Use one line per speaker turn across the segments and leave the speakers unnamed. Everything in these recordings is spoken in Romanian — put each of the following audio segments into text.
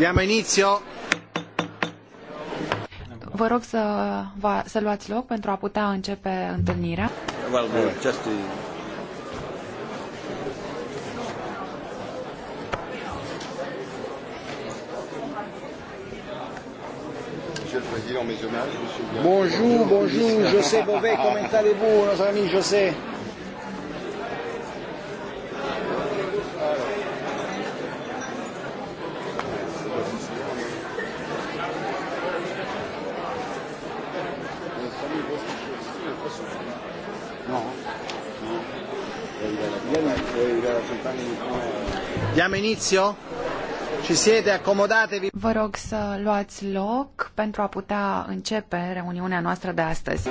Diamo inizio.
Vă rog să, va, să luați loc pentru a putea începe întâlnirea.
Well, just to...
Bonjour, bonjour, José Bové, comment
allez-vous, nos amis José? inizio?
Ci siete, accomodatevi. Vă rog să luați loc pentru a putea începe reuniunea noastră de astăzi.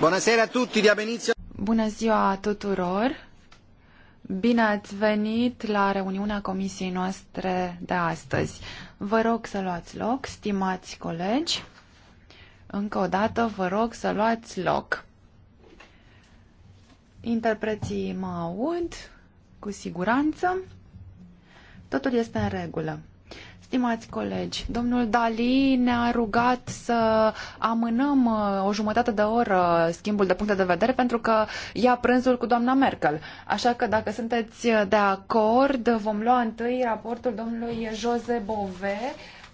Buonasera a tutti, diamo inizio. Bună
ziua tuturor. Bine ați venit la reuniunea comisiei noastre de astăzi. Vă rog să luați loc, stimați colegi. Încă o dată vă rog să luați loc. Interpreții mă aud cu siguranță. Totul este în regulă. Stimați colegi, domnul Dali ne-a rugat să amânăm uh, o jumătate de oră schimbul de puncte de vedere pentru că ia prânzul cu doamna Merkel. Așa că dacă sunteți de acord, vom lua întâi raportul domnului Jose Bove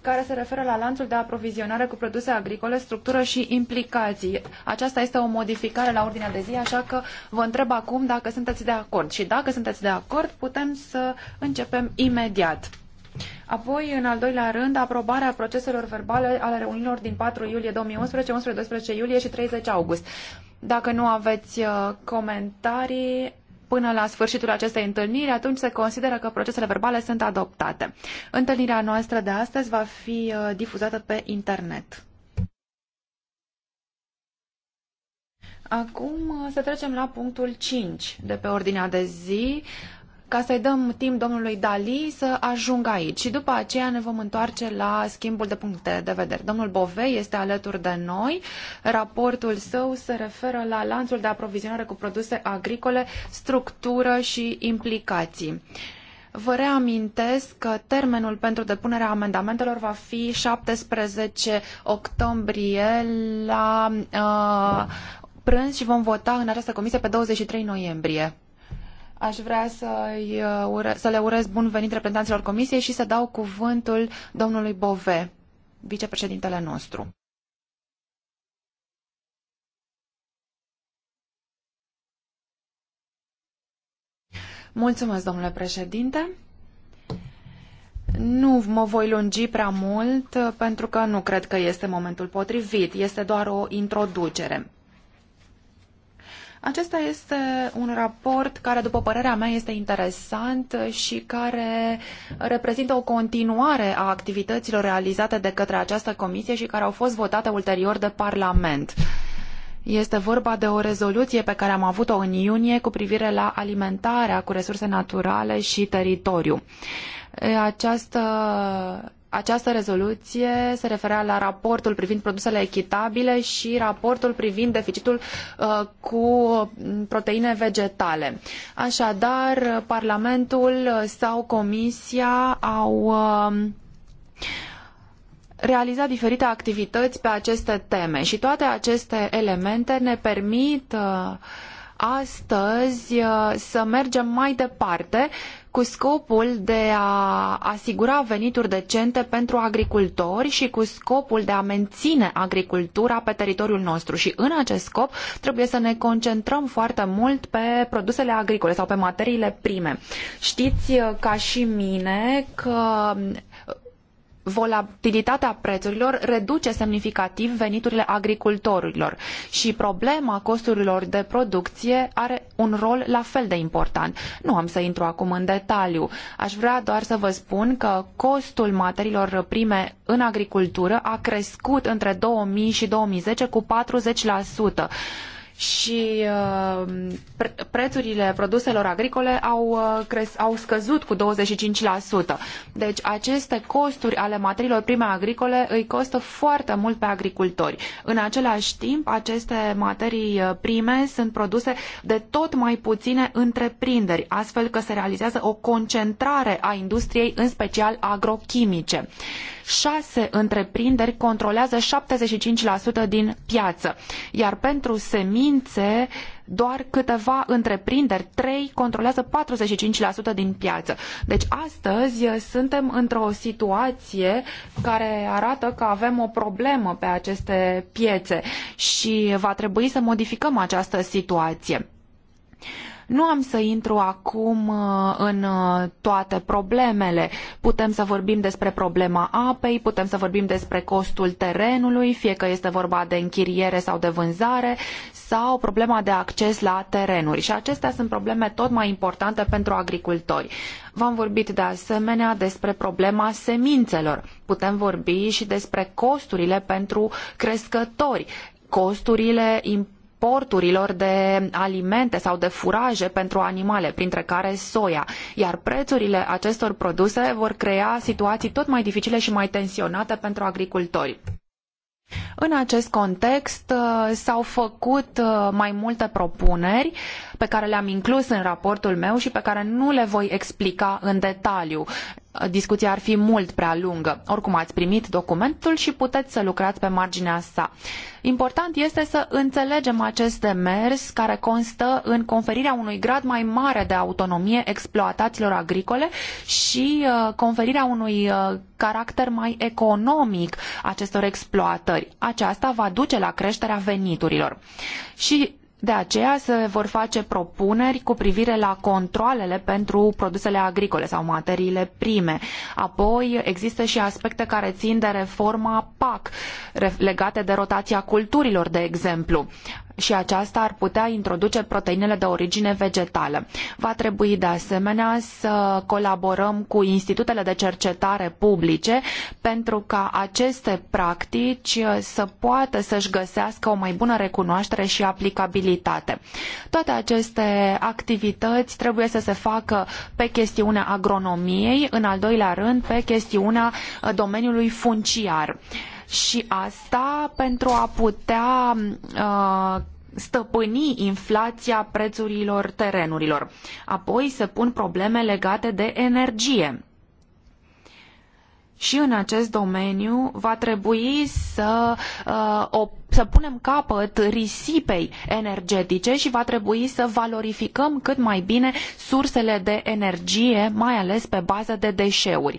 care se referă la lanțul de aprovizionare cu produse agricole, structură și implicații. Aceasta este o modificare la ordinea de zi, așa că vă întreb acum dacă sunteți de acord. Și dacă sunteți de acord, putem să începem imediat. Apoi, în al doilea rând, aprobarea proceselor verbale ale reuniunilor din 4 iulie 2011, 11, 12 iulie și 30 august. Dacă nu aveți uh, comentarii, până la sfârșitul acestei întâlniri, atunci se consideră că procesele verbale sunt adoptate. Întâlnirea noastră de astăzi va fi uh, difuzată pe internet. Acum uh, să trecem la punctul 5 de pe ordinea de zi, ca să-i dăm timp domnului Dali să ajungă aici și după aceea ne vom întoarce la schimbul de puncte de vedere. Domnul Bove este alături de noi. Raportul său se referă la lanțul de aprovizionare cu produse agricole, structură și implicații. Vă reamintesc că termenul pentru depunerea amendamentelor va fi 17 octombrie la uh, prânz și vom vota în această comisie pe 23 noiembrie. Aș vrea să, uh, ure, să le urez bun venit reprezentanților comisiei și să dau cuvântul domnului Bove, vicepreședintele nostru. Mulțumesc, domnule președinte. Nu mă voi lungi prea mult uh, pentru că nu cred că este momentul potrivit. Este doar o introducere. Acesta este un raport care, după părerea mea, este interesant și care reprezintă o continuare a activităților realizate de către această comisie și care au fost votate ulterior de Parlament. Este vorba de o rezoluție pe care am avut-o în iunie cu privire la alimentarea cu resurse naturale și teritoriu. Această această rezoluție se referea la raportul privind produsele echitabile și raportul privind deficitul uh, cu proteine vegetale. Așadar, Parlamentul sau Comisia au uh, realiza diferite activități pe aceste teme și toate aceste elemente ne permit uh, astăzi să mergem mai departe cu scopul de a asigura venituri decente pentru agricultori și cu scopul de a menține agricultura pe teritoriul nostru. Și în acest scop trebuie să ne concentrăm foarte mult pe produsele agricole sau pe materiile prime. Știți uh, ca și mine că volatilitatea prețurilor reduce semnificativ veniturile agricultorilor și problema costurilor de producție are un rol la fel de important. Nu am să intru acum în detaliu. Aș vrea doar să vă spun că costul materiilor prime în agricultură a crescut între 2000 și 2010 cu 40% și uh, prețurile produselor agricole au, uh, au scăzut cu 25%. Deci aceste costuri ale materiilor prime agricole îi costă foarte mult pe agricultori. În același timp, aceste materii uh, prime sunt produse de tot mai puține întreprinderi, astfel că se realizează o concentrare a industriei, în special agrochimice șase întreprinderi controlează 75% din piață, iar pentru semințe doar câteva întreprinderi, trei controlează 45% din piață. Deci astăzi suntem într-o situație care arată că avem o problemă pe aceste piețe și va trebui să modificăm această situație. Nu am să intru acum uh, în uh, toate problemele. Putem să vorbim despre problema apei, putem să vorbim despre costul terenului, fie că este vorba de închiriere sau de vânzare, sau problema de acces la terenuri. Și acestea sunt probleme tot mai importante pentru agricultori. V-am vorbit de asemenea despre problema semințelor. Putem vorbi și despre costurile pentru crescători costurile importurilor de alimente sau de furaje pentru animale, printre care soia, iar prețurile acestor produse vor crea situații tot mai dificile și mai tensionate pentru agricultori. În acest context uh, s-au făcut uh, mai multe propuneri pe care le-am inclus în raportul meu și pe care nu le voi explica în detaliu. Discuția ar fi mult prea lungă. Oricum ați primit documentul și puteți să lucrați pe marginea sa. Important este să înțelegem acest demers care constă în conferirea unui grad mai mare de autonomie exploatațiilor agricole și uh, conferirea unui uh, caracter mai economic acestor exploatări. Aceasta va duce la creșterea veniturilor. Și de aceea se vor face propuneri cu privire la controlele pentru produsele agricole sau materiile prime. Apoi există și aspecte care țin de reforma PAC, legate de rotația culturilor, de exemplu și aceasta ar putea introduce proteinele de origine vegetală. Va trebui de asemenea să colaborăm cu institutele de cercetare publice pentru ca aceste practici uh, să poată să-și găsească o mai bună recunoaștere și aplicabilitate. Toate aceste activități trebuie să se facă pe chestiunea agronomiei, în al doilea rând pe chestiunea uh, domeniului funciar și asta pentru a putea uh, stăpâni inflația prețurilor terenurilor. Apoi se pun probleme legate de energie. Și în acest domeniu va trebui să, uh, o, să punem capăt risipei energetice și va trebui să valorificăm cât mai bine sursele de energie, mai ales pe bază de deșeuri.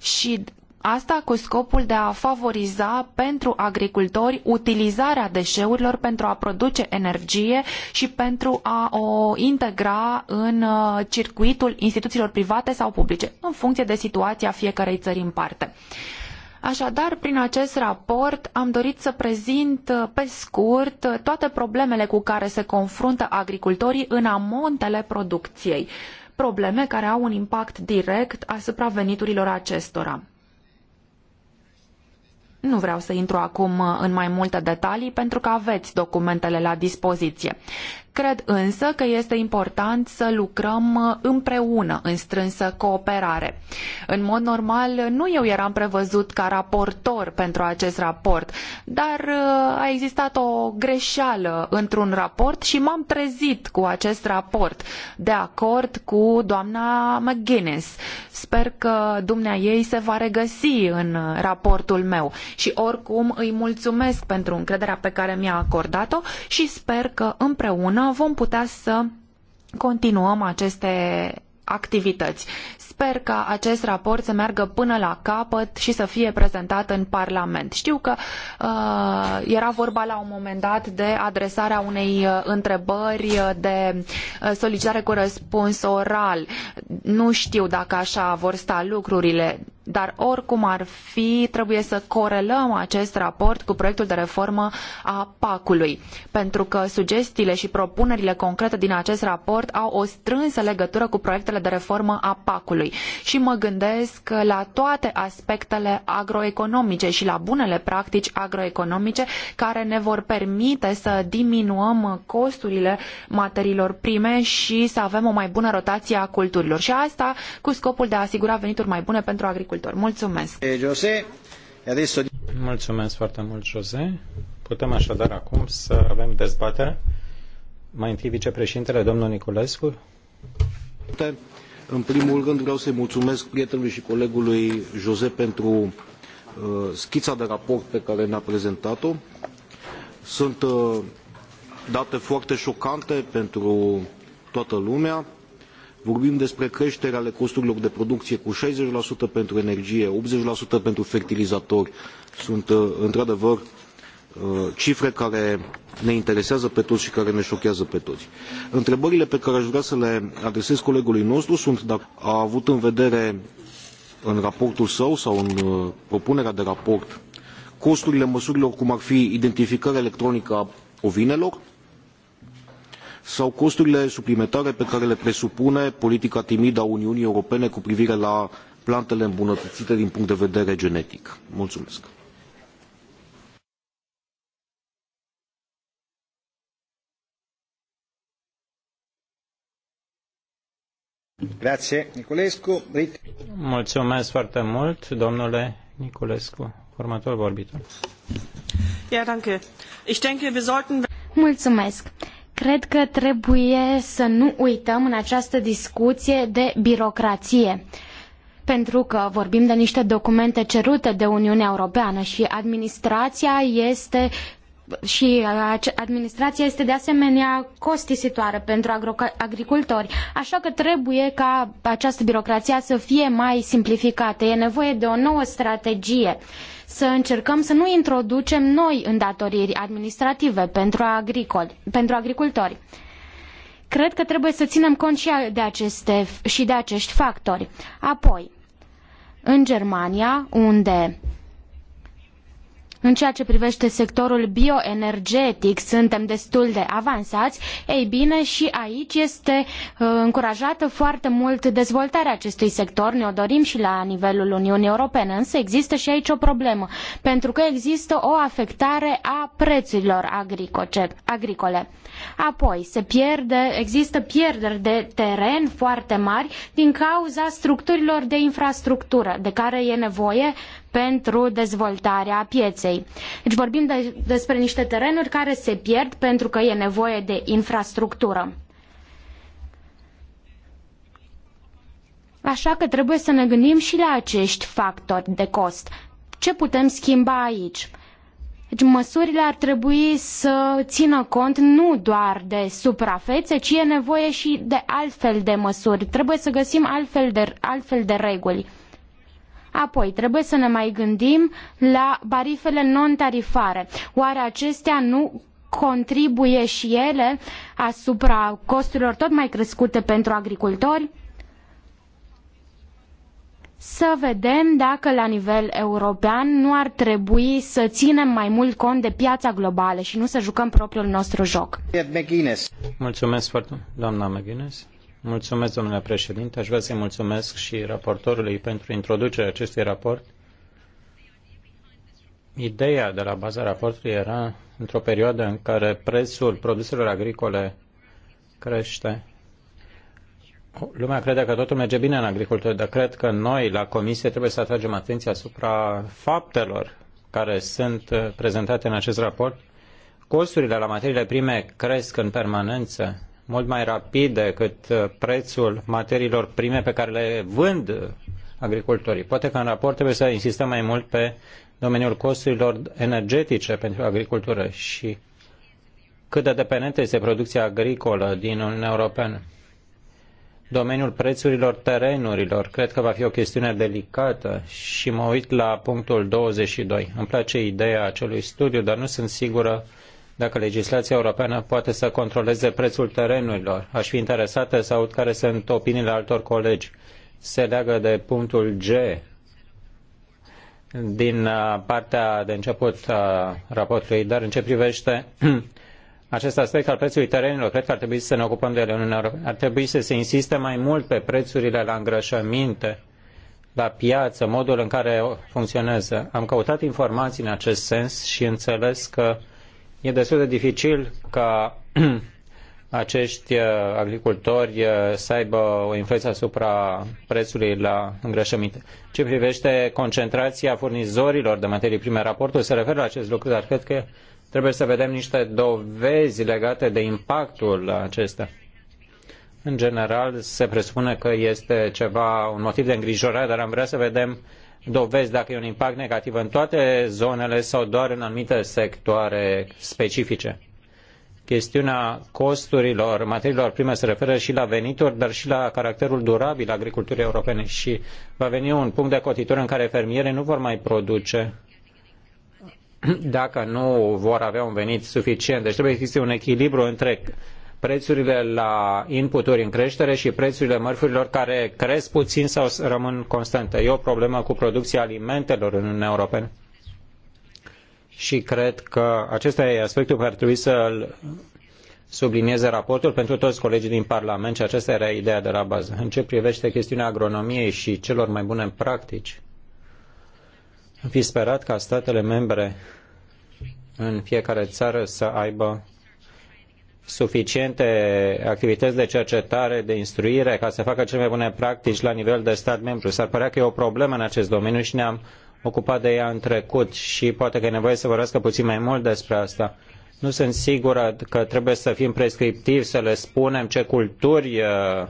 Și Asta cu scopul de a favoriza pentru agricultori utilizarea deșeurilor pentru a produce energie și pentru a o integra în uh, circuitul instituțiilor private sau publice, în funcție de situația fiecărei țări în parte. Așadar, prin acest raport am dorit să prezint uh, pe scurt uh, toate problemele cu care se confruntă agricultorii în amontele producției, probleme care au un impact direct asupra veniturilor acestora. Nu vreau să intru acum uh, în mai multe detalii pentru că aveți documentele la dispoziție. Cred însă că este important să lucrăm uh, împreună, în strânsă cooperare. În mod normal, uh, nu eu eram prevăzut ca raportor pentru acest raport, dar uh, a existat o greșeală într-un raport și m-am trezit cu acest raport, de acord cu doamna McGuinness. Sper că dumnea ei se va regăsi în raportul meu și oricum îi mulțumesc pentru încrederea pe care mi-a acordat-o și sper că împreună vom putea să continuăm aceste activități. Sper ca acest raport să meargă până la capăt și să fie prezentat în Parlament. Știu că uh, era vorba la un moment dat de adresarea unei uh, întrebări uh, de uh, solicitare cu răspuns oral. Nu știu dacă așa vor sta lucrurile dar oricum ar fi, trebuie să corelăm acest raport cu proiectul de reformă a PAC-ului, pentru că sugestiile și propunerile concrete din acest raport au o strânsă legătură cu proiectele de reformă a PAC-ului. Și mă gândesc la toate aspectele agroeconomice și la bunele practici agroeconomice care ne vor permite să diminuăm costurile materiilor prime și să avem o mai bună rotație a culturilor. Și asta cu scopul de a asigura venituri mai bune pentru agricultori agricultori. Mulțumesc!
Eh, Jose, adesso... Mulțumesc foarte mult, Jose. Putem așadar acum să avem dezbatere. Mai întâi vicepreședintele, domnul Niculescu. În primul rând vreau să-i mulțumesc prietenului și colegului Jose pentru uh, schița de raport pe care ne-a prezentat-o. Sunt uh, date foarte șocante pentru toată lumea Vorbim despre creșteri ale costurilor de producție cu 60% pentru energie, 80% pentru fertilizatori. Sunt uh, într-adevăr uh, cifre care ne interesează pe toți și care ne șochează pe toți. Întrebările pe care aș vrea să le adresez colegului nostru sunt dacă a avut în vedere în raportul său sau în uh, propunerea de raport costurile măsurilor cum ar fi identificarea electronică a ovinelor, sau costurile suplimentare pe care le presupune politica timidă a Uniunii Europene cu privire la plantele îmbunătățite din punct de vedere genetic. Mulțumesc! Grazie, Niculescu. Mulțumesc foarte mult, domnule Niculescu. Următorul vorbitor. Ja, danke. Ich denke, wir sollten...
Mulțumesc. Cred că trebuie să nu uităm în această discuție de birocrație pentru că vorbim de niște documente cerute de Uniunea Europeană și administrația este și uh, administrația este de asemenea costisitoare pentru agricultori, așa că trebuie ca această birocrație să fie mai simplificată. E nevoie de o nouă strategie. Uh, să încercăm să nu introducem noi îndatoriri administrative pentru, agricoli, pentru agricultori. Cred că trebuie să ținem cont și de, aceste, și de acești factori. Apoi, în Germania, unde în ceea ce privește sectorul bioenergetic, suntem destul de avansați. Ei bine, și aici este uh, încurajată foarte mult dezvoltarea acestui sector. Ne-o dorim și la nivelul Uniunii Europene, însă există și aici o problemă, pentru că există o afectare a prețurilor agricole. Apoi, se pierde, există pierderi de teren foarte mari din cauza structurilor de infrastructură de care e nevoie pentru dezvoltarea pieței. Deci vorbim de, despre niște terenuri care se pierd pentru că e nevoie de infrastructură. Așa că trebuie să ne gândim și la acești factori de cost. Ce putem schimba aici? Deci măsurile ar trebui să țină cont nu doar de suprafețe, ci e nevoie și de altfel de măsuri. Trebuie să găsim altfel de, altfel de reguli. Apoi, trebuie să ne mai gândim la barifele non-tarifare. Oare acestea nu contribuie și ele asupra costurilor tot mai crescute pentru agricultori? Să vedem dacă la nivel european nu ar trebui să ținem mai mult cont de piața globală și nu să jucăm propriul nostru joc.
Mulțumesc foarte mult, doamna McGuinness. Mulțumesc, domnule președinte. Aș vrea să-i mulțumesc și raportorului pentru introducerea acestui raport. Ideea de la baza raportului era într-o perioadă în care prețul produselor agricole crește. Lumea crede că totul merge bine în agricultură, dar cred că noi, la Comisie, trebuie să atragem atenția asupra faptelor care sunt uh, prezentate în acest raport. Costurile la materiile prime cresc în permanență mult mai rapid decât uh, prețul materiilor prime pe care le vând agricultorii. Poate că în raport trebuie să insistăm mai mult pe domeniul costurilor energetice pentru agricultură și cât de dependentă este producția agricolă din Uniunea Europeană. Domeniul prețurilor terenurilor cred că va fi o chestiune delicată și mă uit la punctul 22. Îmi place ideea acelui studiu, dar nu sunt sigură uh, dacă legislația europeană poate să controleze prețul terenurilor. Aș fi interesată să aud care sunt opiniile altor colegi. Se leagă de punctul G din uh, partea de început a raportului, dar în ce privește acest aspect al prețului terenilor, cred că ar trebui să ne ocupăm de ele în Uniunea Europeană. Ar trebui să se insiste mai mult pe prețurile la îngrășăminte, la piață, modul în care funcționează. Am căutat informații în acest sens și înțeles că E destul de dificil ca acești uh, agricultori uh, să aibă o influență asupra prețului la îngrășăminte. Ce privește concentrația furnizorilor de materii prime, raportul se referă la acest lucru, dar cred că trebuie să vedem niște dovezi legate de impactul acesta. În general, se presupune că este ceva, un motiv de îngrijorare, dar am vrea să vedem dovezi dacă e un impact negativ în toate zonele sau doar în anumite sectoare specifice. Chestiunea costurilor, materiilor prime se referă și la venituri, dar și la caracterul durabil agriculturii europene și va veni un punct de cotitură în care fermierii nu vor mai produce dacă nu vor avea un venit suficient. Deci trebuie să existe un echilibru între prețurile la inputuri în creștere și prețurile mărfurilor care cresc puțin sau rămân constante. E o problemă cu producția alimentelor în Uniunea Europeană. Și cred că acesta e aspectul pe care trebui să-l sublinieze raportul pentru toți colegii din Parlament și aceasta era ideea de la bază. În ce privește chestiunea agronomiei și celor mai bune practici, am fi sperat ca statele membre în fiecare țară să aibă suficiente activități de cercetare, de instruire, ca să facă cele mai bune practici la nivel de stat membru. S-ar părea că e o problemă în acest domeniu și ne-am ocupat de ea în trecut și poate că e nevoie să vorbească puțin mai mult despre asta. Nu sunt sigură că trebuie să fim prescriptivi, să le spunem ce culturi uh,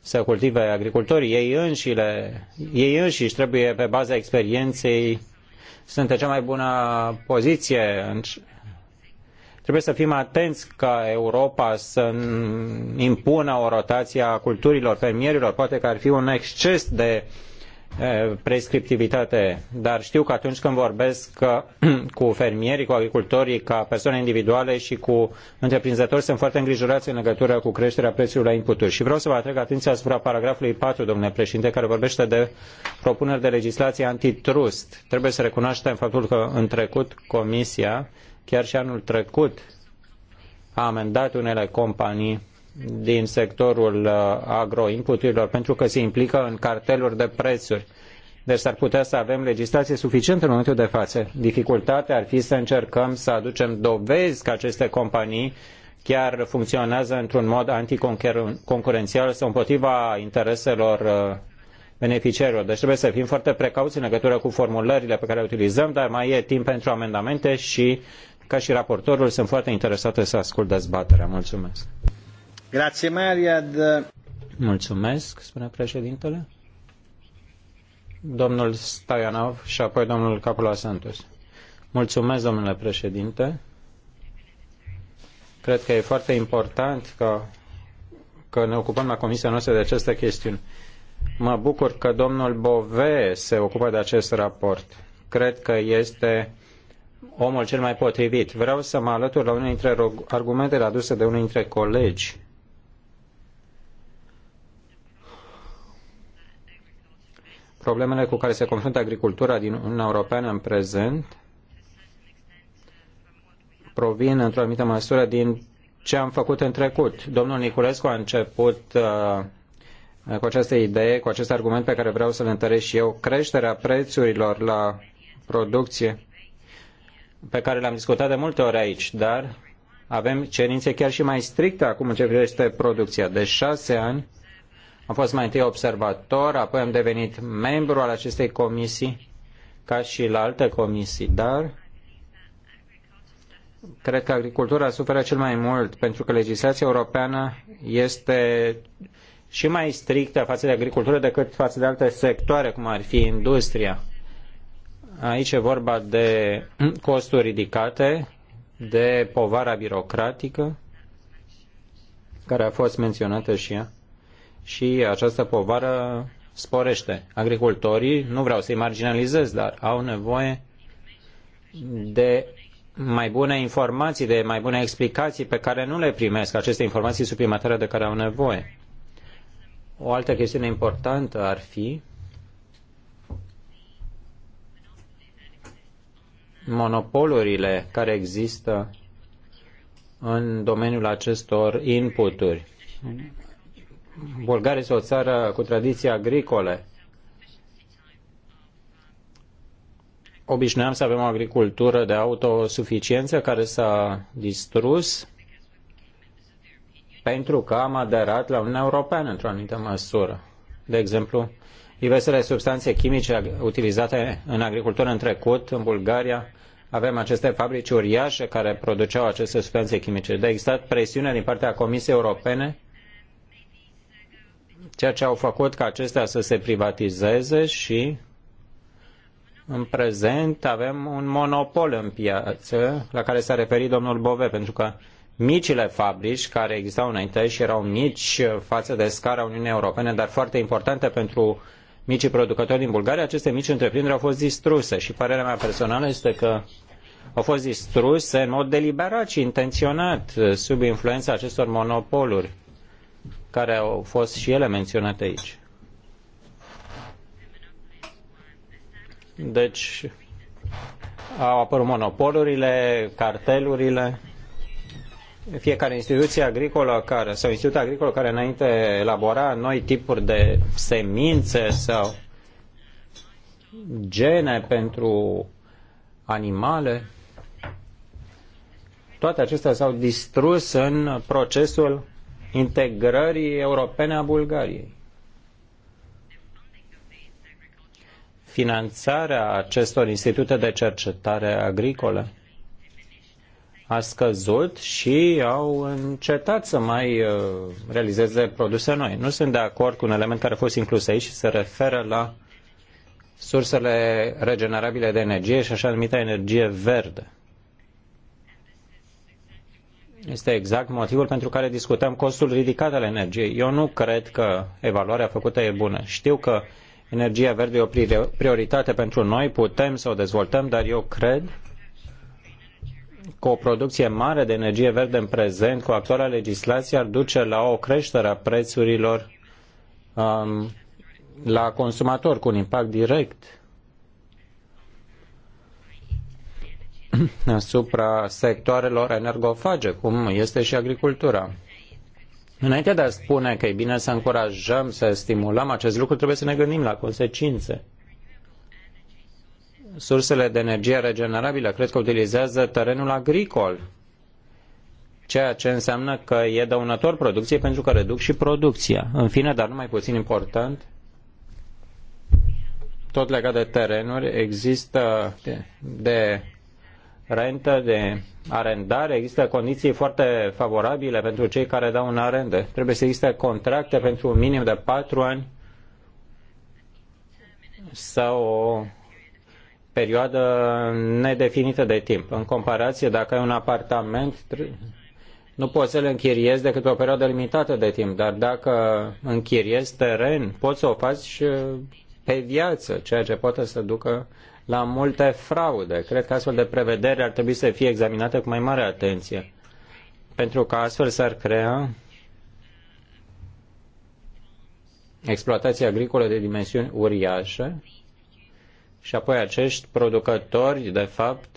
să cultive agricultorii. Ei înșile, ei înșiși trebuie pe baza experienței sunt în cea mai bună poziție Trebuie să fim atenți ca Europa să impună o rotație a culturilor fermierilor. Poate că ar fi un exces de prescriptivitate, dar știu că atunci când vorbesc cu fermierii, cu agricultorii, ca persoane individuale și cu întreprinzători, sunt foarte îngrijorați în legătură cu creșterea prețului la inputuri. Și vreau să vă atrag atenția asupra paragrafului 4, domnule președinte, care vorbește de propuneri de legislație antitrust. Trebuie să recunoaștem faptul că în trecut Comisia Chiar și anul trecut a amendat unele companii din sectorul uh, agroinputurilor pentru că se implică în carteluri de prețuri. Deci s-ar putea să avem legislație suficientă în momentul de față. Dificultatea ar fi să încercăm să aducem dovezi că aceste companii chiar funcționează într-un mod anticoncurențial sau împotriva intereselor uh, beneficiarilor. Deci trebuie să fim foarte precauți în legătură cu formulările pe care le utilizăm, dar mai e timp pentru amendamente și ca și raportorul, sunt foarte interesată să ascult dezbaterea. Mulțumesc. Grazie, Mariad. Mulțumesc, spune președintele. Domnul Stajanov și apoi domnul Capula Santos. Mulțumesc, domnule președinte. Cred că e foarte important că, că ne ocupăm la comisia noastră de această chestiune. Mă bucur că domnul Bove se ocupă de acest raport. Cred că este omul cel mai potrivit. Vreau să mă alătur la unul dintre argumentele aduse de unul dintre colegi. Problemele cu care se confruntă agricultura din Uniunea Europeană în prezent provin într-o anumită măsură din ce am făcut în trecut. Domnul Niculescu a început uh, cu această idee, cu acest argument pe care vreau să-l întăresc și eu, creșterea prețurilor la producție pe care le-am discutat de multe ori aici, dar avem cerințe chiar și mai stricte acum în ce privește producția. De șase ani am fost mai întâi observator, apoi am devenit membru al acestei comisii, ca și la alte comisii, dar cred că agricultura suferă cel mai mult pentru că legislația europeană este și mai strictă față de agricultură decât față de alte sectoare, cum ar fi industria. Aici e vorba de costuri ridicate, de povara birocratică, care a fost menționată și ea, și această povară sporește. Agricultorii, nu vreau să-i marginalizez, dar au nevoie de mai bune informații, de mai bune explicații pe care nu le primesc, aceste informații suplimentare de care au nevoie. O altă chestiune importantă ar fi monopolurile care există în domeniul acestor inputuri. Bulgaria este o țară cu tradiții agricole. Obișnuiam să avem o agricultură de autosuficiență care s-a distrus pentru că am aderat la Uniunea Europeană într-o anumită măsură. De exemplu, diversele substanțe chimice utilizate în agricultură în trecut, în Bulgaria, avem aceste fabrici uriașe care produceau aceste substanțe chimice. De a existat presiune din partea Comisiei Europene, ceea ce au făcut ca acestea să se privatizeze și în prezent avem un monopol în piață la care s-a referit domnul Bove, pentru că micile fabrici care existau înainte și erau mici față de scara Uniunii Europene, dar foarte importante pentru micii producători din Bulgaria, aceste mici întreprinderi au fost distruse și părerea mea personală este că au fost distruse în mod deliberat și intenționat sub influența acestor monopoluri care au fost și ele menționate aici. Deci au apărut monopolurile, cartelurile, fiecare instituție agricolă care, sau institut agricol care înainte elabora noi tipuri de semințe sau gene pentru animale, toate acestea s-au distrus în procesul integrării europene a Bulgariei. Finanțarea acestor institute de cercetare agricolă a scăzut și au încetat să mai uh, realizeze produse noi. Nu sunt de acord cu un element care a fost inclus aici și se referă la sursele regenerabile de energie și așa numită energie verde. Este exact motivul pentru care discutăm costul ridicat al energiei. Eu nu cred că evaluarea făcută e bună. Știu că energia verde e o prioritate pentru noi, putem să o dezvoltăm, dar eu cred cu o producție mare de energie verde în prezent, cu actuala legislație, ar duce la o creștere a prețurilor um, la consumator, cu un impact direct asupra sectoarelor energofage, cum este și agricultura. Înainte de a spune că e bine să încurajăm, să stimulăm acest lucru, trebuie să ne gândim la consecințe sursele de energie regenerabilă. Cred că utilizează terenul agricol, ceea ce înseamnă că e dăunător producției pentru că reduc și producția. În fine, dar nu mai puțin important, tot legat de terenuri, există de, de rentă, de arendare, există condiții foarte favorabile pentru cei care dau în arendă. Trebuie să existe contracte pentru un minim de patru ani sau o perioadă nedefinită de timp. În comparație, dacă ai un apartament, nu poți să-l închiriezi decât o perioadă limitată de timp, dar dacă închiriezi teren, poți să o faci uh, pe viață, ceea ce poate să ducă la multe fraude. Cred că astfel de prevedere ar trebui să fie examinată cu mai mare atenție, pentru că astfel s-ar crea exploatații agricole de dimensiuni uriașe, și apoi acești producători, de fapt,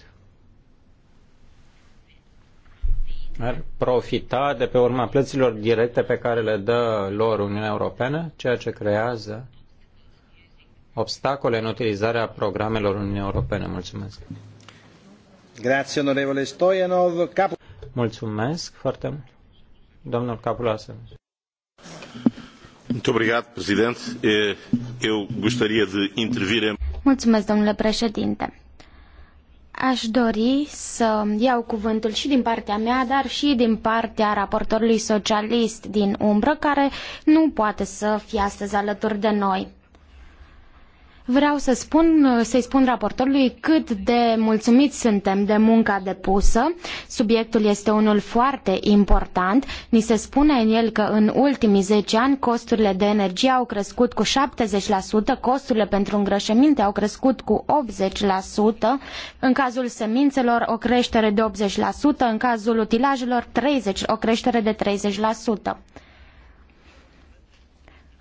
ar profita de pe urma plăților directe pe care le dă lor Uniunea Europeană, ceea ce creează obstacole în utilizarea programelor Uniunii Europene. Mulțumesc. Grazie, onorevole Cap... Mulțumesc foarte mult. Domnul Capulasă. Muito obrigado, Presidente. Eh, eu gostaria de intervir em...
Mulțumesc, domnule președinte. Aș dori să iau cuvântul și din partea mea, dar și din partea raportorului socialist din umbră, care nu poate să fie astăzi alături de noi. Vreau să spun, să-i spun raportorului cât de mulțumiți suntem de munca depusă. Subiectul este unul foarte important. Ni se spune în el că în ultimii zece ani costurile de energie au crescut cu 70%, costurile pentru îngrășăminte au crescut cu 80%, în cazul semințelor o creștere de 80%, în cazul utilajelor 30, o creștere de 30%.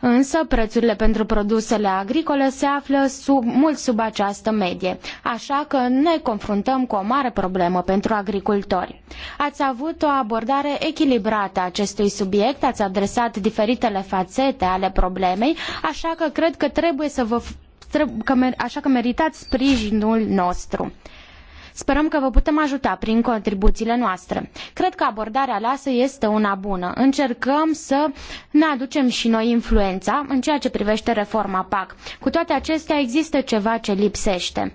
Însă prețurile pentru produsele agricole se află sub, mult sub această medie, așa că ne confruntăm cu o mare problemă pentru agricultori. Ați avut o abordare echilibrată a acestui subiect, ați adresat diferitele fațete ale problemei, așa că cred că trebuie să vă că, așa că meritați sprijinul nostru. Sperăm că vă putem ajuta prin contribuțiile noastre. Cred că abordarea aleasă este una bună. Încercăm să ne aducem și noi influența în ceea ce privește reforma PAC. Cu toate acestea există ceva ce lipsește.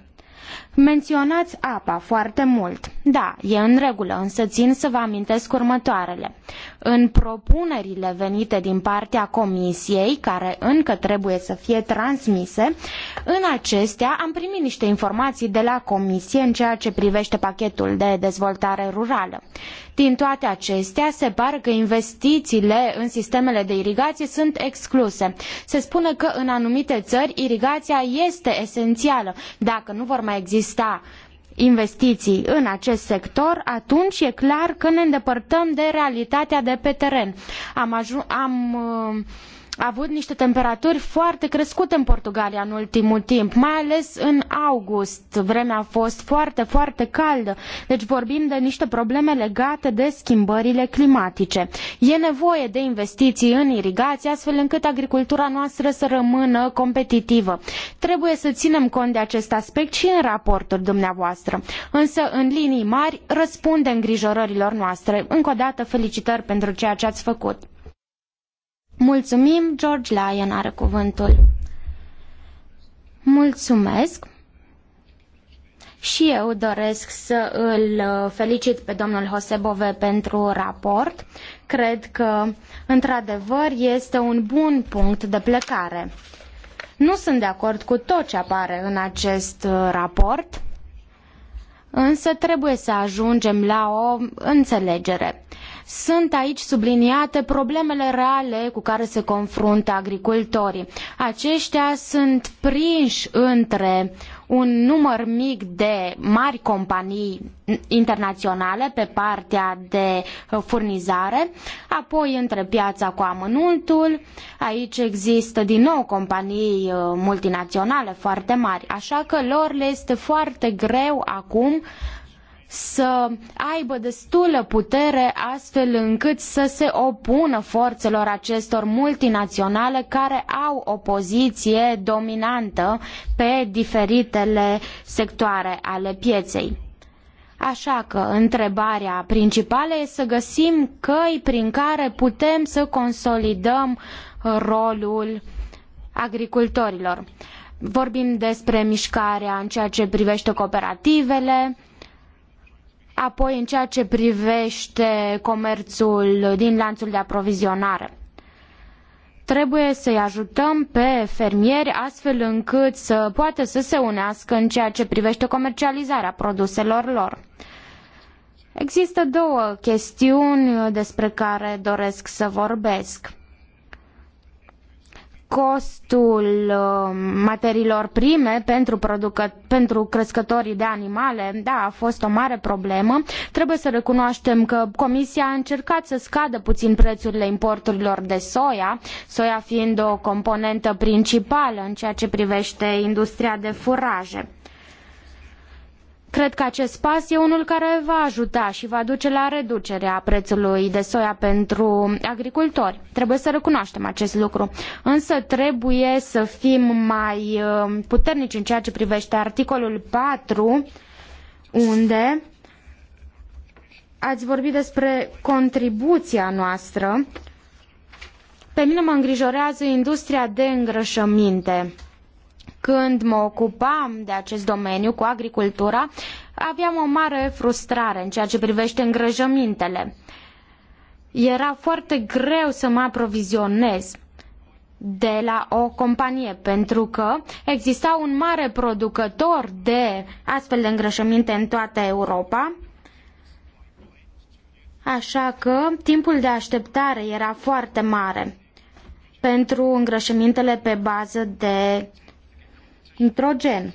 Menționați apa foarte mult. Da, e în regulă, însă țin să vă amintesc următoarele. În propunerile venite din partea Comisiei, care încă trebuie să fie transmise, în acestea am primit niște informații de la Comisie în ceea ce privește pachetul de dezvoltare rurală. Din toate acestea, se pare că investițiile în sistemele de irigație sunt excluse. Se spune că în anumite țări irigația este esențială. Dacă nu vor mai exista investiții în acest sector, atunci e clar că ne îndepărtăm de realitatea de pe teren. Am, am uh, avut niște temperaturi foarte crescute în Portugalia în ultimul timp, mai ales în august. Vremea a fost foarte, foarte caldă, deci vorbim de niște probleme legate de schimbările climatice. E nevoie de investiții în irigație astfel încât agricultura noastră să rămână competitivă. Trebuie să ținem cont de acest aspect și în raportul dumneavoastră. Însă, în linii mari, răspunde îngrijorărilor noastre. Încă o dată, felicitări pentru ceea ce ați făcut. Mulțumim, George Lyon are cuvântul. Mulțumesc. Și eu doresc să îl uh, felicit pe domnul Hosebove pentru raport. Cred că, într-adevăr, este un bun punct de plecare. Nu sunt de acord cu tot ce apare în acest uh, raport, însă trebuie să ajungem la o înțelegere. Sunt aici subliniate problemele reale cu care se confruntă agricultorii. Aceștia sunt prinși între un număr mic de mari companii internaționale pe partea de furnizare, apoi între piața cu amănuntul, aici există din nou companii uh, multinaționale foarte mari, așa că lor le este foarte greu acum să aibă destulă putere astfel încât să se opună forțelor acestor multinaționale care au o poziție dominantă pe diferitele sectoare ale pieței. Așa că întrebarea principală este să găsim căi prin care putem să consolidăm rolul agricultorilor. Vorbim despre mișcarea în ceea ce privește cooperativele, apoi în ceea ce privește comerțul din lanțul de aprovizionare. Trebuie să-i ajutăm pe fermieri astfel încât să poată să se unească în ceea ce privește comercializarea produselor lor. Există două chestiuni despre care doresc să vorbesc costul um, materiilor prime pentru, producă, pentru crescătorii de animale, da, a fost o mare problemă. Trebuie să recunoaștem că Comisia a încercat să scadă puțin prețurile importurilor de soia, soia fiind o componentă principală în ceea ce privește industria de furaje. Cred că acest pas e unul care va ajuta și va duce la reducerea prețului de soia pentru agricultori. Trebuie să recunoaștem acest lucru. Însă trebuie să fim mai uh, puternici în ceea ce privește articolul 4, unde ați vorbit despre contribuția noastră. Pe mine mă îngrijorează industria de îngrășăminte. Când mă ocupam de acest domeniu cu agricultura, aveam o mare frustrare în ceea ce privește îngrăjămintele. Era foarte greu să mă aprovizionez de la o companie, pentru că exista un mare producător de astfel de îngrășăminte în toată Europa, așa că timpul de așteptare era foarte mare pentru îngrășămintele pe bază de nitrogen.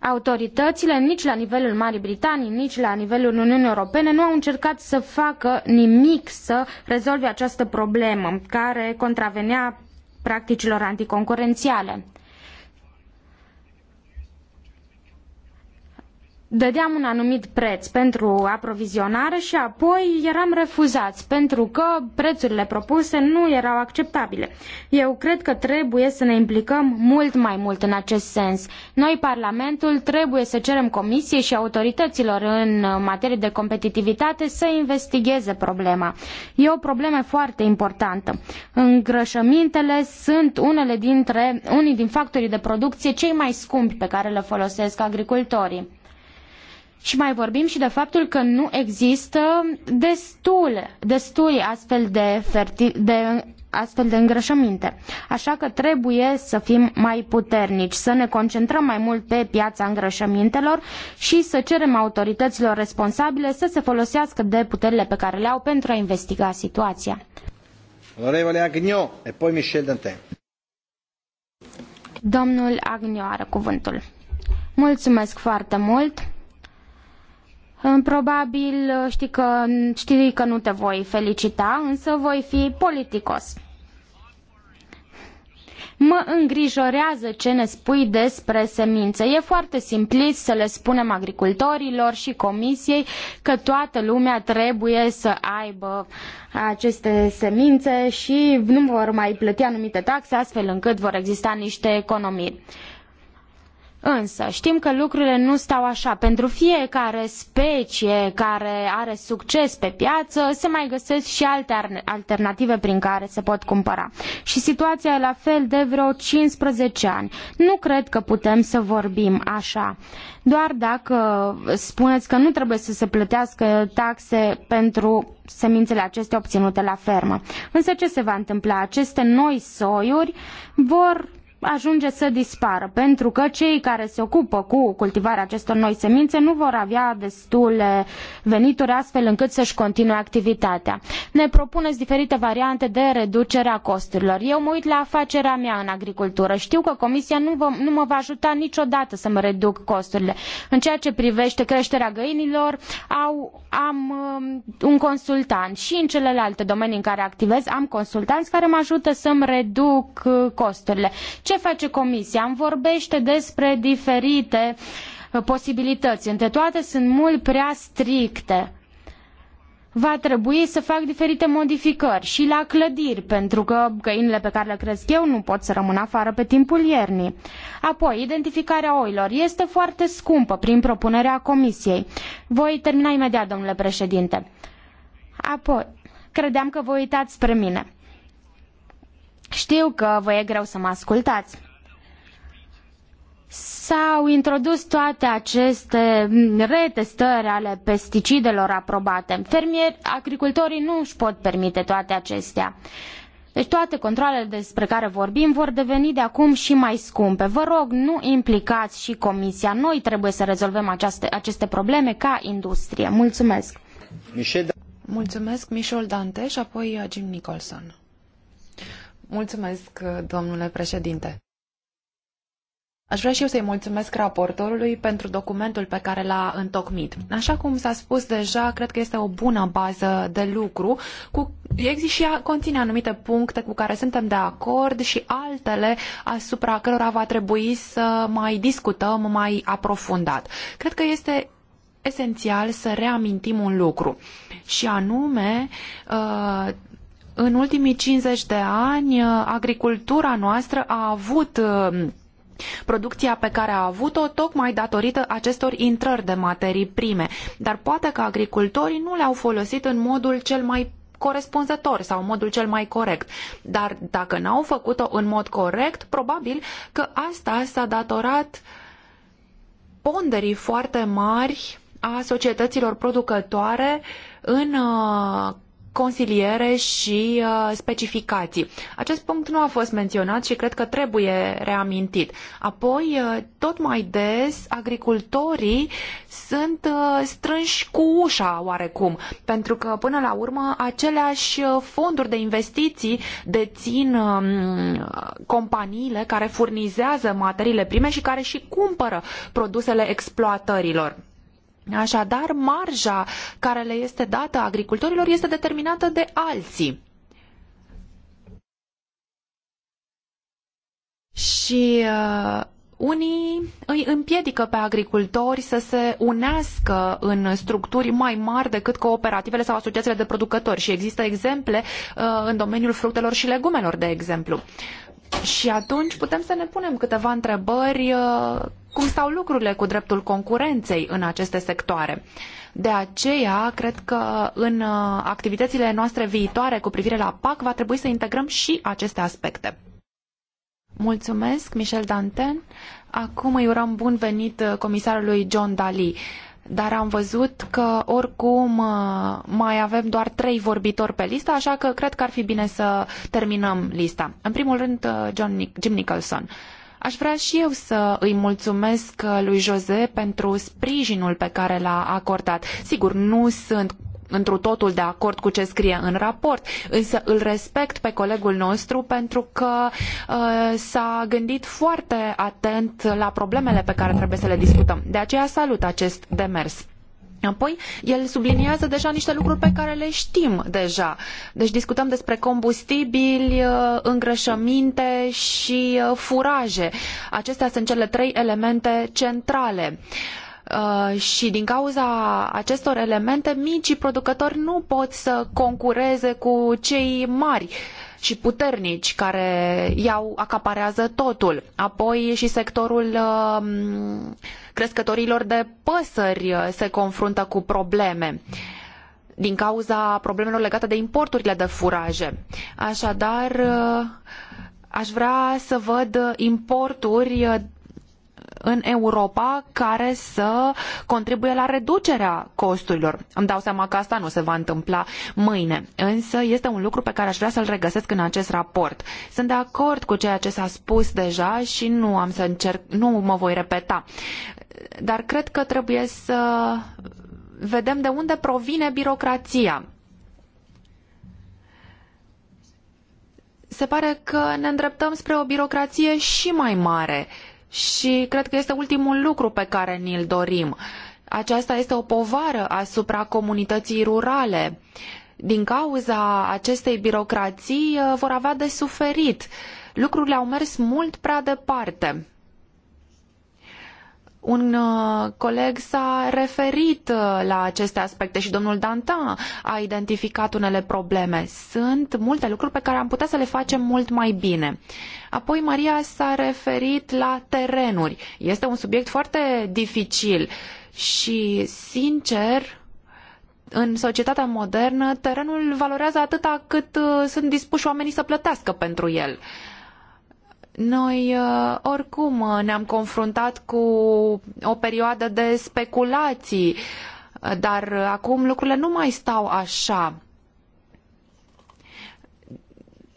Autoritățile, nici la nivelul Marii Britanii, nici la nivelul Uniunii Europene, nu au încercat să facă nimic să rezolve această problemă care contravenea practicilor anticoncurențiale. dădeam un anumit preț pentru aprovizionare și apoi eram refuzați pentru că prețurile propuse nu erau acceptabile. Eu cred că trebuie să ne implicăm mult mai mult în acest sens. Noi, Parlamentul, trebuie să cerem Comisiei și autorităților în materie de competitivitate să investigheze problema. E o problemă foarte importantă. Îngrășămintele sunt unele dintre unii din factorii de producție cei mai scumpi pe care le folosesc agricultorii. Și mai vorbim și de faptul că nu există destul, destui astfel de, fertil, de astfel de îngrășăminte. Așa că trebuie să fim mai puternici, să ne concentrăm mai mult pe piața îngrășămintelor și să cerem autorităților responsabile să se folosească de puterile pe care le au pentru a investiga situația.
Onorevole Agnio, e Michel Dante.
Domnul Agnio are cuvântul. Mulțumesc foarte mult. Probabil uh, știi că, știi că nu te voi felicita, însă voi fi politicos. Mă îngrijorează ce ne spui despre semințe. E foarte simplist să le spunem agricultorilor și comisiei că toată lumea trebuie să aibă aceste semințe și nu vor mai plăti anumite taxe astfel încât vor exista niște economii. Însă știm că lucrurile nu stau așa. Pentru fiecare specie care are succes pe piață, se mai găsesc și alte alternative prin care se pot cumpăra. Și situația e la fel de vreo 15 ani. Nu cred că putem să vorbim așa. Doar dacă spuneți că nu trebuie să se plătească taxe pentru semințele acestea obținute la fermă. Însă ce se va întâmpla? Aceste noi soiuri vor ajunge să dispară, pentru că cei care se ocupă cu cultivarea acestor noi semințe nu vor avea destule venituri astfel încât să-și continue activitatea. Ne propuneți diferite variante de reducere a costurilor. Eu mă uit la afacerea mea în agricultură. Știu că Comisia nu, vă, nu mă va ajuta niciodată să-mi reduc costurile. În ceea ce privește creșterea găinilor, au, am um, un consultant și în celelalte domenii în care activez am consultanți care mă ajută să-mi reduc uh, costurile. Ce ce face Comisia? Îmi vorbește despre diferite uh, posibilități. Între toate sunt mult prea stricte va trebui să fac diferite modificări și la clădiri, pentru că găinile pe care le cresc eu nu pot să rămână afară pe timpul iernii. Apoi, identificarea oilor este foarte scumpă prin propunerea comisiei. Voi termina imediat, domnule președinte. Apoi, credeam că vă uitați spre mine. Știu că vă e greu să mă ascultați. S-au introdus toate aceste retestări ale pesticidelor aprobate. Fermieri, agricultorii nu își pot permite toate acestea. Deci toate controlele despre care vorbim vor deveni de acum și mai scumpe. Vă rog, nu implicați și Comisia. Noi trebuie să rezolvăm aceste aceste probleme ca industrie. Mulțumesc!
Mulțumesc, Michel Dante și apoi uh, Jim Nicholson. Mulțumesc, domnule președinte. Aș vrea și eu să-i mulțumesc raportorului pentru documentul pe care l-a întocmit. Așa cum s-a spus deja, cred că este o bună bază de lucru. Cu, există și conține anumite puncte cu care suntem de acord și altele asupra cărora va trebui să mai discutăm mai aprofundat. Cred că este esențial să reamintim un lucru și anume uh, în ultimii 50 de ani, uh, agricultura noastră a avut uh, producția pe care a avut-o tocmai datorită acestor intrări de materii prime. Dar poate că agricultorii nu le-au folosit în modul cel mai corespunzător sau în modul cel mai corect. Dar dacă n-au făcut-o în mod corect, probabil că asta s-a datorat ponderii foarte mari a societăților producătoare în uh, consiliere și uh, specificații. Acest punct nu a fost menționat și cred că trebuie reamintit. Apoi, uh, tot mai des, agricultorii sunt uh, strânși cu ușa oarecum, pentru că până la urmă aceleași fonduri de investiții dețin um, companiile care furnizează materiile prime și care și cumpără produsele exploatărilor. Așadar, marja care le este dată agricultorilor este determinată de alții. Și uh, unii îi împiedică pe agricultori să se unească în structuri mai mari decât cooperativele sau asociațiile de producători și există exemple uh, în domeniul fructelor și legumelor, de exemplu. Și atunci putem să ne punem câteva întrebări uh, cum stau lucrurile cu dreptul concurenței în aceste sectoare. De aceea, cred că în uh, activitățile noastre viitoare cu privire la PAC va trebui să integrăm și aceste aspecte. Mulțumesc, Michel Danten. Acum îi urăm bun venit uh, comisarului John Daly dar am văzut că oricum uh, mai avem doar trei vorbitori pe listă, așa că cred că ar fi bine să terminăm lista. În primul rând, John Jim Nicholson. Aș vrea și eu să îi mulțumesc lui Jose pentru sprijinul pe care l-a acordat. Sigur, nu sunt întru totul de acord cu ce scrie în raport, însă îl respect pe colegul nostru pentru că uh, s-a gândit foarte atent la problemele pe care trebuie să le discutăm. De aceea salut acest demers. Apoi, el subliniază deja niște lucruri pe care le știm deja. Deci discutăm despre combustibili, uh, îngrășăminte și uh, furaje. Acestea sunt cele trei elemente centrale. Uh, și din cauza acestor elemente, micii producători nu pot să concureze cu cei mari și puternici care iau, acaparează totul. Apoi și sectorul um, crescătorilor de păsări uh, se confruntă cu probleme din cauza problemelor legate de importurile de furaje. Așadar, uh, aș vrea să văd importuri uh, în Europa care să contribuie la reducerea costurilor. Îmi dau seama că asta nu se va întâmpla mâine, însă este un lucru pe care aș vrea să-l regăsesc în acest raport. Sunt de acord cu ceea ce s-a spus deja și nu am să încerc, nu mă voi repeta. Dar cred că trebuie să vedem de unde provine birocrația. se pare că ne îndreptăm spre o birocrație și mai mare și cred că este ultimul lucru pe care ni-l dorim. Aceasta este o povară asupra comunității rurale. Din cauza acestei birocrații uh, vor avea de suferit. Lucrurile au mers mult prea departe. Un uh, coleg s-a referit uh, la aceste aspecte și domnul Danta a identificat unele probleme. Sunt multe lucruri pe care am putea să le facem mult mai bine. Apoi Maria s-a referit la terenuri. Este un subiect foarte dificil și, sincer, în societatea modernă, terenul valorează atâta cât uh, sunt dispuși oamenii să plătească pentru el. Noi uh, oricum uh, ne-am confruntat cu o perioadă de speculații, uh, dar acum lucrurile nu mai stau așa.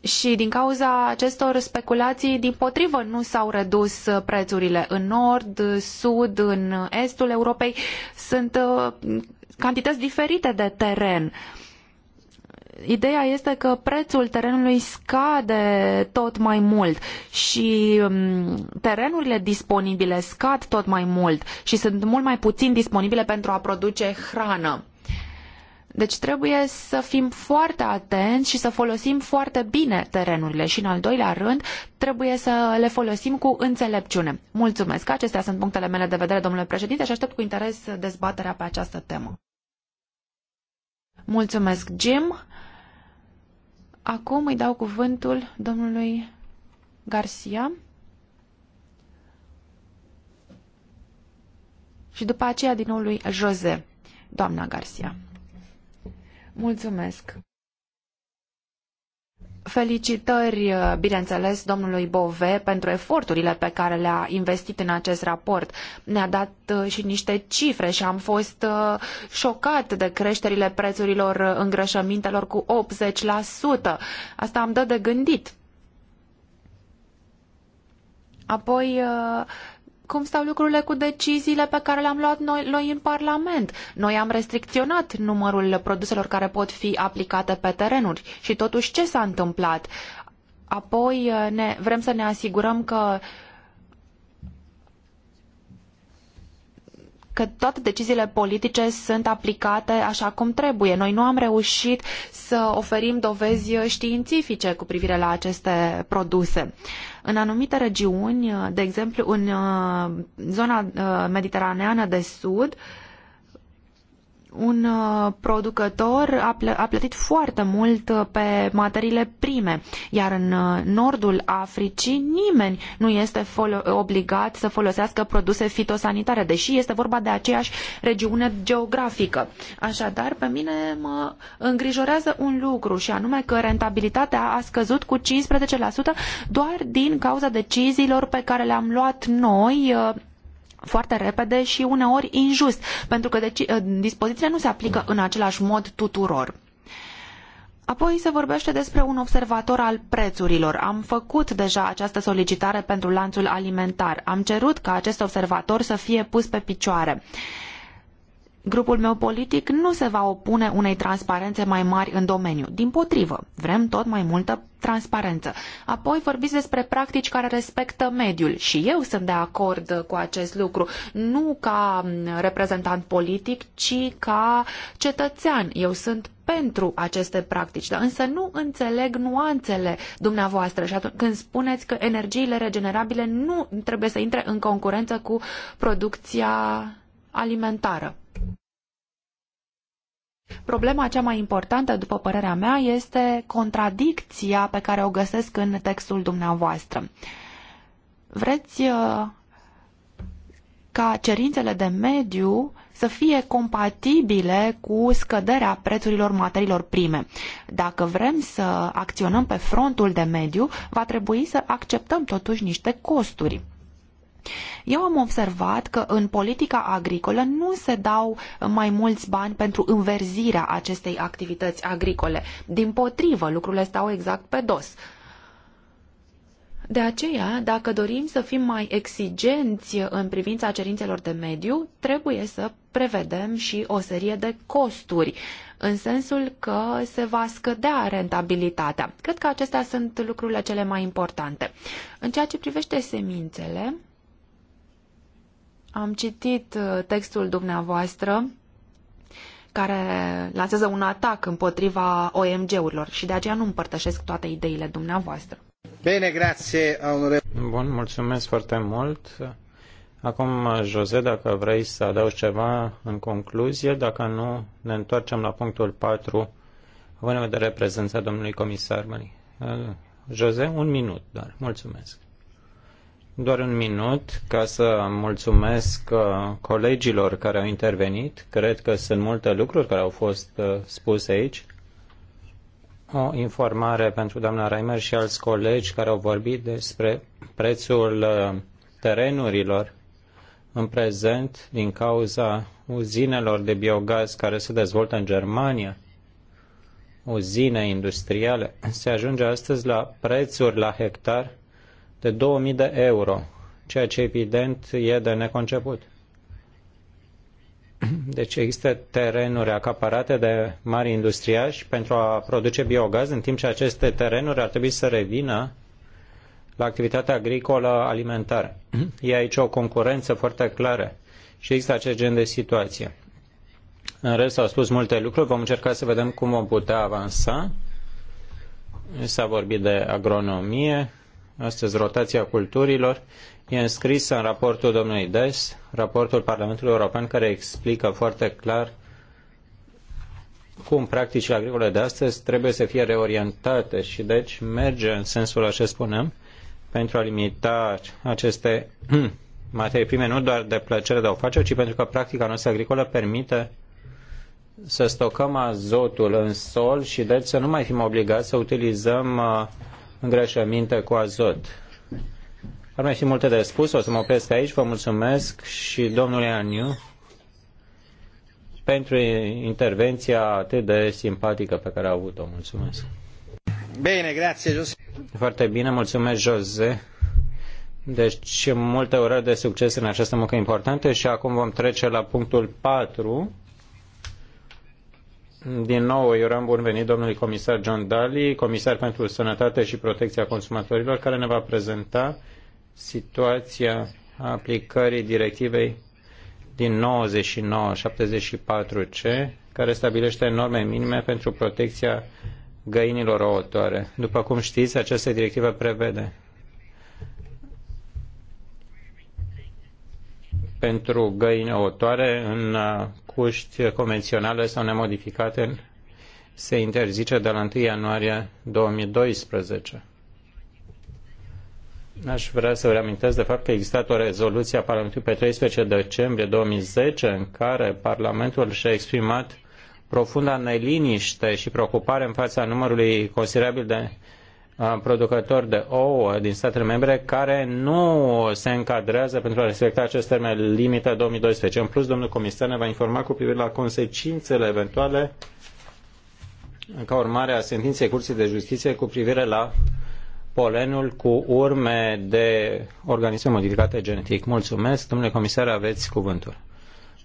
Și din cauza acestor speculații, din potrivă, nu s-au redus prețurile. În nord, sud, în estul Europei sunt cantități diferite de teren. Uh, Ideea este că prețul terenului scade tot mai mult și mm, terenurile disponibile scad tot mai mult și sunt mult mai puțin disponibile pentru a produce hrană. Deci trebuie să fim foarte atenți și să folosim foarte bine terenurile și, în al doilea rând, trebuie să le folosim cu înțelepciune. Mulțumesc! Acestea sunt punctele mele de vedere, domnule președinte, și aștept cu interes dezbaterea pe această temă. Mulțumesc, Jim! Acum îi dau cuvântul domnului Garcia. Și după aceea din nou lui Jose, doamna Garcia. Mulțumesc. Felicitări, uh, bineînțeles, domnului Bove pentru eforturile pe care le-a investit în acest raport. Ne-a dat uh, și niște cifre și am fost uh, șocat de creșterile prețurilor îngrășămintelor cu 80%. Asta am dă de gândit. Apoi cum stau lucrurile cu deciziile pe care le-am luat noi, noi în Parlament. Noi am restricționat numărul produselor care pot fi aplicate pe terenuri și totuși ce s-a întâmplat? Apoi eh, ne, vrem să ne asigurăm că că toate deciziile politice sunt aplicate așa cum trebuie. Noi nu am reușit să oferim dovezi științifice cu privire la aceste produse. În anumite regiuni, de exemplu în uh, zona uh, mediteraneană de sud, un uh, producător a plătit foarte mult uh, pe materiile prime, iar în uh, nordul Africii nimeni nu este obligat să folosească produse fitosanitare, deși este vorba de aceeași regiune geografică. Așadar, pe mine mă îngrijorează un lucru și anume că rentabilitatea a scăzut cu 15% doar din cauza deciziilor pe care le-am luat noi foarte repede și uneori injust, pentru că deci, eh, dispozițiile nu se aplică în același mod tuturor. Apoi se vorbește despre un observator al prețurilor. Am făcut deja această solicitare pentru lanțul alimentar. Am cerut ca acest observator să fie pus pe picioare. Uh, Grupul meu politic nu se va opune unei transparențe mai mari în domeniu. Din potrivă, vrem tot mai multă transparență. Apoi vorbiți despre practici care respectă mediul și eu sunt de acord cu acest lucru, nu ca reprezentant politic, ci ca cetățean. Eu sunt pentru aceste practici, dar însă nu înțeleg nuanțele dumneavoastră și atunci când spuneți că energiile regenerabile nu trebuie să intre în concurență cu producția alimentară. Problema cea mai importantă, după părerea mea, este contradicția pe care o găsesc în textul dumneavoastră. Vreți uh, ca cerințele de mediu să fie compatibile cu scăderea prețurilor materiilor prime. Dacă vrem să acționăm pe frontul de mediu, va trebui să acceptăm totuși niște costuri. Eu am observat că în politica agricolă nu se dau mai mulți bani pentru înverzirea acestei activități agricole. Din potrivă, lucrurile stau exact pe dos. De aceea, dacă dorim să fim mai exigenți în privința cerințelor de mediu, trebuie să prevedem și o serie de costuri, în sensul că se va scădea rentabilitatea. Cred că acestea sunt lucrurile cele mai importante. În ceea ce privește semințele, am citit uh, textul dumneavoastră care lansează un atac împotriva OMG-urilor și de aceea nu împărtășesc toate ideile dumneavoastră.
Bine, grație, Bun, mulțumesc foarte mult. Acum, Jose, dacă vrei să adaugi ceva în concluzie, dacă nu, ne întoarcem la punctul 4, având în vedere prezența domnului comisar Mări. Jose, un minut doar. Mulțumesc. Doar un minut ca să mulțumesc uh, colegilor care au intervenit. Cred că sunt multe lucruri care au fost uh, spuse aici. O informare pentru doamna Reimer și alți colegi care au vorbit despre prețul uh, terenurilor în prezent din cauza uzinelor de biogaz care se dezvoltă în Germania, uzine industriale, se ajunge astăzi la prețuri la hectar de 2000 de euro, ceea ce evident e de neconceput. Deci există terenuri acaparate de mari industriași pentru a produce biogaz, în timp ce aceste terenuri ar trebui să revină la activitatea agricolă alimentară. E aici o concurență foarte clară și există acest gen de situație. În rest s-au spus multe lucruri, vom încerca să vedem cum vom putea avansa. S-a vorbit de agronomie, astăzi rotația culturilor, e înscrisă în raportul domnului Des, raportul Parlamentului European care explică foarte clar cum practicile agricole de astăzi trebuie să fie reorientate și deci merge în sensul, așa spunem, pentru a limita aceste materii prime nu doar de plăcere de a o face, ci pentru că practica noastră agricolă permite să stocăm azotul în sol și deci să nu mai fim obligați să utilizăm uh, îngrășăminte cu azot. Ar mai fi multe de spus, o să mă opresc aici, vă mulțumesc și domnului Aniu pentru intervenția atât de simpatică pe care a avut-o. Mulțumesc. Bine, grație, Jose. Foarte bine, mulțumesc, Jose. Deci, multe urări de succes în această muncă importantă și acum vom trece la punctul 4. Din nou îi urăm bun venit domnului comisar John Daly, comisar pentru sănătate și protecția consumatorilor, care ne va prezenta situația aplicării directivei din 99-74C, care stabilește norme minime pentru protecția găinilor ouătoare. După cum știți, această directivă prevede pentru găini ouătoare în puști convenționale sau nemodificate se interzice de la 1 ianuarie 2012. Aș vrea să vă reamintesc de fapt că a existat o rezoluție a Parlamentului pe 13 decembrie 2010 în care Parlamentul și-a exprimat profunda neliniște și preocupare în fața numărului considerabil de producători de ouă din statele membre care nu se încadrează pentru a respecta acest termen limită 2012. În plus, domnul comisar ne va informa cu privire la consecințele eventuale ca urmare a sentinței Curții de Justiție cu privire la polenul cu urme de organisme modificate genetic. Mulțumesc, domnule comisar, aveți cuvântul.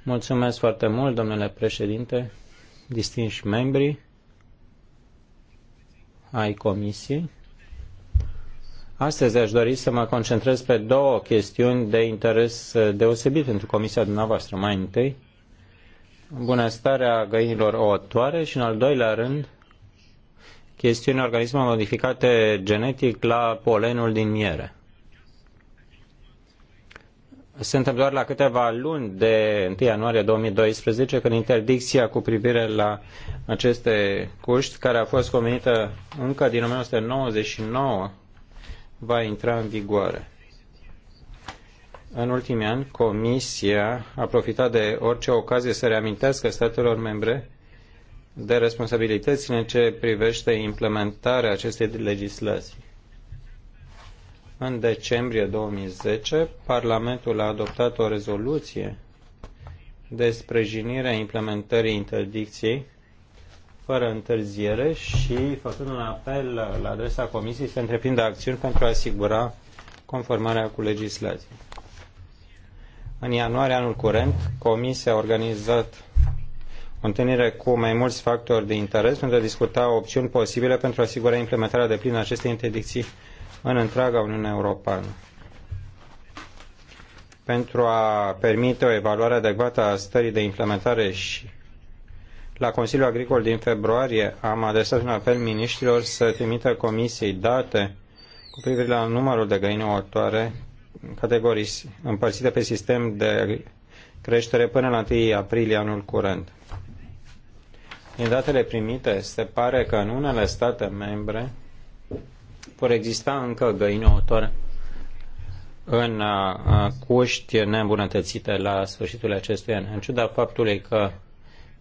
Mulțumesc foarte mult, domnule președinte, distinși membri ai comisiei. Astăzi aș dori să mă concentrez pe două chestiuni de interes uh, deosebit pentru comisia dumneavoastră. Mai întâi, bunăstarea găinilor ouătoare și, în al doilea rând, chestiuni organisme modificate genetic la polenul din miere. Suntem doar la câteva luni de 1 ianuarie 2012, când interdicția cu privire la aceste cuști, care a fost convenită încă din 1999, va intra în vigoare. În ultimii ani, Comisia a profitat de orice ocazie să reamintească statelor membre de responsabilitățile în ce privește implementarea acestei legislații. În decembrie 2010, Parlamentul a adoptat o rezoluție de sprijinire a implementării interdicției fără întârziere și făcând un apel la adresa Comisiei să întreprindă acțiuni pentru a asigura conformarea cu legislație. În ianuarie anul curent, Comisia a organizat o întâlnire cu mai mulți factori de interes pentru a discuta opțiuni posibile pentru a asigura implementarea de plină acestei interdicții în întreaga Uniune Europeană. Pentru a permite o evaluare adecvată a stării de implementare și la Consiliul Agricol din februarie am adresat un apel miniștrilor să trimită comisiei date cu privire la numărul de găini ouătoare categorii împărțite pe sistem de creștere până la 1 aprilie anul curent. Din datele primite, se pare că în unele state membre vor exista încă găini ouătoare în uh, uh, cuști neîmbunătățite la sfârșitul acestui an. În ciuda faptului că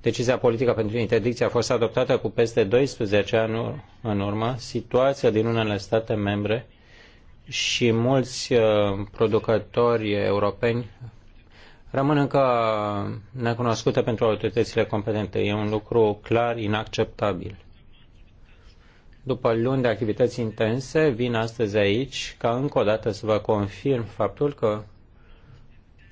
Decizia politică pentru interdicție a fost adoptată cu peste 12 ani în urmă. Situația din unele state membre și mulți uh, producători europeni rămân încă necunoscute pentru autoritățile competente. E un lucru clar inacceptabil. După luni de activități intense, vin astăzi aici ca încă o dată să vă confirm faptul că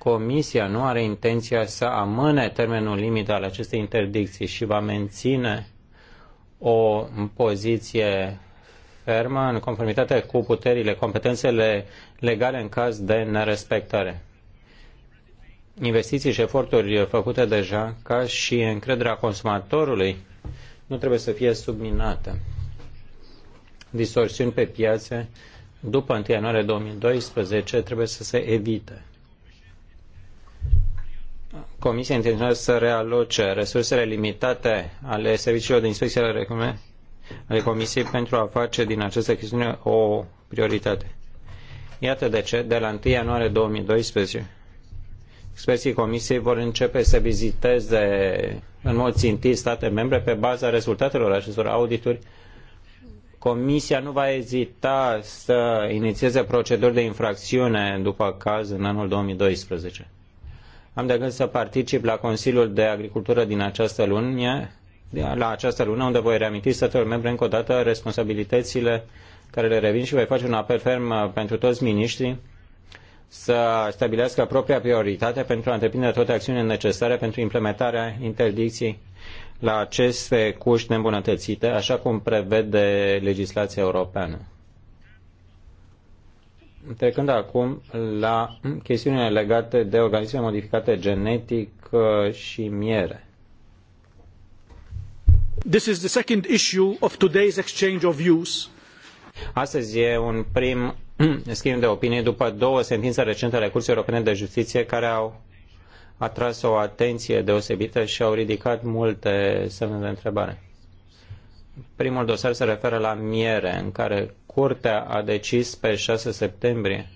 Comisia nu are intenția să amâne termenul limit al acestei interdicții și va menține o poziție fermă în conformitate cu puterile, competențele legale în caz de nerespectare. Investiții și eforturi făcute deja, ca și încrederea consumatorului, nu trebuie să fie subminate. Distorsiuni pe piațe după 1 ianuarie 2012 trebuie să se evite. Comisia intenționează să realoce resursele limitate ale serviciilor de inspecție ale Comisiei pentru a face din această chestiune o prioritate. Iată de ce, de la 1 ianuarie 2012, experții Comisiei vor începe să viziteze în mod țintit state membre pe baza rezultatelor acestor audituri. Comisia nu va ezita să inițieze proceduri de infracțiune după caz în anul 2012. Am de gând să particip la Consiliul de Agricultură din această lună, la această lună, unde voi reaminti statelor membre încă o dată responsabilitățile care le revin și voi face un apel ferm uh, pentru toți miniștrii să stabilească propria prioritate pentru a întreprinde toate acțiunile necesare pentru implementarea interdicției la aceste cuști neîmbunătățite, așa cum prevede legislația europeană. Trecând acum la chestiunile legate de organisme modificate genetic uh, și miere. This is the second issue of today's exchange of views. Astăzi e un prim schimb de opinie după două sentințe recente ale Curții Europene de Justiție care au atras o atenție deosebită și au ridicat multe semne de întrebare. Primul dosar se referă la miere, în care curtea a decis pe 6 septembrie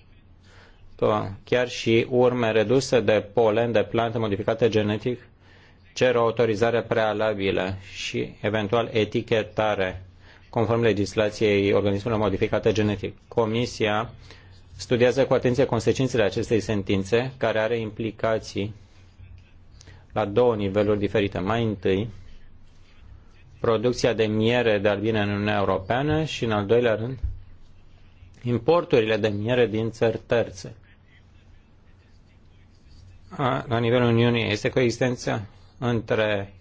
că chiar și urme reduse de polen de plante modificate genetic cer o autorizare prealabilă și eventual etichetare conform legislației organismelor modificate genetic. Comisia studiază cu atenție consecințele acestei sentințe, care are implicații la două niveluri diferite. Mai întâi, producția de miere de albine în Uniunea Europeană și, în al doilea rând, importurile de miere din țări terțe. A, la nivelul Uniunii este coexistența între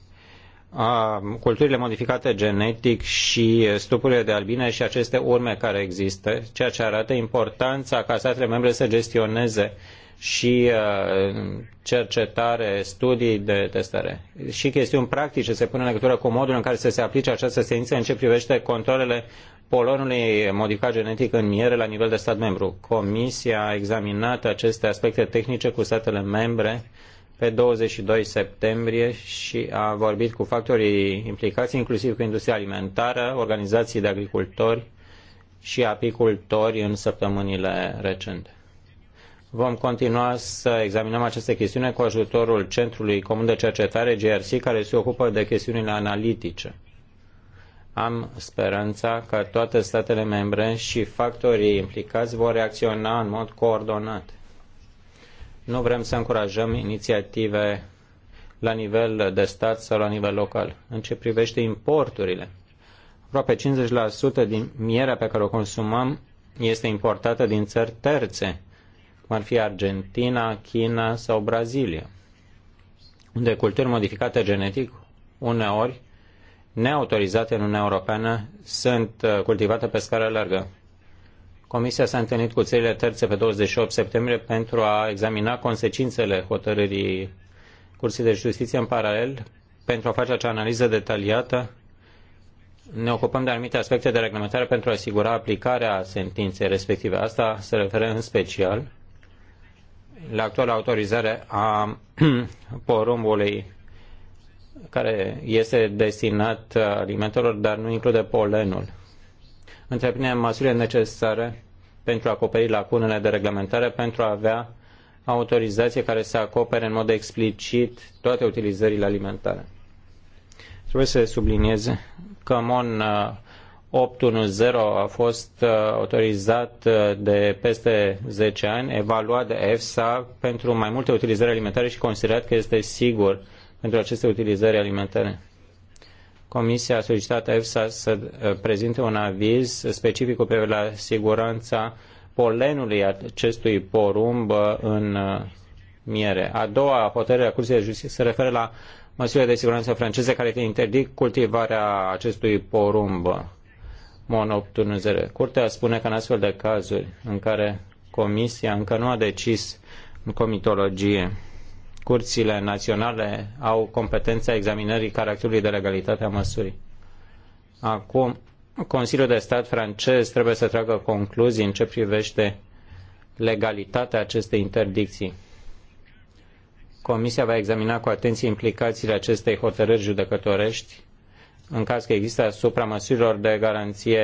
a, culturile modificate genetic și stupurile de albine și aceste urme care există, ceea ce arată importanța ca statele membre să gestioneze și uh, cercetare, studii de testare. Și chestiuni practice se pun în legătură cu modul în care să se aplice această sentință în ce privește controlele polonului modificat genetic în miere la nivel de stat membru. Comisia a examinat aceste aspecte tehnice cu statele membre pe 22 septembrie și a vorbit cu factorii implicați, inclusiv cu industria alimentară, organizații de agricultori și apicultori în săptămânile recente. Vom continua să examinăm aceste chestiune cu ajutorul Centrului Comun de Cercetare GRC, care se ocupă de chestiunile analitice. Am speranța că toate statele membre și factorii implicați vor reacționa în mod coordonat. Nu vrem să încurajăm inițiative la nivel de stat sau la nivel local. În ce privește importurile, aproape 50% din mierea pe care o consumăm este importată din țări terțe, cum ar fi Argentina, China sau Brazilia, unde culturi modificate genetic uneori neautorizate în Uniunea Europeană sunt uh, cultivate pe scară largă. Comisia s-a întâlnit cu țările terțe pe 28 septembrie pentru a examina consecințele hotărârii Curții de Justiție în paralel. Pentru a face acea analiză detaliată, ne ocupăm de anumite aspecte de reglementare pentru a asigura aplicarea sentinței respective. Asta se referă în special la actuala autorizare a porumbului care este destinat alimentelor, dar nu include polenul. Întreprinem măsurile necesare pentru a acoperi lacunele de reglementare, pentru a avea autorizație care să acopere în mod explicit toate utilizările alimentare. Trebuie să subliniez că MON uh, 810 a fost uh, autorizat uh, de peste 10 ani, evaluat de EFSA pentru mai multe utilizări alimentare și considerat că este sigur pentru aceste utilizări alimentare. Comisia a solicitat EFSA să uh, prezinte un aviz specific cu privire la siguranța polenului acestui porumb în miere. A doua hotărâre a Curții de Justiție se referă la măsurile de siguranță franceze care interdic cultivarea acestui porumb MON Curtea spune că în astfel de cazuri în care Comisia încă nu a decis în comitologie, curțile naționale au competența examinării caracterului de legalitate a măsurii. Acum, Consiliul de Stat francez trebuie să tragă concluzii în ce privește legalitatea acestei interdicții. Comisia va examina cu atenție implicațiile acestei hotărâri judecătorești în caz că există asupra măsurilor de garanție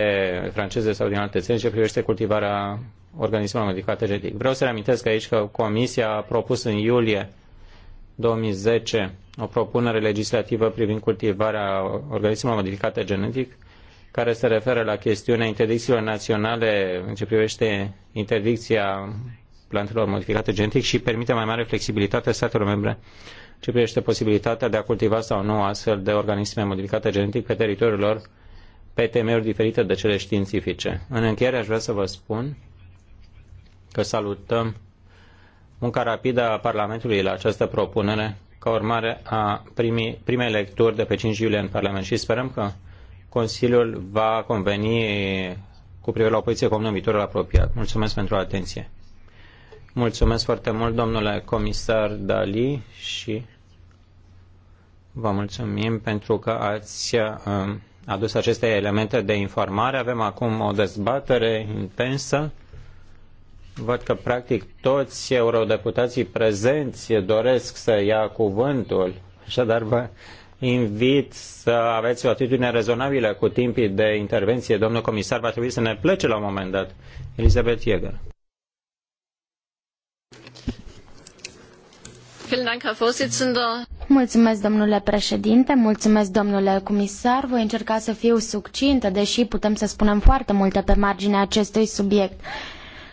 franceze sau din alte țări în ce privește cultivarea organismelor modificate genetic. Vreau să reamintesc aici că Comisia a propus în iulie 2010 o propunere legislativă privind cultivarea organismelor modificate genetic care se referă la chestiunea interdicțiilor naționale în ce privește interdicția plantelor modificate genetic și permite mai mare flexibilitate statelor membre ce privește posibilitatea de a cultiva sau nu astfel de organisme modificate genetic pe teritoriul lor pe temeiuri diferite de cele științifice. În încheiere aș vrea să vă spun că salutăm munca rapidă a Parlamentului la această propunere ca urmare a primii, primei lecturi de pe 5 iulie în Parlament și sperăm că Consiliul va conveni cu privire la o poziție comună în viitorul apropiat. Mulțumesc pentru atenție. Mulțumesc foarte mult, domnule comisar Dali, și vă mulțumim pentru că ați um, adus aceste elemente de informare. Avem acum o dezbatere intensă. Văd că practic toți eurodeputații prezenți doresc să ia cuvântul, așadar vă invit să aveți o atitudine rezonabilă cu timpii de intervenție. Domnul comisar va trebui să ne plece la un moment dat. Elizabeth Jäger.
Mulțumesc, domnule președinte, mulțumesc, domnule comisar. Voi încerca să fiu succintă, deși putem să spunem foarte multe pe marginea acestui subiect.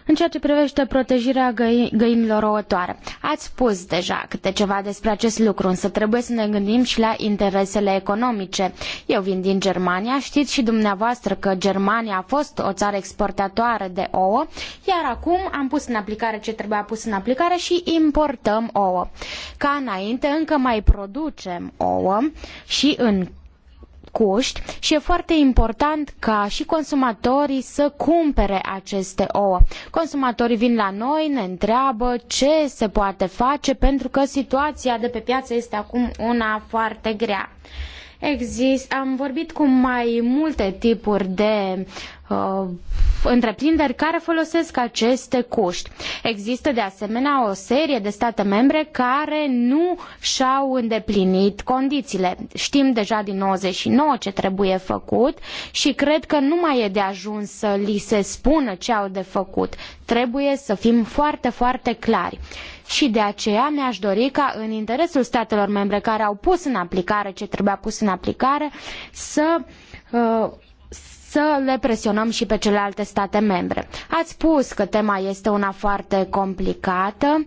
În ceea ce privește protejarea găi- găinilor răutoare. ați spus deja câte ceva despre acest lucru, însă trebuie să ne gândim și la interesele economice. Eu vin din Germania, știți și dumneavoastră că Germania a fost o țară exportatoare de ouă, iar acum am pus în aplicare ce trebuia pus în aplicare și importăm ouă. Ca înainte, încă mai producem ouă și în cuști și e foarte important ca și consumatorii să cumpere aceste ouă. Consumatorii vin la noi, ne întreabă ce se poate face pentru că situația de pe piață este acum una foarte grea. Exist, am vorbit cu mai multe tipuri de Uh, întreprinderi care folosesc aceste cuști. Există de asemenea o serie de state membre care nu și-au îndeplinit condițiile. Știm deja din 99 ce trebuie făcut și cred că nu mai e de ajuns să li se spună ce au de făcut. Trebuie să fim foarte, foarte clari și de aceea mi-aș dori ca în interesul statelor membre care au pus în aplicare ce trebuia pus în aplicare să uh, să le presionăm și pe celelalte state membre. Ați spus că tema este una foarte complicată.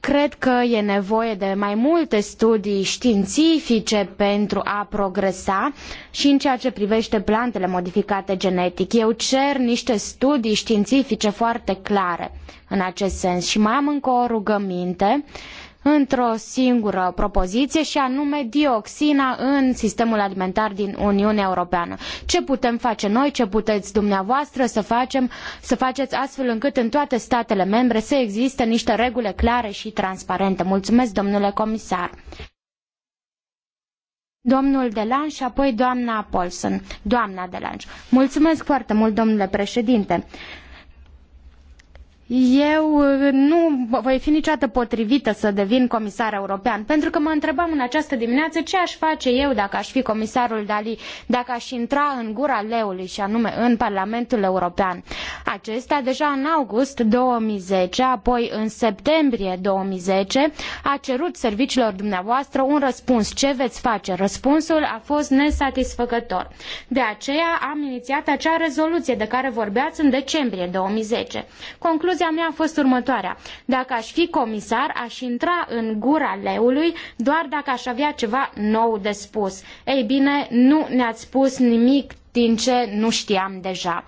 Cred că e nevoie de mai multe studii științifice pentru a progresa și în ceea ce privește plantele modificate genetic. Eu cer niște studii științifice foarte clare în acest sens și mai am încă o rugăminte. Uh, într-o singură propoziție și anume dioxina în sistemul alimentar din Uniunea Europeană. Ce putem face noi, ce puteți dumneavoastră să, facem, să faceți astfel încât în toate statele membre să existe niște reguli clare și transparente. Mulțumesc, domnule comisar. Domnul Delanj și apoi doamna Polson, Doamna Delanj. Mulțumesc foarte mult, domnule președinte. Eu uh, nu voi fi niciodată potrivită să devin comisar european, pentru că mă întrebam în această dimineață ce aș face eu dacă aș fi comisarul Dali, dacă aș intra în gura leului și anume în Parlamentul European. Acesta deja în august 2010, apoi în septembrie 2010, a cerut serviciilor dumneavoastră un răspuns. Ce veți face? Răspunsul a fost nesatisfăcător. De aceea am inițiat acea rezoluție de care vorbeați în decembrie 2010. Conclu Concluzia mea a fost următoarea. Dacă aș fi comisar, aș intra în gura leului doar dacă aș avea ceva nou de spus. Ei bine, nu ne-ați spus nimic din ce nu știam deja.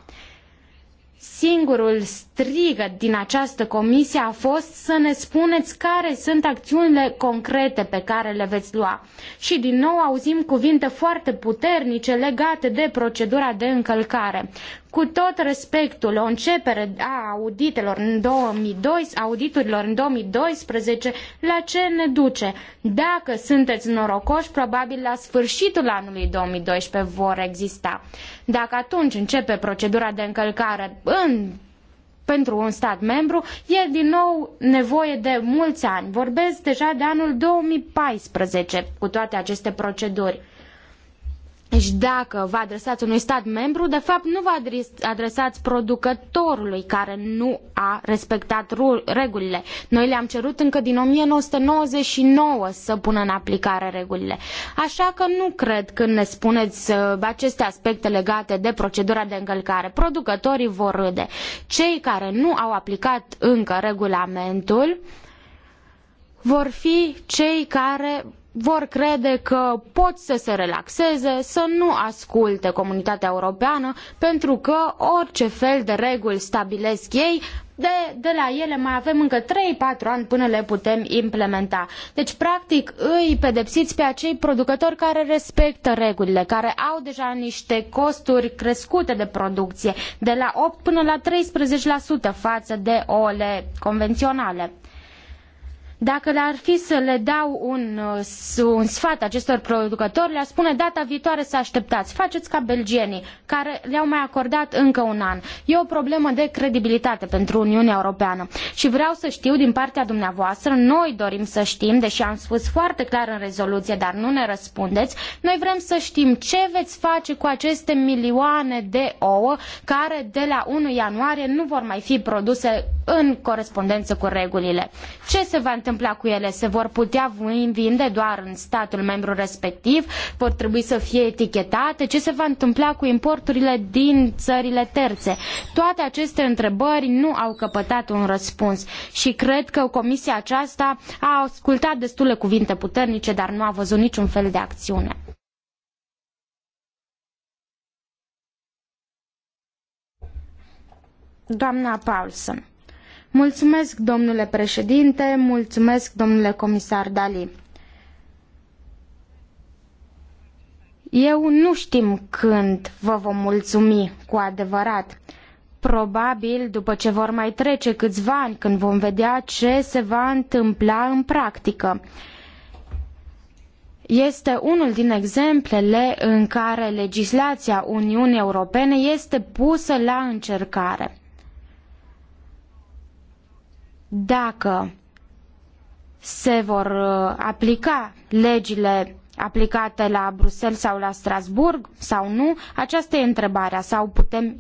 Singurul strigăt din această comisie a fost să ne spuneți care sunt acțiunile concrete pe care le veți lua. Și din nou auzim cuvinte foarte puternice legate de procedura de încălcare. Cu tot respectul, o începere a auditelor în 2012, auditurilor în 2012, la ce ne duce? Dacă sunteți norocoși, probabil la sfârșitul anului 2012 vor exista. Dacă atunci începe procedura de încălcare în pentru un stat membru, e din nou nevoie de mulți ani. Vorbesc deja de anul 2014 cu toate aceste proceduri și deci dacă vă adresați unui stat membru, de fapt nu vă adresați producătorului care nu a respectat regulile. Noi le-am cerut încă din 1999 să pună în aplicare regulile. Așa că nu cred când ne spuneți uh, aceste aspecte legate de procedura de încălcare. Producătorii vor râde. Cei care nu au aplicat încă regulamentul vor fi cei care vor crede că pot să se relaxeze, să nu asculte comunitatea europeană, pentru că orice fel de reguli stabilesc ei, de, de la ele mai avem încă 3-4 ani până le putem implementa. Deci, practic, îi pedepsiți pe acei producători care respectă regulile, care au deja niște costuri crescute de producție, de la 8 până la 13% față de ouăle convenționale. Dacă le-ar fi să le dau un, uh, un sfat acestor producători, le-ar spune data viitoare să așteptați. Faceți ca belgienii, care le-au mai acordat încă un an. E o problemă de credibilitate pentru Uniunea Europeană. Și vreau să știu din partea dumneavoastră, noi dorim să știm, deși am spus foarte clar în rezoluție, dar nu ne răspundeți, noi vrem să știm ce veți face cu aceste milioane de ouă care de la 1 ianuarie nu vor mai fi produse în corespondență cu regulile. Ce se va întâmpla cu ele? Se vor putea vinde doar în statul membru respectiv? Vor trebui să fie etichetate? Ce se va întâmpla cu importurile din țările terțe? Toate aceste întrebări nu au căpătat un răspuns și cred că comisia aceasta a ascultat destule cuvinte puternice, dar nu a văzut niciun fel de acțiune. Doamna Paulson Mulțumesc, domnule președinte, mulțumesc, domnule comisar Dali. Eu nu știm când vă vom mulțumi cu adevărat. Probabil după ce vor mai trece câțiva ani, când vom vedea ce se va întâmpla în practică. Este unul din exemplele în care legislația Uniunii Europene este pusă la încercare dacă se vor uh, aplica legile aplicate la Bruxelles sau la Strasbourg sau nu? Aceasta e întrebarea. Sau putem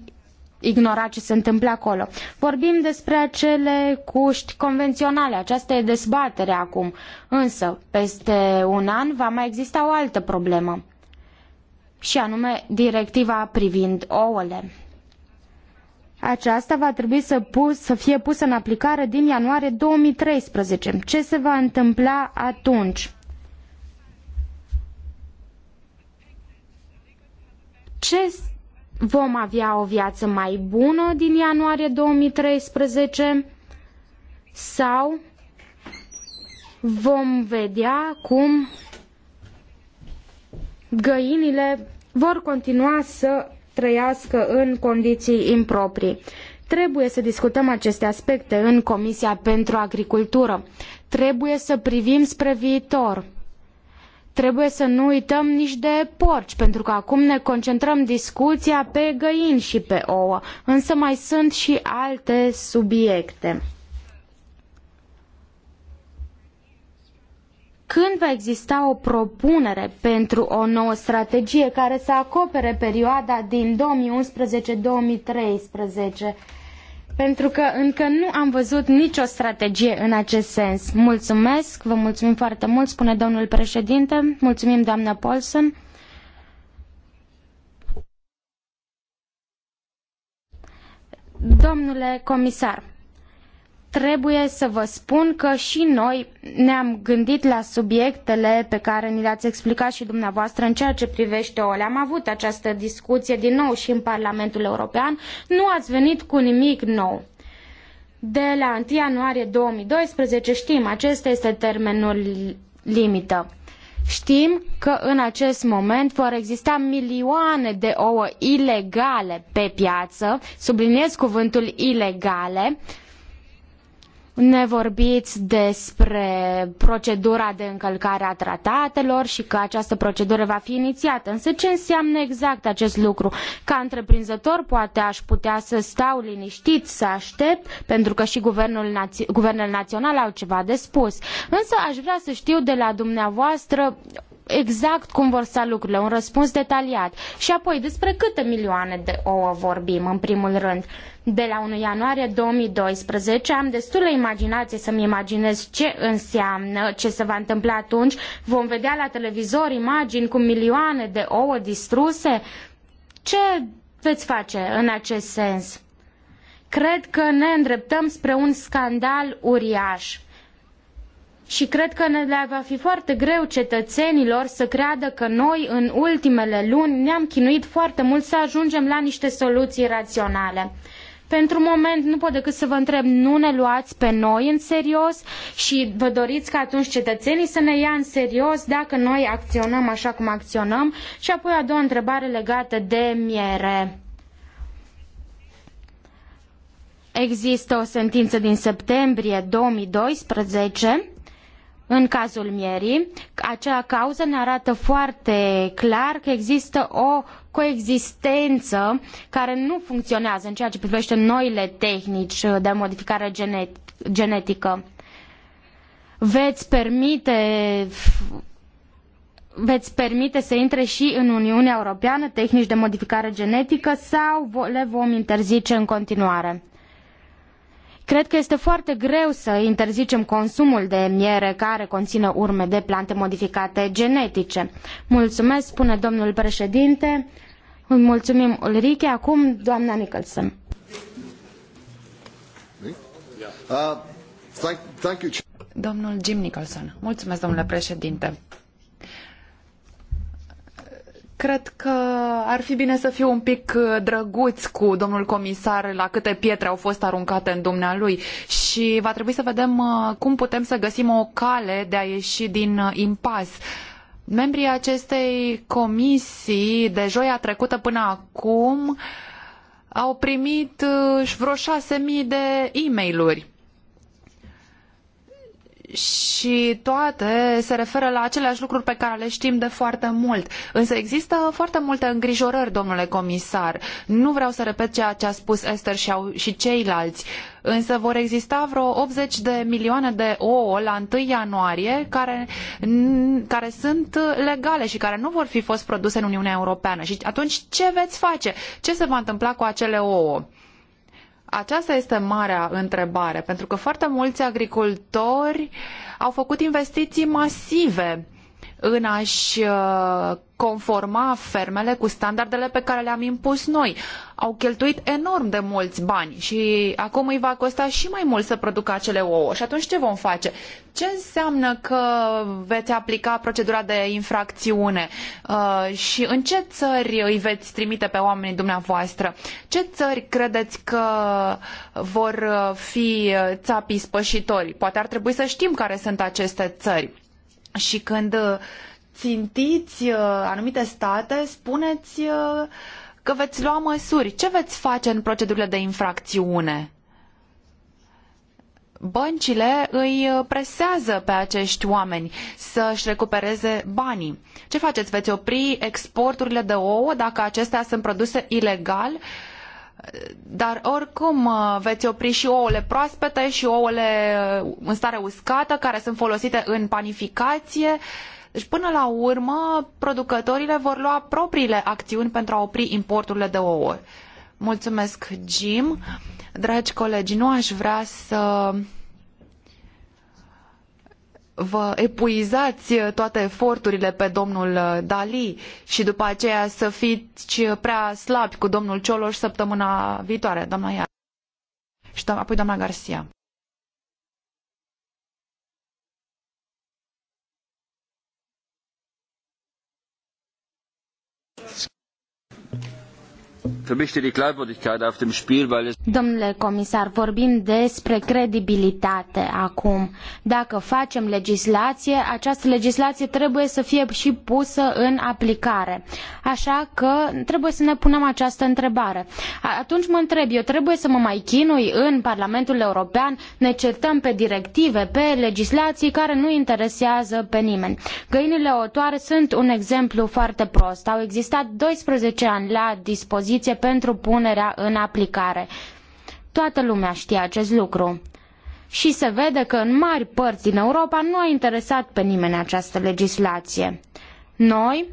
ignora ce se întâmplă acolo. Vorbim despre acele cuști convenționale, aceasta e dezbaterea acum. Însă, peste un an va mai exista o altă problemă, și anume directiva privind ouăle aceasta va trebui să, pus, să fie pusă în aplicare din ianuarie 2013. Ce se va întâmpla atunci? Ce vom avea o viață mai bună din ianuarie 2013 sau vom vedea cum găinile vor continua să trăiască în condiții improprii. Trebuie să discutăm aceste aspecte în Comisia pentru Agricultură. Trebuie să privim spre viitor. Trebuie să nu uităm nici de porci, pentru că acum ne concentrăm discuția pe găini și pe ouă, însă mai sunt și alte subiecte. când va exista o propunere pentru o nouă strategie care să acopere perioada din 2011-2013? Pentru că încă nu am văzut nicio strategie în acest sens. Mulțumesc, vă mulțumim foarte mult, spune domnul președinte. Mulțumim, doamna Paulson. Domnule comisar, trebuie să vă spun că și noi ne-am gândit la subiectele pe care ni le-ați explicat și dumneavoastră în ceea ce privește OLE. Am avut această discuție din nou și în Parlamentul European. Nu ați venit cu nimic nou. De la 1 ianuarie 2012 știm, acesta este termenul limită. Știm că în acest moment vor exista milioane de ouă ilegale pe piață, subliniez cuvântul ilegale, uh, ne vorbiți despre procedura de încălcare a tratatelor și că această procedură va fi inițiată. Însă ce înseamnă exact acest lucru? Ca întreprinzător poate aș putea să stau liniștit, să aștept, pentru că și guvernul naț- guvernele naționale au ceva de spus. Însă aș vrea să știu de la dumneavoastră exact cum vor sta lucrurile, un răspuns detaliat. Și apoi, despre câte milioane de ouă vorbim, în primul rând? De la 1 ianuarie 2012 am destulă imaginație să-mi imaginez ce înseamnă, ce se va întâmpla atunci. Vom vedea la televizor imagini cu milioane de ouă distruse? Ce veți face în acest sens? Cred că ne îndreptăm spre un scandal uriaș și cred că ne le va fi foarte greu cetățenilor să creadă că noi în ultimele luni ne-am chinuit foarte mult să ajungem la niște soluții raționale. Pentru moment nu pot decât să vă întreb, nu ne luați pe noi în serios și vă doriți ca atunci cetățenii să ne ia în serios dacă noi acționăm așa cum acționăm? Și apoi a doua întrebare legată de miere. Există o sentință din septembrie 2012 în cazul mierii. Acea cauză ne arată foarte clar că există o coexistență care nu funcționează în ceea ce privește noile tehnici de modificare genetică. Veți permite veți permite să intre și în Uniunea Europeană tehnici de modificare genetică sau le vom interzice în continuare? Cred că este foarte greu să interzicem consumul de miere care conține urme de plante modificate genetice. Mulțumesc, spune domnul președinte. Îi mulțumim, Ulrike. Acum, doamna Nicholson.
Uh, domnul Jim Nicholson. Mulțumesc, domnule președinte. Cred că ar fi bine să fiu un pic uh, drăguți cu domnul comisar la câte pietre au fost aruncate în dumnealui și va trebui să vedem uh, cum putem să găsim o cale de a ieși din uh, impas. Membrii acestei comisii de joia trecută până acum au primit vreo șase mii de e-mail-uri și toate se referă la aceleași lucruri pe care le știm de foarte mult. Însă există foarte multe îngrijorări, domnule comisar. Nu vreau să repet ceea ce a spus Esther și, au, și ceilalți, însă vor exista vreo 80 de milioane de ouă la 1 ianuarie care, care sunt legale și care nu vor fi fost produse în Uniunea Europeană. Și atunci ce veți face? Ce se va întâmpla cu acele ouă? aceasta este marea întrebare, pentru că foarte mulți agricultori au făcut investiții masive în a-și uh, conforma fermele cu standardele pe care le-am impus noi. Au cheltuit enorm de mulți bani și acum îi va costa și mai mult să producă acele ouă. Și atunci ce vom face? Ce înseamnă că veți aplica procedura de infracțiune uh, și în ce țări îi veți trimite pe oamenii dumneavoastră? Ce țări credeți că vor uh, fi țapii spășitori? Poate ar trebui să știm care sunt aceste țări și când uh, țintiți uh, anumite state, spuneți uh, că veți lua măsuri. Ce veți face în procedurile de infracțiune? Băncile îi presează pe acești oameni să-și recupereze banii. Ce faceți? Veți opri exporturile de ouă dacă acestea sunt produse ilegal? Uh, dar oricum uh, veți opri și ouăle proaspete și ouăle uh, în stare uscată care sunt folosite în panificație. Deci până la urmă producătorile vor lua propriile acțiuni pentru a opri importurile de ouă. Mulțumesc, Jim. Dragi colegi, nu aș vrea să vă epuizați toate eforturile pe domnul uh, Dali și după aceea să fiți prea slabi cu domnul Cioloș săptămâna viitoare, doamna Iar. Și apoi doamna Garcia.
Domnule comisar, vorbim despre credibilitate acum. Dacă facem legislație, această legislație trebuie să fie și pusă în aplicare. Așa că trebuie să ne punem această întrebare. Atunci mă întreb, eu trebuie să mă mai chinui în Parlamentul European, ne certăm pe directive, pe legislații care nu interesează pe nimeni. Găinile otoare sunt un exemplu foarte prost. Au existat 12 ani la dispoziție pentru punerea în aplicare. Toată lumea știe acest lucru. Și se vede că în mari părți din Europa nu a interesat pe nimeni această legislație. Noi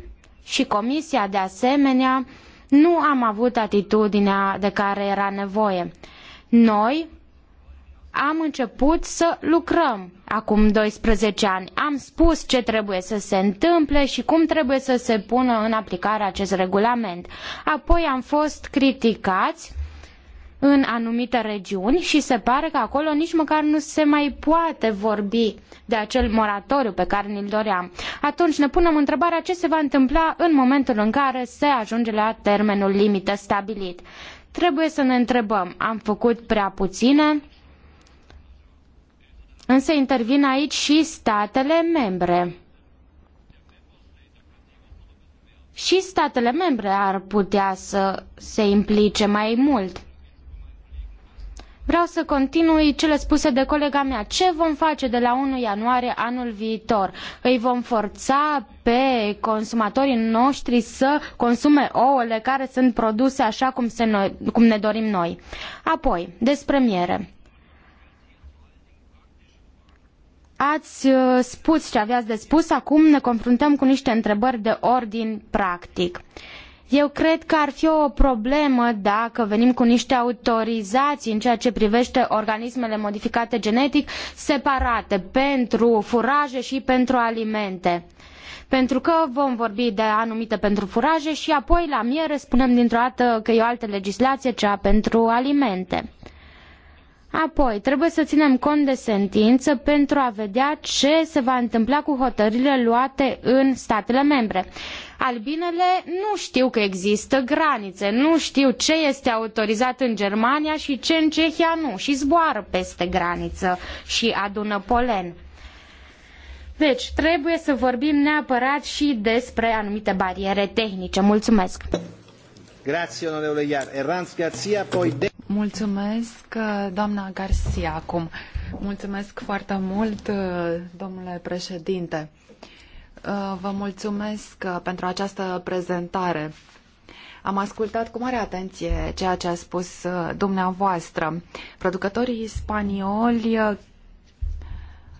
și Comisia de asemenea nu am avut atitudinea de care era nevoie. Noi am început să lucrăm acum 12 ani. Am spus ce trebuie să se întâmple și cum trebuie să se pună în aplicare acest regulament. Apoi am fost criticați în anumite regiuni și se pare că acolo nici măcar nu se mai poate vorbi de acel moratoriu pe care ni-l doream. Atunci ne punem întrebarea ce se va întâmpla în momentul în care se ajunge la termenul limită stabilit. Trebuie să ne întrebăm, am făcut prea puține? Însă intervin aici și statele membre. Și statele membre ar putea să se implice mai mult. Vreau să continui cele spuse de colega mea. Ce vom face de la 1 ianuarie anul viitor? Îi vom forța pe consumatorii noștri să consume ouăle care sunt produse așa cum, se noi, cum ne dorim noi. Apoi, despre miere. Ați uh, spus ce aveați de spus, acum ne confruntăm cu niște întrebări de ordin practic. Eu cred că ar fi o problemă dacă venim cu niște autorizații în ceea ce privește organismele modificate genetic separate pentru furaje și pentru alimente. Pentru că vom vorbi de anumite pentru furaje și apoi la miere spunem dintr-o dată că e o altă legislație, cea pentru alimente. Apoi, trebuie să ținem cont de sentință pentru a vedea ce se va întâmpla cu hotărârile luate în statele membre. Albinele nu știu că există granițe, nu știu ce este autorizat în Germania și ce în Cehia nu, și zboară peste graniță și adună polen. Deci, trebuie să vorbim neapărat și despre anumite bariere tehnice. Mulțumesc!
Grazie, onorevole Iar. Erranz Garcia, poi... De...
Mulțumesc, uh, doamna Garcia, acum. Mulțumesc foarte mult, uh, domnule președinte. Uh, vă mulțumesc pentru această prezentare. Am ascultat cu mare atenție ceea ce a spus dumneavoastră. Producătorii spanioli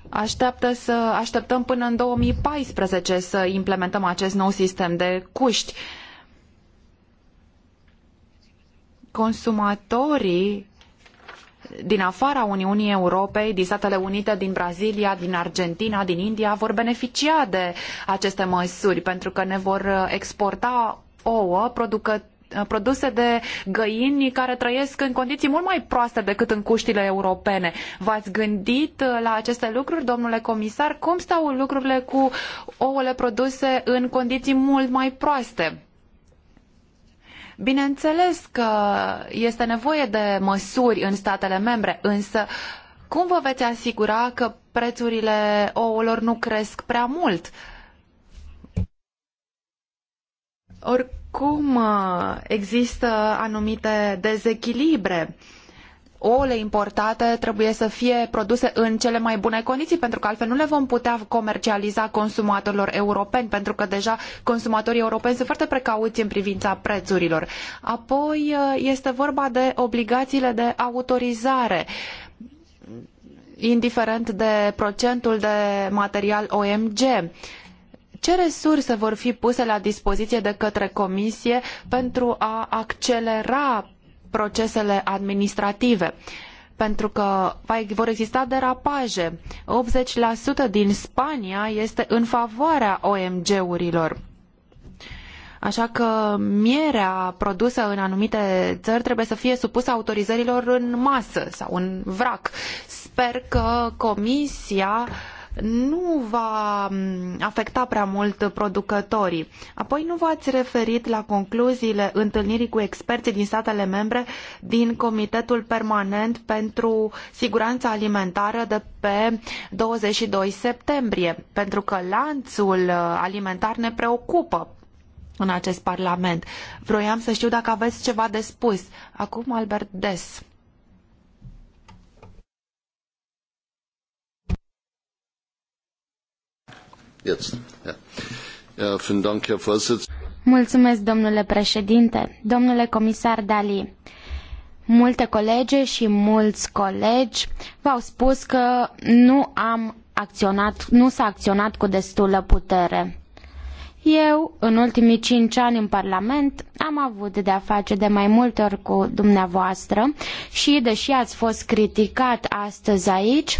așteaptă să așteptăm până în 2014 să implementăm acest nou sistem de cuști. consumatorii din afara Uniunii Europei, din Statele Unite, din Brazilia, din Argentina, din India, vor beneficia de aceste măsuri pentru că ne vor uh, exporta ouă uh, produse de găini care trăiesc în condiții mult mai proaste decât în cuștile europene. V-ați gândit uh, la aceste lucruri, domnule comisar? Cum stau lucrurile cu ouăle produse în condiții mult mai proaste? Bineînțeles că este nevoie de măsuri în statele membre, însă cum vă veți asigura că prețurile ouălor nu cresc prea mult? Oricum există anumite dezechilibre uh, ouăle importate trebuie să fie produse în cele mai bune condiții, pentru că altfel nu le vom putea comercializa consumatorilor europeni, pentru că deja consumatorii europeni sunt foarte precauți în privința prețurilor. Apoi uh, este vorba de obligațiile de autorizare indiferent de procentul de material OMG. Ce resurse vor fi puse la dispoziție de către Comisie pentru a accelera procesele administrative pentru că vor exista derapaje. 80% din Spania este în favoarea OMG-urilor. Așa că mierea produsă în anumite țări trebuie să fie supusă autorizărilor în masă sau în vrac. Sper că Comisia uh, nu va afecta prea mult producătorii. Apoi nu v-ați referit la concluziile întâlnirii cu experții din statele membre din Comitetul Permanent pentru Siguranța Alimentară de pe 22 septembrie, pentru că lanțul uh, alimentar ne preocupă în acest Parlament. Vroiam să știu dacă aveți ceva de spus. Acum Albert Des. Jetzt. Ja. Ja, vielen Dank, Herr
Mulțumesc, domnule președinte, domnule comisar Dali. Multe colege și mulți colegi v-au spus că nu am acționat, nu s-a acționat cu destulă putere. Eu, în ultimii cinci ani în Parlament, am avut de-a face de mai multe ori cu dumneavoastră și, deși ați fost criticat astăzi aici,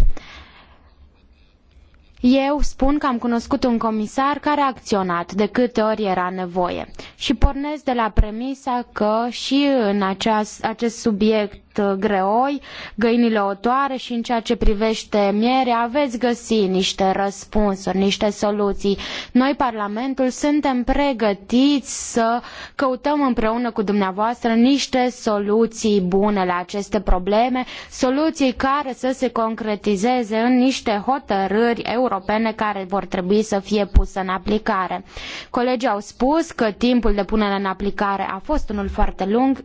eu spun că am cunoscut un comisar care a acționat de câte ori era nevoie și pornesc de la premisa că și în aceast, acest subiect Uh, greoi, găinile otoare și în ceea ce privește mierea, aveți găsi niște răspunsuri, niște soluții. Noi, Parlamentul, suntem pregătiți să căutăm împreună cu dumneavoastră niște soluții bune la aceste probleme, soluții care să se concretizeze în niște hotărâri europene care vor trebui să fie puse în aplicare. Colegii au spus că timpul de punere în aplicare a fost unul foarte lung.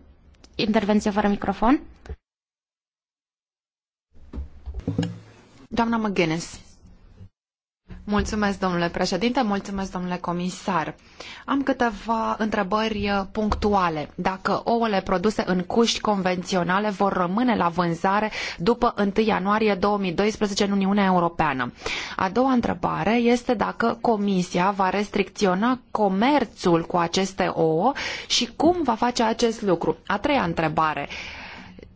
Intervenție fără microfon. Doamna
McGuinness. Mulțumesc, domnule președinte, mulțumesc, domnule comisar. Am câteva întrebări uh, punctuale. Dacă ouăle produse în cuști convenționale vor rămâne la vânzare după 1 ianuarie 2012 în Uniunea Europeană? A doua întrebare este dacă Comisia va restricționa comerțul cu aceste ouă și cum va face acest lucru? A treia întrebare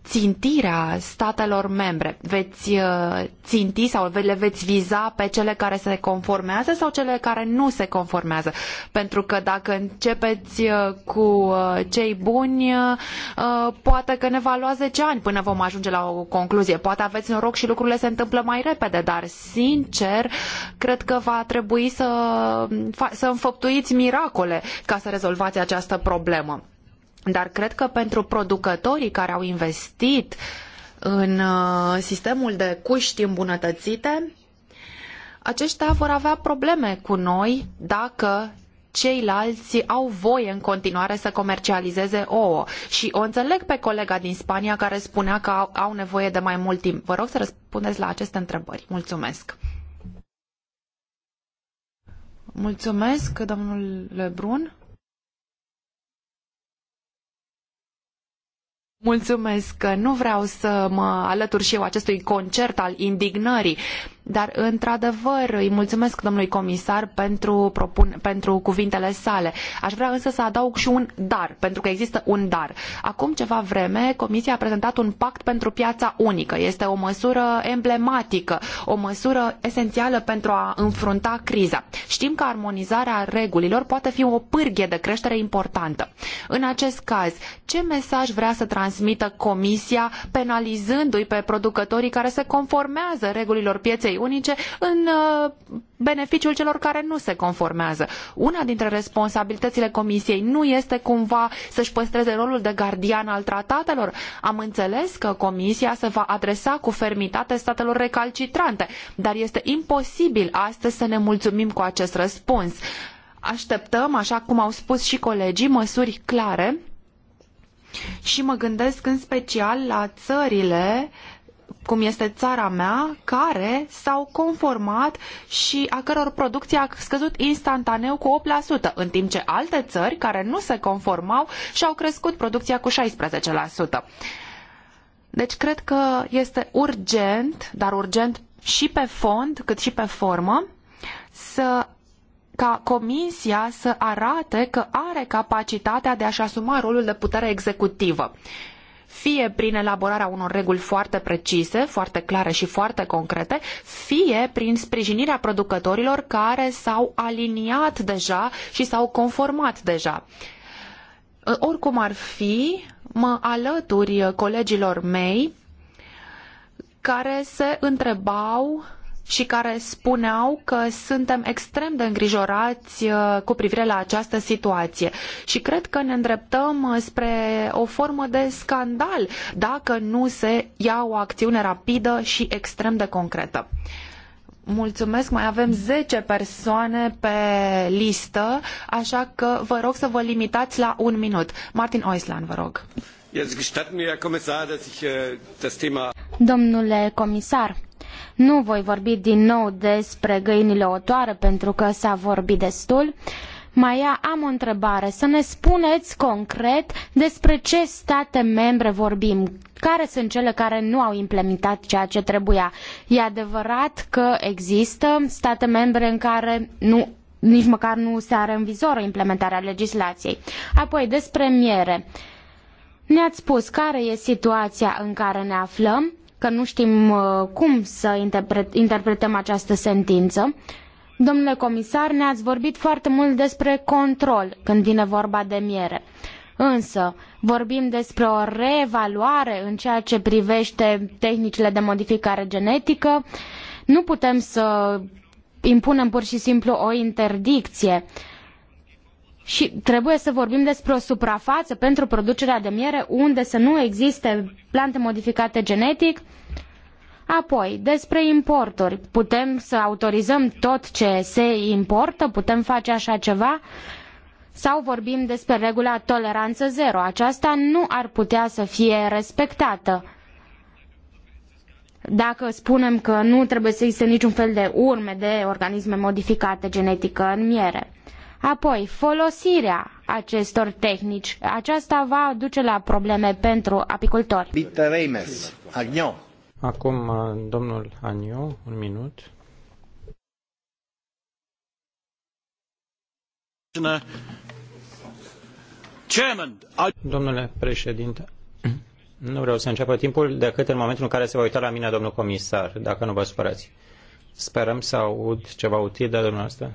țintirea statelor membre? Veți uh, ținti sau le veți viza pe cele care se conformează sau cele care nu se conformează? Pentru că dacă începeți uh, cu uh, cei buni, poate că ne va lua zece ani până vom ajunge la o concluzie. Poate aveți noroc și lucrurile se întâmplă mai repede, dar sincer, cred că va trebui să, să înfăptuiți miracole ca să rezolvați această problemă dar cred că pentru producătorii care au investit în uh, sistemul de cuști îmbunătățite, aceștia vor avea probleme cu noi dacă ceilalți au voie în continuare să comercializeze ouă. Și o înțeleg pe colega din Spania care spunea că au nevoie de mai mult timp. Vă rog să răspundeți la aceste întrebări. Mulțumesc! Mulțumesc, domnul Lebrun. Mulțumesc. Nu vreau să mă alătur și eu acestui concert al indignării, dar, într-adevăr, îi mulțumesc domnului comisar pentru, propun, pentru cuvintele sale. Aș vrea însă să adaug și un dar, pentru că există un dar. Acum ceva vreme, Comisia a prezentat un pact pentru piața unică. Este o măsură emblematică, o măsură esențială pentru a înfrunta criza. Știm că armonizarea regulilor poate fi o pârghie de creștere importantă. În acest caz, ce mesaj vrea să transmită Comisia penalizându-i pe producătorii care se conformează regulilor pieței pieței unice în uh, beneficiul celor care nu se conformează. Una dintre responsabilitățile Comisiei nu este cumva să-și păstreze rolul de gardian al tratatelor? Am înțeles că Comisia se va adresa cu fermitate statelor recalcitrante, dar este imposibil astăzi să ne mulțumim cu acest răspuns. Așteptăm, așa cum au spus și colegii, măsuri clare și mă gândesc în special la țările uh, cum este țara mea, care s-au conformat și a căror producție a scăzut instantaneu cu 8%, în timp ce alte țări care nu se conformau și-au crescut producția cu 16%. Deci cred că este urgent, dar urgent și pe fond, cât și pe formă, să ca Comisia să arate că are capacitatea de a-și asuma rolul de putere executivă fie prin elaborarea unor reguli foarte precise, foarte clare și foarte concrete, fie prin sprijinirea producătorilor care s-au aliniat deja și s-au conformat deja. Oricum ar fi, mă alături colegilor mei care se întrebau și care spuneau că suntem extrem de îngrijorați uh, cu privire la această situație. Și cred că ne îndreptăm uh, spre o formă de scandal dacă nu se ia o acțiune rapidă și extrem de concretă. Mulțumesc, mai avem zece persoane pe listă, așa că vă rog să vă limitați la un minut. Martin Oisland, vă rog.
Äh,
Domnule comisar, nu voi vorbi din nou despre găinile otoare pentru că s-a vorbit destul. Mai am o întrebare. Să ne spuneți concret despre ce state membre vorbim. Care sunt cele care nu au implementat ceea ce trebuia? E adevărat că există state membre în care nu nici măcar nu se are în vizor implementarea legislației. Apoi, despre miere. Ne-ați spus care e situația în care ne aflăm că nu știm uh, cum să interpretăm această sentință. Domnule comisar, ne-ați vorbit foarte mult despre control când vine vorba de miere. Însă, vorbim despre o reevaluare în ceea ce privește tehnicile de modificare genetică. Nu putem să impunem pur și simplu o interdicție. Uh, și trebuie să vorbim despre o suprafață pentru producerea de miere unde să nu existe plante modificate genetic. Apoi, despre importuri. Putem să autorizăm tot ce se importă? Putem face așa ceva? Sau vorbim despre regula toleranță zero? Aceasta nu ar putea să fie respectată dacă spunem că nu trebuie să existe niciun fel de urme de organisme modificate genetic în miere. Apoi, folosirea acestor tehnici, aceasta va duce la probleme pentru apicultori.
Acum, domnul Agniu, un minut. Domnule președinte, nu vreau să înceapă timpul decât în momentul în care se va uita la mine domnul comisar, dacă nu vă supărați. Sperăm să aud ceva util de dumneavoastră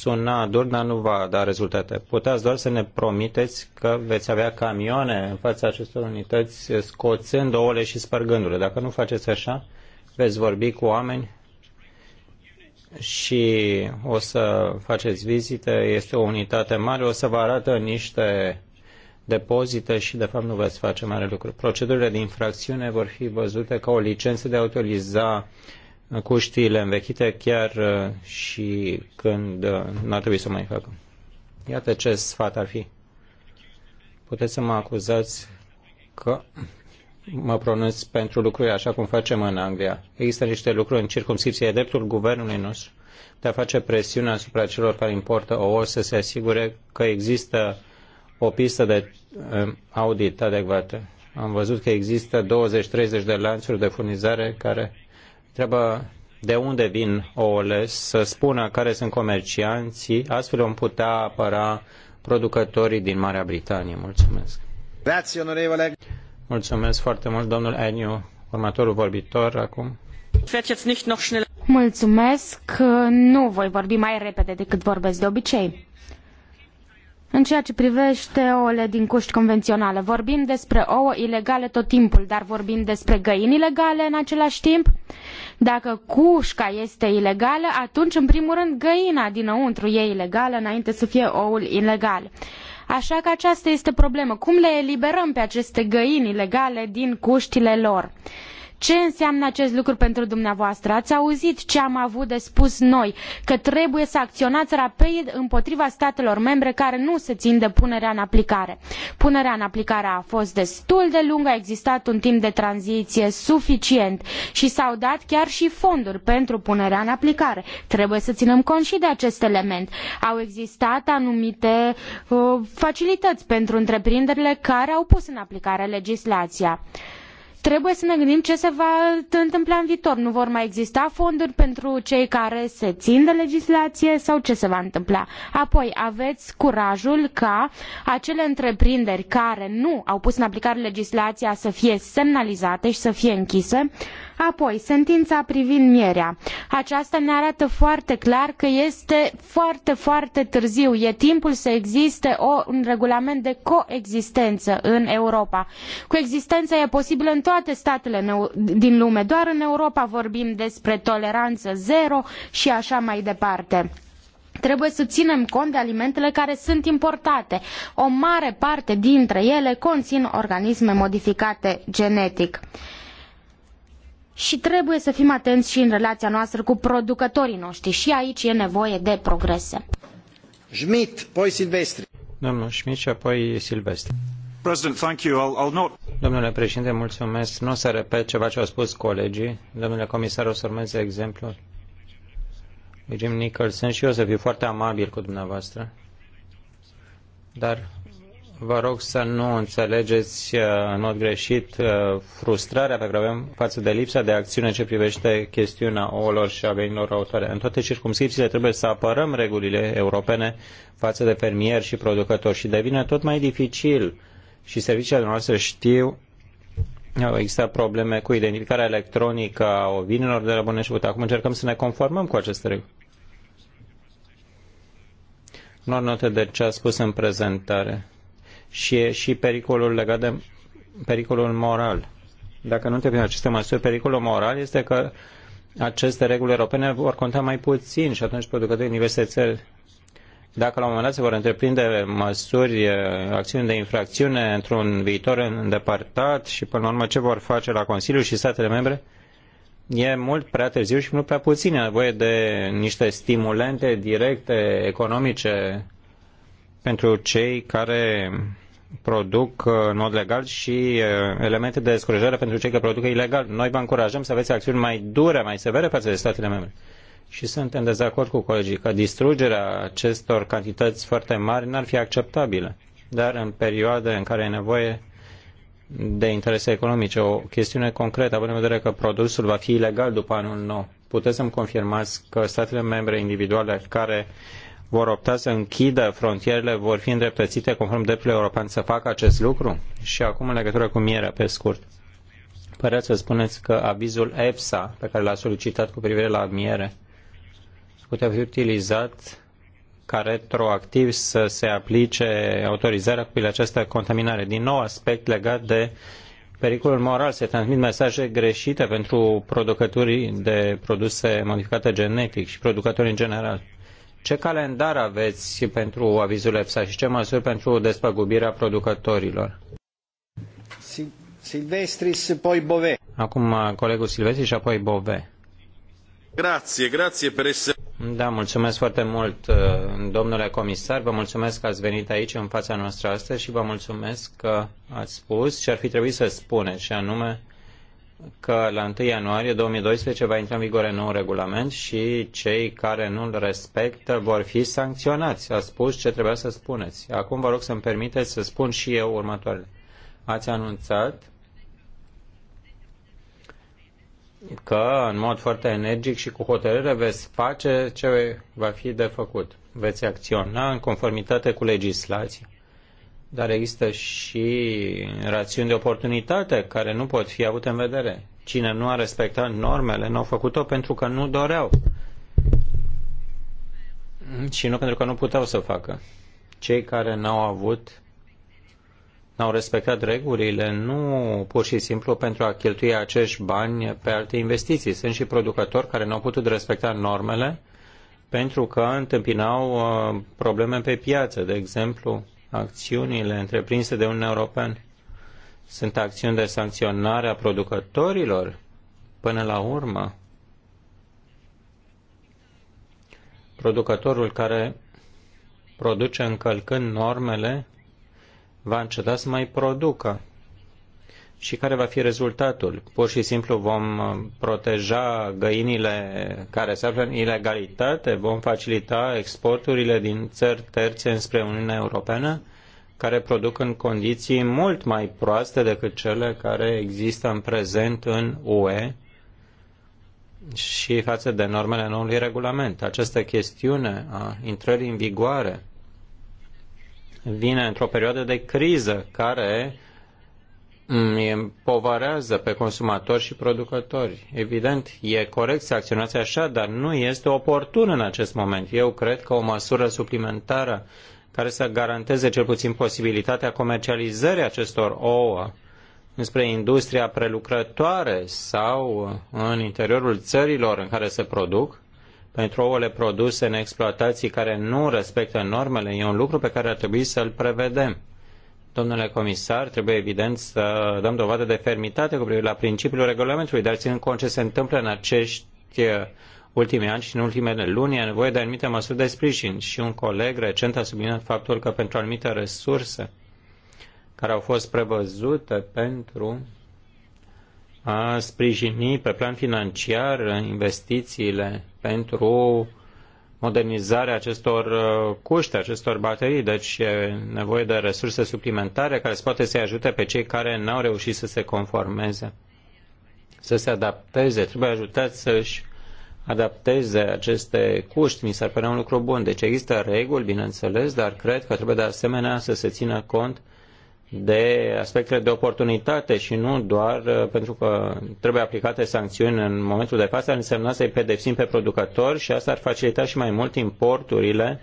suna dur, dar nu va da rezultate. Puteți doar să ne promiteți că veți avea camioane în fața acestor unități scoțând ouăle și spărgându-le. Dacă nu faceți așa, veți vorbi cu oameni și o să faceți vizite, este o unitate mare, o să vă arată niște depozite și de fapt nu veți face mare lucru. Procedurile de infracțiune vor fi văzute ca o licență de a utiliza cuștiile învechite chiar uh, și când uh, nu ar trebui să mai facă. Iată ce sfat ar fi. Puteți să mă acuzați că mă pronunț pentru lucruri așa cum facem în Anglia. Există niște lucruri în circumscripție. E dreptul guvernului nostru de a face presiune asupra celor care importă ouă să se asigure că există o pistă de uh, audit adecvată. Am văzut că există 20-30 de lanțuri de furnizare care Trebuie de unde vin ouăle, să spună care sunt comercianții, astfel vom putea apăra producătorii din Marea Britanie. Mulțumesc. Mulțumesc foarte mult, domnul Agnew. Următorul vorbitor acum.
Mulțumesc. Nu voi vorbi mai repede decât vorbesc de obicei. În ceea ce privește ouăle din cuști convenționale, vorbim despre ouă ilegale tot timpul, dar vorbim despre găini ilegale în același timp? Dacă cușca este ilegală, atunci, în primul rând, găina dinăuntru e ilegală înainte să fie oul ilegal. Așa că aceasta este problemă. Cum le eliberăm pe aceste găini ilegale din cuștile lor? Ce înseamnă acest lucru pentru dumneavoastră? Ați auzit ce am avut de spus noi, că trebuie să acționați rapid împotriva statelor membre care nu se țin de punerea în aplicare. Punerea în aplicare a fost destul de lungă, a existat un timp de tranziție suficient și s-au dat chiar și fonduri pentru punerea în aplicare. Trebuie să ținem cont și de acest element. Au existat anumite uh, facilități pentru întreprinderile care au pus în aplicare legislația. Trebuie să ne gândim ce se va întâmpla în viitor. Nu vor mai exista fonduri pentru cei care se țin de legislație sau ce se va întâmpla. Apoi, aveți curajul ca acele întreprinderi care nu au pus în aplicare legislația să fie semnalizate și să fie închise. Apoi, sentința privind mierea. Aceasta ne arată foarte clar că este foarte, foarte târziu. E timpul să existe o, un regulament de coexistență în Europa. Coexistența e posibilă în toate statele din lume. Doar în Europa vorbim despre toleranță zero și așa mai departe trebuie să ținem cont de alimentele care sunt importate. O mare parte dintre ele conțin organisme modificate genetic și trebuie să fim atenți și în relația noastră cu producătorii noștri. Și aici e nevoie de progrese.
Schmidt, poi Silvestri. Domnul Schmidt și apoi Silvestri. President, thank you. I'll, I'll not... Domnule președinte, mulțumesc. Nu o să repet ceva ce au spus colegii. Domnule comisar, o să urmeze exemplul. Jim Nicholson și eu o să fiu foarte amabil cu dumneavoastră. Dar vă rog să nu înțelegeți uh, în mod greșit uh, frustrarea pe care avem față de lipsa de acțiune ce privește chestiunea ouălor și a găinilor răutoare. În toate circumscripțiile trebuie să apărăm regulile europene față de fermieri și producători și devine tot mai dificil și serviciile noastre știu uh, există probleme cu identificarea electronică a ovinelor de la bun Acum încercăm să ne conformăm cu aceste reguli. Luar note de ce a spus în prezentare și e și pericolul legat de pericolul moral. Dacă nu întâlnim aceste măsuri, pericolul moral este că aceste reguli europene vor conta mai puțin și atunci producătorii din diverse țări, dacă la un moment dat se vor întreprinde măsuri, acțiuni de infracțiune într-un viitor îndepărtat și până la urmă ce vor face la Consiliu și statele membre, e mult prea târziu și mult prea puțin. E nevoie de niște stimulente directe economice pentru cei care produc uh, în mod legal și uh, elemente de descurajare pentru cei care produc ilegal. Noi vă încurajăm să aveți acțiuni mai dure, mai severe față de statele membre. Și sunt în dezacord cu colegii că distrugerea acestor cantități foarte mari n-ar fi acceptabilă. Dar în perioade în care e nevoie de interese economice, o chestiune concretă, având în vedere că produsul va fi ilegal după anul nou, puteți să-mi confirmați că statele membre individuale care vor opta să închidă frontierele, vor fi îndreptățite conform dreptului european să facă acest lucru? Și acum în legătură cu mierea, pe scurt. Păreți să spuneți că avizul EFSA, pe care l-a solicitat cu privire la miere, putea fi utilizat ca retroactiv să se aplice autorizarea cu această contaminare. Din nou, aspect legat de pericolul moral. Se transmit mesaje greșite pentru producătorii de produse modificate genetic și producătorii în general. Ce calendar aveți pentru avizul EFSA și ce măsuri pentru despăgubirea producătorilor? Silvestris, poi Bove. Acum uh, colegul Silvestris și apoi Bove. Grație, grație per essere... Da, mulțumesc foarte mult, uh, domnule comisar. Vă mulțumesc că ați venit aici în fața noastră astăzi și vă mulțumesc că ați spus ce ar fi trebuit să spuneți, și anume că la 1 ianuarie 2012 va intra în vigoare nou regulament și cei care nu-l respectă vor fi sancționați. A spus ce trebuia să spuneți. Acum vă rog să-mi permiteți să spun și eu următoarele. Ați anunțat că în mod foarte energic și cu hotărâre veți face ce va fi de făcut. Veți acționa în conformitate cu legislația dar există și rațiuni de oportunitate care nu pot fi avute în vedere. Cine nu a respectat normele, nu au făcut-o pentru că nu doreau și nu pentru că nu puteau să facă. Cei care n-au avut, n-au respectat regulile, nu pur și simplu pentru a cheltui acești bani pe alte investiții. Sunt și producători care n-au putut respecta normele pentru că întâmpinau uh, probleme pe piață, de exemplu, acțiunile întreprinse de Uniunea Europeană sunt acțiuni de sancționare a producătorilor până la urmă. Producătorul care produce încălcând normele va înceta să mai producă și care va fi rezultatul. Pur și simplu vom uh, proteja găinile care se află în ilegalitate, vom facilita exporturile din țări terțe înspre Uniunea Europeană, care produc în condiții mult mai proaste decât cele care există în prezent în UE și față de normele noului regulament. Această chestiune a intrării în vigoare vine într-o perioadă de criză care îi împovărează pe consumatori și producători. Evident, e corect să acționați așa, dar nu este oportun în acest moment. Eu cred că o măsură suplimentară care să garanteze cel puțin posibilitatea comercializării acestor ouă înspre industria prelucrătoare sau în interiorul țărilor în care se produc, pentru ouăle produse în exploatații care nu respectă normele, e un lucru pe care ar trebui să-l prevedem Domnule comisar, trebuie evident să dăm dovadă de fermitate cu privire la principiul regulamentului, dar ținând cont ce se întâmplă în acești uh, ultimii ani și în ultimele luni, e nevoie de anumite măsuri de sprijin. Și un coleg recent a subliniat faptul că pentru anumite resurse care au fost prevăzute pentru a sprijini pe plan financiar investițiile pentru uh, modernizarea acestor uh, cuști, acestor baterii, deci e nevoie de resurse suplimentare care să poate să-i ajute pe cei care n-au reușit să se conformeze, să se adapteze, trebuie ajutat să-și adapteze aceste cuști, mi s-ar părea un lucru bun. Deci există reguli, bineînțeles, dar cred că trebuie de asemenea să se țină cont de aspectele de oportunitate și nu doar uh, pentru că trebuie aplicate sancțiuni în momentul de față, ar însemna să-i pedepsim pe producători și asta ar facilita și mai mult importurile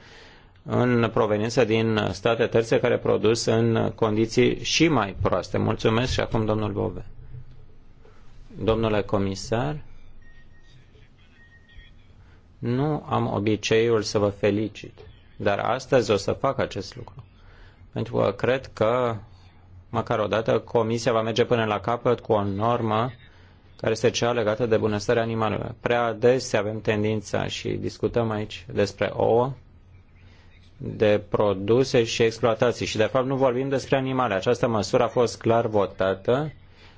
în proveniență din state terțe care produs în condiții și mai proaste. Mulțumesc și acum domnul Bove. Domnule comisar, nu am obiceiul să vă felicit, dar astăzi o să fac acest lucru. Pentru că cred că măcar o dată, Comisia va merge până la capăt cu o normă care este cea legată de bunăstarea animalelor. Prea adesea avem tendința și discutăm aici despre ouă, de produse și exploatații și de fapt nu vorbim despre animale. Această măsură a fost clar votată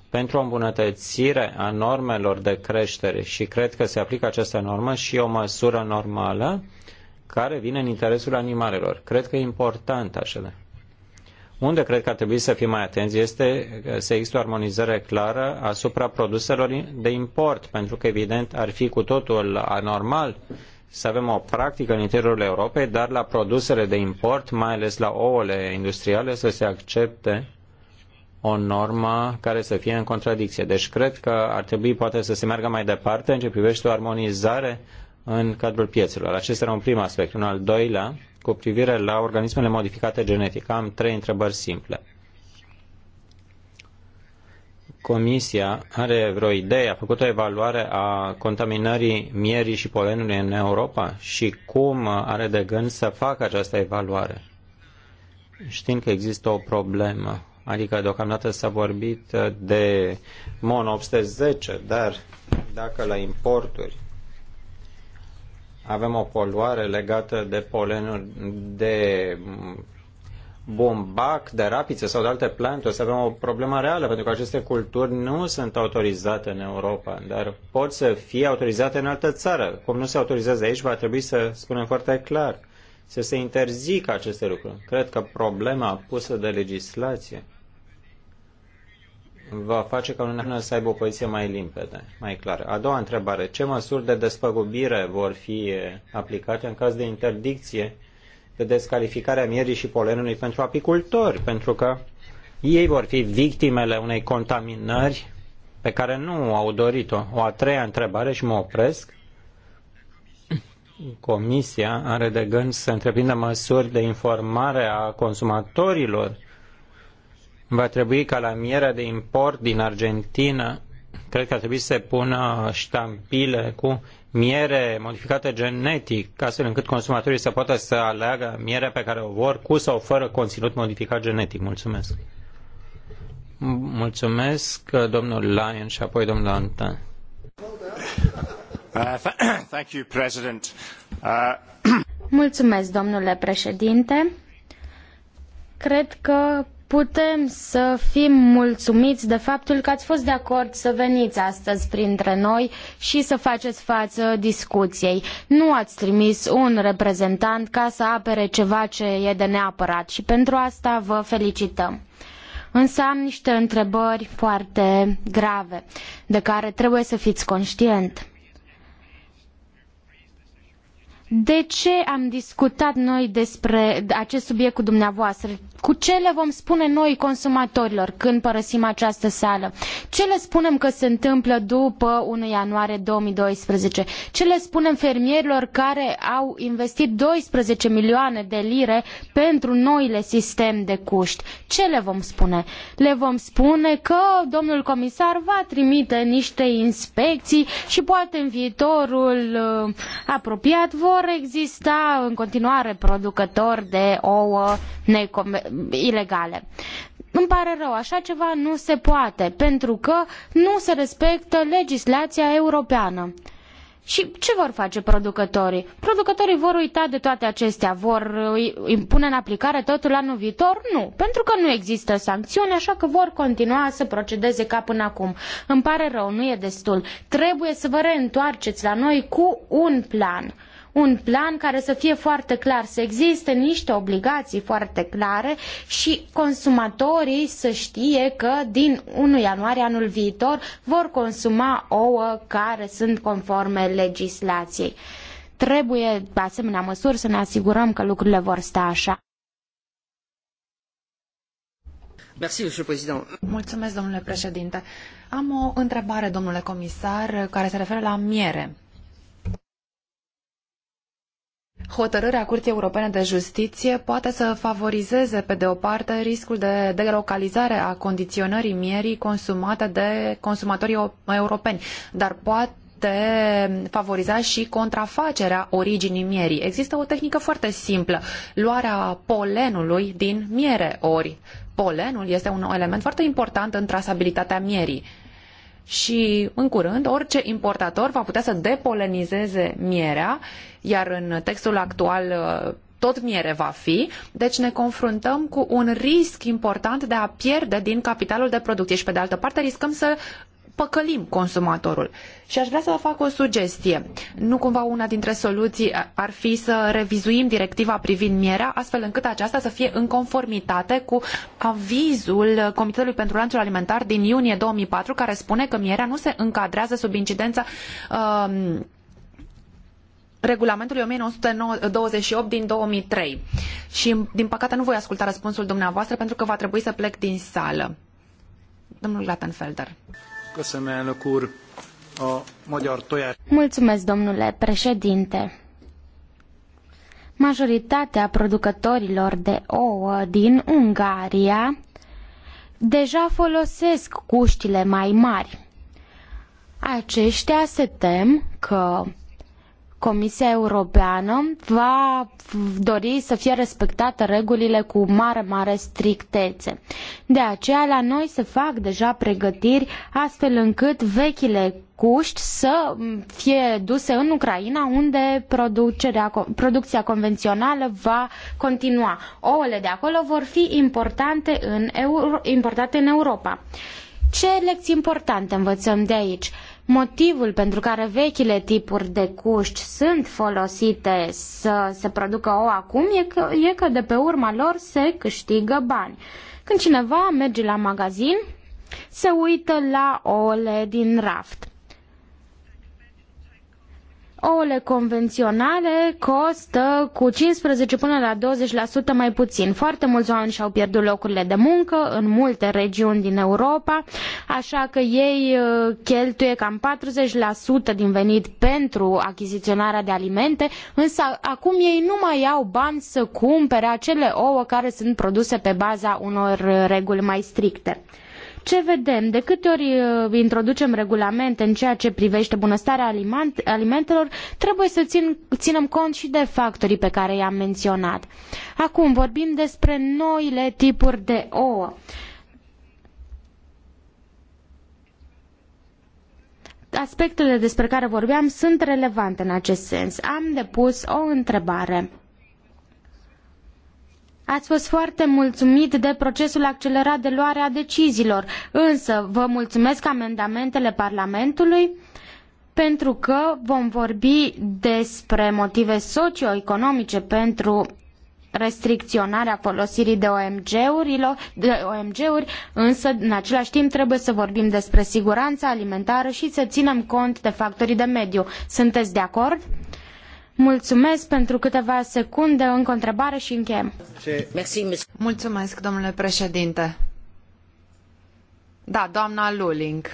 pentru o îmbunătățire a normelor de creștere și cred că se aplică această normă și o măsură normală care vine în interesul animalelor. Cred că e important de. Unde cred că ar trebui să fim mai atenți este să există o armonizare clară asupra produselor de import, pentru că evident ar fi cu totul anormal să avem o practică în interiorul Europei, dar la produsele de import, mai ales la ouăle industriale, să se accepte o normă care să fie în contradicție. Deci cred că ar trebui poate să se meargă mai departe în ce privește o armonizare în cadrul piețelor. Acesta era un prim aspect. Un al doilea, cu privire la organismele modificate genetic. Am trei întrebări simple. Comisia are vreo idee, a făcut o evaluare a contaminării mierii și polenului în Europa și cum are de gând să facă această evaluare? Știm că există o problemă, adică deocamdată s-a vorbit de mono 810, dar dacă la importuri avem o poluare legată de polenul de bombac, de rapiță sau de alte plante, o să avem o problemă reală, pentru că aceste culturi nu sunt autorizate în Europa, dar pot să fie autorizate în altă țară. Cum nu se autorizează aici, va trebui să spunem foarte clar, să se interzică aceste lucruri. Cred că problema pusă de legislație va face ca Uniunea să aibă o poziție mai limpede, mai clară. A doua întrebare, ce măsuri de despăgubire vor fi aplicate în caz de interdicție de descalificare a mierii și polenului pentru apicultori, pentru că ei vor fi victimele unei contaminări pe care nu au dorit-o. O a treia întrebare și mă opresc. Comisia are de gând să întreprindă măsuri de informare a consumatorilor va trebui ca la mierea de import din Argentina, cred că ar trebui să se pună ștampile cu miere modificată genetic, astfel încât consumatorii să poată să aleagă mierea pe care o vor cu sau fără conținut modificat genetic. Mulțumesc. Mulțumesc, domnul Lyon și apoi domnul Antan. Uh, uh,
Mulțumesc, domnule președinte. Cred că putem să fim mulțumiți de faptul că ați fost de acord să veniți astăzi printre noi și să faceți față discuției. Nu ați trimis un reprezentant ca să apere ceva ce e de neapărat și pentru asta vă felicităm. Însă am niște întrebări foarte grave, de care trebuie să fiți conștient de ce am discutat noi despre acest subiect cu dumneavoastră? Cu ce le vom spune noi consumatorilor când părăsim această sală? Ce le spunem că se întâmplă după 1 ianuarie 2012? Ce le spunem fermierilor care au investit 12 milioane de lire pentru noile sistem de cuști? Ce le vom spune? Le vom spune că domnul comisar va trimite niște inspecții și poate în viitorul uh, apropiat vor vor exista în continuare producători de ouă ilegale. Îmi pare rău, așa ceva nu se poate, pentru că nu se respectă legislația europeană. Și ce vor face producătorii? Producătorii vor uita de toate acestea, vor impune în aplicare totul anul viitor? Nu, pentru că nu există sancțiuni, așa că vor continua să procedeze ca până acum. Îmi pare rău, nu e destul. Trebuie să vă reîntoarceți la noi cu un plan un plan care să fie foarte clar, să existe niște obligații foarte clare și consumatorii să știe că din 1 ianuarie anul viitor vor consuma ouă care sunt conforme legislației. Trebuie, de asemenea măsuri, să ne asigurăm că lucrurile vor sta așa.
Mulțumesc, domnule președinte. Am o întrebare, domnule comisar, care se referă la miere hotărârea Curții Europene de Justiție poate să favorizeze, pe de o parte, riscul de delocalizare a condiționării mierii consumate de consumatorii europeni, dar poate favoriza și contrafacerea originii mierii. Există o tehnică foarte simplă, luarea polenului din miere ori. Polenul este un element foarte important în trasabilitatea mierii și în curând orice importator va putea să depolenizeze mierea, iar în textul actual uh, tot miere va fi, deci ne confruntăm cu un risc important de a pierde din capitalul de producție și pe de altă parte riscăm să păcălim consumatorul. Și aș vrea să vă fac o sugestie. Nu cumva una dintre soluții ar fi să revizuim directiva privind mierea, astfel încât aceasta să fie în conformitate cu avizul Comitetului pentru Lanțul Alimentar din iunie 2004, care spune că mierea nu se încadrează sub incidența uh, regulamentului 1928 din 2003. Și, din păcate, nu voi asculta răspunsul dumneavoastră pentru că va trebui să plec din sală. Domnul Glattenfelder.
Mulțumesc, domnule președinte. Majoritatea producătorilor de ouă din Ungaria deja folosesc cuștile mai mari. Aceștia se tem că Comisia Europeană va dori să fie respectate regulile cu mare, mare strictețe. De aceea, la noi se fac deja pregătiri astfel încât vechile cuști să fie duse în Ucraina, unde producerea, producția convențională va continua. Ouăle de acolo vor fi importante în Euro, importate în Europa. Ce lecții importante învățăm de aici? Motivul pentru care vechile tipuri de cuști sunt folosite să se producă o acum e că, e că de pe urma lor se câștigă bani. Când cineva merge la magazin, se uită la ouăle din raft. Ouăle convenționale costă cu 15 până la 20% mai puțin. Foarte mulți oameni și-au pierdut locurile de muncă în multe regiuni din Europa, așa că ei uh, cheltuie cam 40% din venit pentru achiziționarea de alimente, însă acum ei nu mai au bani să cumpere acele ouă care sunt produse pe baza unor uh, reguli mai stricte. Ce vedem? De câte ori uh, introducem regulamente în ceea ce privește bunăstarea alimentelor, trebuie să țin, ținem cont și de factorii pe care i-am menționat. Acum vorbim despre noile tipuri de ouă. Aspectele despre care vorbeam sunt relevante în acest sens. Am depus o întrebare. Ați fost foarte mulțumit de procesul accelerat de luare a deciziilor, însă vă mulțumesc amendamentele Parlamentului pentru că vom vorbi despre motive socioeconomice pentru restricționarea folosirii de OMG-uri, OMG însă în același timp trebuie să vorbim despre siguranța alimentară și să ținem cont de factorii de mediu. Sunteți de acord? Mulțumesc pentru câteva secunde, încă o întrebare și încheiem.
Mulțumesc,
domnule președinte.
Da, doamna Luling.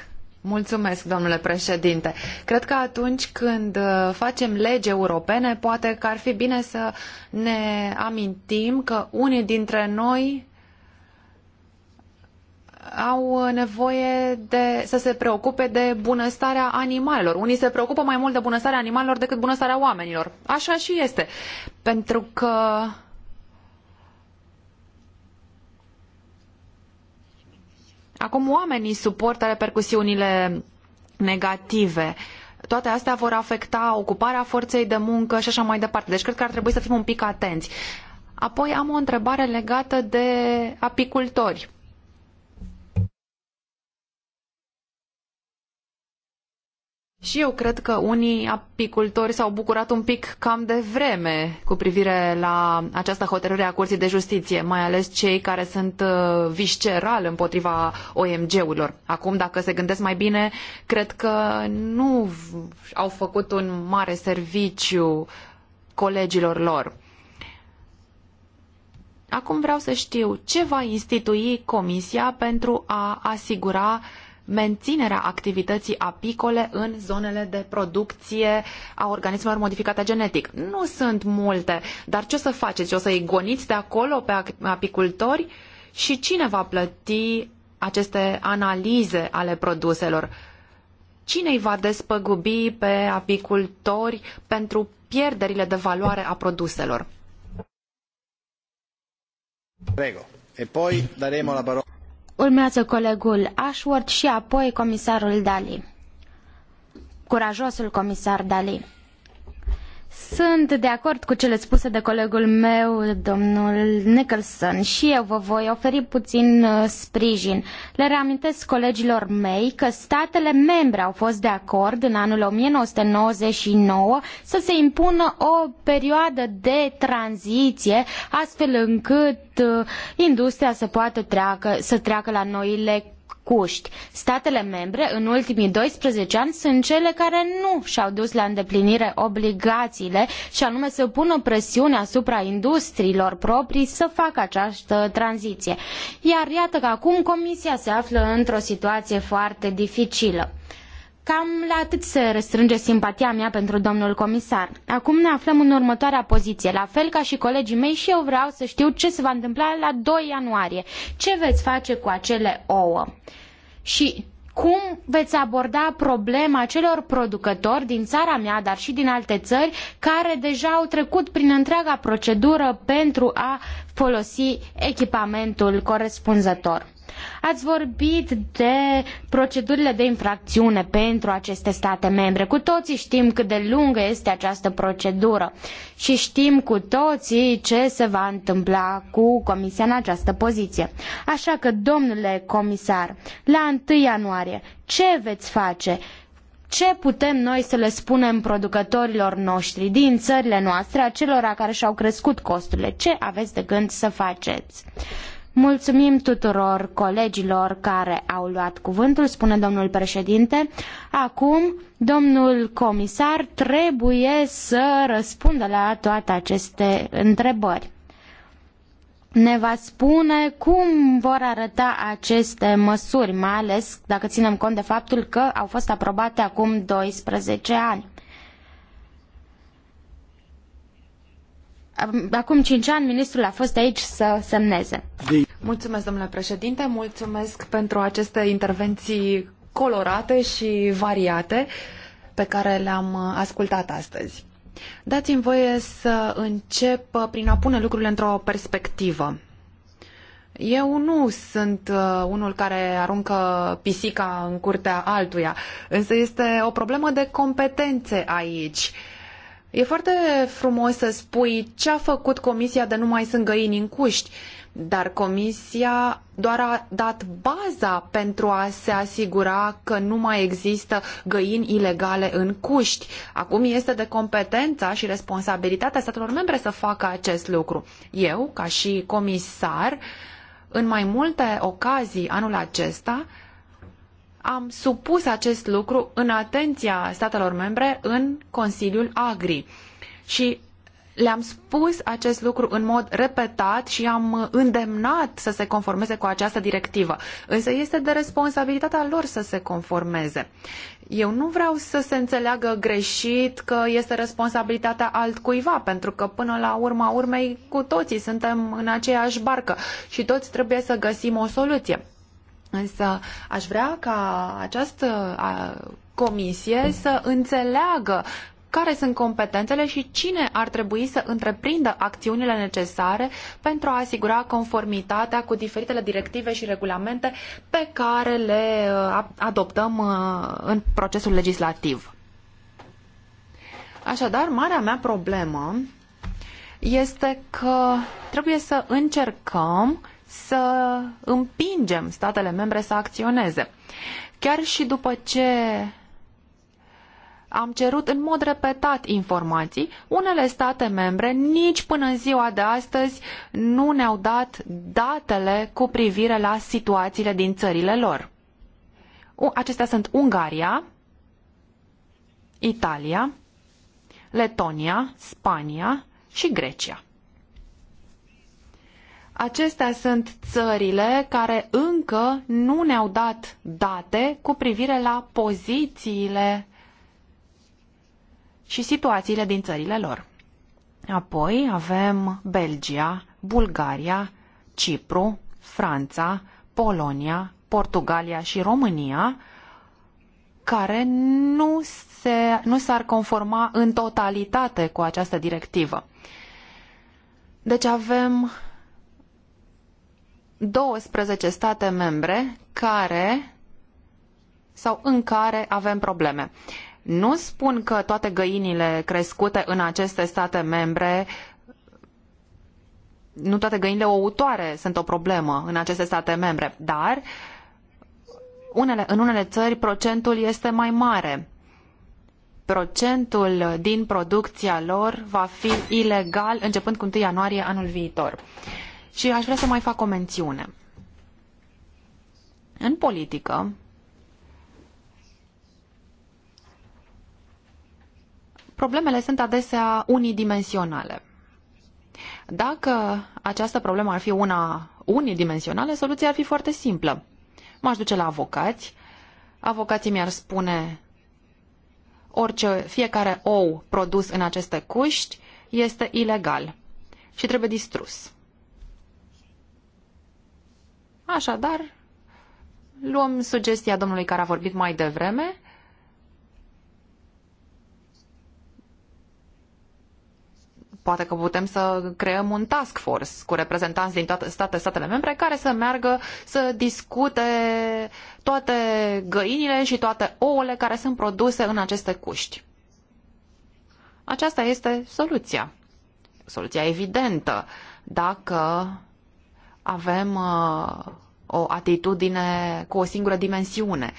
Mulțumesc, domnule președinte. Cred că atunci când uh, facem legi europene, poate că ar fi bine să ne amintim că unii dintre noi au nevoie de, să se preocupe de bunăstarea animalelor. Unii se preocupă mai mult de bunăstarea animalelor decât bunăstarea oamenilor. Așa și este. Pentru că acum oamenii suportă repercusiunile negative. Toate astea vor afecta ocuparea forței de muncă și așa mai departe. Deci cred că ar trebui să fim un pic atenți. Apoi am o întrebare legată de apicultori Și eu cred că unii apicultori s-au bucurat un pic cam de vreme cu privire la această hotărâre a Curții de Justiție, mai ales cei care sunt uh, visceral împotriva OMG-urilor. Acum, dacă se gândesc mai bine, cred că nu au făcut un mare serviciu colegilor lor. Acum vreau să știu ce va institui Comisia pentru a asigura menținerea activității apicole în zonele de producție a organismelor modificate genetic. Nu sunt multe, dar ce o să faceți? O să-i goniți de acolo pe apicultori? Și cine va plăti aceste analize ale produselor? Cine îi va despăgubi pe apicultori pentru pierderile de valoare a produselor?
Prego. E poi daremo la parola.
Urmează colegul Ashworth și apoi comisarul Dali. Curajosul comisar Dali. Sunt de acord cu cele spuse de colegul meu, domnul Nicholson, și eu vă voi oferi puțin uh, sprijin. Le reamintesc colegilor mei că statele membre au fost de acord în anul 1999 să se impună o perioadă de tranziție, astfel încât uh, industria să poată treacă, să treacă la noile cuști. Statele membre în ultimii 12 ani sunt cele care nu și-au dus la îndeplinire obligațiile și anume să pună presiune asupra industriilor proprii să facă această tranziție. Iar iată că acum Comisia se află într-o situație foarte dificilă. Cam la atât se restrânge simpatia mea pentru domnul comisar. Acum ne aflăm în următoarea poziție. La fel ca și colegii mei și eu vreau să știu ce se va întâmpla la 2 ianuarie. Ce veți face cu acele ouă? Și cum veți aborda problema celor producători din țara mea, dar și din alte țări, care deja au trecut prin întreaga procedură pentru a folosi echipamentul corespunzător? Ați vorbit de procedurile de infracțiune pentru aceste state membre. Cu toții știm cât de lungă este această procedură și știm cu toții ce se va întâmpla cu Comisia în această poziție. Așa că, domnule comisar, la 1 ianuarie, ce veți face? ce putem noi să le spunem producătorilor noștri din țările noastre, acelora care și-au crescut costurile? Ce aveți de gând să faceți? Mulțumim tuturor colegilor care au luat cuvântul, spune domnul președinte. Acum, domnul comisar trebuie să răspundă la toate aceste întrebări ne va spune cum vor arăta aceste măsuri, mai ales dacă ținem cont de faptul că au fost aprobate acum 12 ani. acum cinci ani ministrul a fost aici să semneze. Mulțumesc, domnule președinte, mulțumesc pentru aceste intervenții
colorate și variate pe care le-am uh, ascultat astăzi. Dați-mi voie să încep uh, prin a pune lucrurile într-o perspectivă. Eu nu sunt uh, unul care aruncă pisica în curtea altuia, însă este o problemă de competențe aici. E foarte frumos să spui ce a făcut comisia de nu mai sunt găini în cuști, dar comisia doar a dat baza pentru a se asigura că nu mai există găini ilegale în cuști. Acum este de competența și responsabilitatea statelor membre să facă acest lucru. Eu, ca și comisar, în mai multe ocazii anul acesta, am supus acest lucru în atenția statelor membre în Consiliul Agri și le-am spus acest lucru în mod repetat și am îndemnat să se conformeze cu această directivă. Însă este de responsabilitatea lor să se conformeze. Eu nu vreau să se înțeleagă greșit că este responsabilitatea altcuiva, pentru că până la urma urmei cu toții suntem în aceeași barcă și toți trebuie să găsim o soluție. Însă aș vrea ca această comisie să înțeleagă care sunt competențele și cine ar trebui să întreprindă acțiunile necesare pentru a asigura conformitatea cu diferitele directive și regulamente pe care le adoptăm în procesul legislativ. Așadar, marea mea problemă este că trebuie să încercăm să împingem statele membre să acționeze. Chiar și după ce am cerut în mod repetat informații, unele state membre nici până în ziua de astăzi nu ne-au dat datele cu privire la situațiile din țările lor. Acestea sunt Ungaria, Italia, Letonia, Spania și Grecia. Acestea sunt țările care încă nu ne-au dat date cu privire la pozițiile și situațiile din țările lor. Apoi avem Belgia, Bulgaria, Cipru, Franța, Polonia, Portugalia și România, care nu, se, nu s-ar conforma în totalitate cu această directivă. Deci avem 12 state membre care sau în care avem probleme. Nu spun că toate găinile crescute în aceste state membre nu toate găinile outoare sunt o problemă în aceste state membre, dar unele, în unele țări procentul este mai mare. Procentul din producția lor va fi ilegal începând cu 1 ianuarie anul viitor. Și aș vrea să mai fac o mențiune. În politică, problemele sunt adesea unidimensionale. Dacă această problemă ar fi una unidimensională, soluția ar fi foarte simplă. M-aș duce la avocați, avocații mi-ar spune orice, fiecare ou produs în aceste cuști este ilegal și trebuie distrus. Așadar, luăm sugestia domnului care a vorbit mai devreme. Poate că putem să creăm un task force cu reprezentanți din toate state, statele membre care să meargă să discute toate găinile și toate ouăle care sunt produse în aceste cuști. Aceasta este soluția. Soluția evidentă. Dacă avem uh, o atitudine cu o singură dimensiune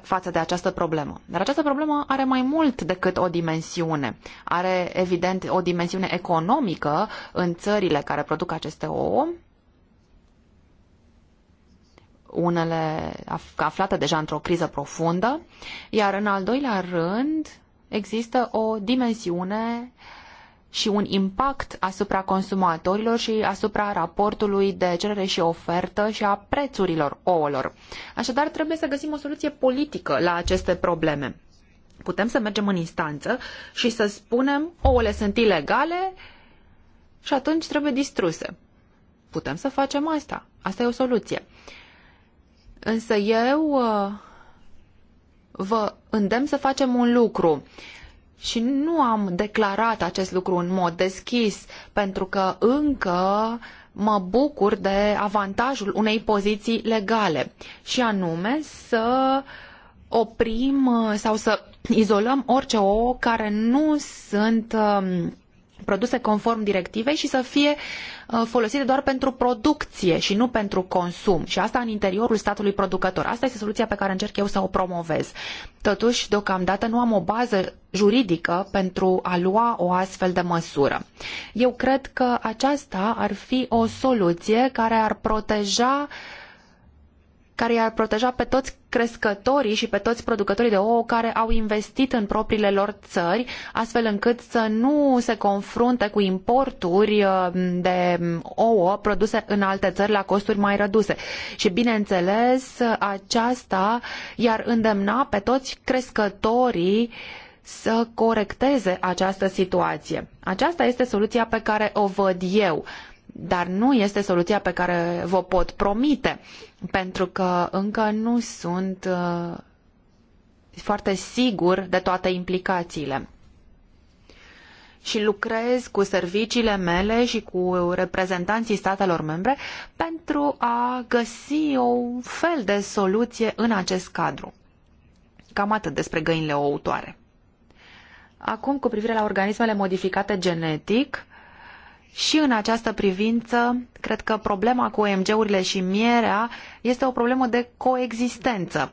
față de această problemă. Dar această problemă are mai mult decât o dimensiune. Are, evident, o dimensiune economică în țările care produc aceste ouă, unele aflate deja într-o criză profundă, iar în al doilea rând există o dimensiune uh, și un impact asupra consumatorilor și asupra raportului de cerere și ofertă și a prețurilor ouălor. Așadar, trebuie să găsim o soluție politică la aceste probleme. Putem să mergem în instanță și să spunem ouăle sunt ilegale și atunci trebuie distruse. Putem să facem asta. Asta e o soluție. Însă eu uh, vă îndemn să facem un lucru și nu am declarat acest lucru în mod deschis, pentru că încă mă bucur de avantajul unei poziții legale, și anume să oprim uh, sau să izolăm orice ouă care nu sunt um, produse conform directivei și să fie Uh, folosite doar pentru producție și nu pentru consum și asta în interiorul statului producător. Asta este soluția pe care încerc eu să o promovez. Totuși, deocamdată nu am o bază juridică pentru a lua o astfel de măsură. Eu cred că aceasta ar fi o soluție care ar proteja care i-ar proteja pe toți crescătorii și pe toți producătorii de ouă care au investit în propriile lor țări, astfel încât să nu se confrunte cu importuri uh, de ouă produse în alte țări la costuri mai reduse. Și bineînțeles, aceasta i-ar îndemna pe toți crescătorii să corecteze această situație. Aceasta este soluția pe care o văd eu dar nu este soluția pe care vă pot promite, pentru că încă nu sunt uh, foarte sigur de toate implicațiile. Și lucrez cu serviciile mele și cu reprezentanții statelor membre pentru a găsi un fel de soluție în acest cadru. Cam atât despre găinile ouătoare. Acum, cu privire la organismele modificate genetic, și în această privință, cred că problema cu OMG-urile și mierea este o problemă de coexistență.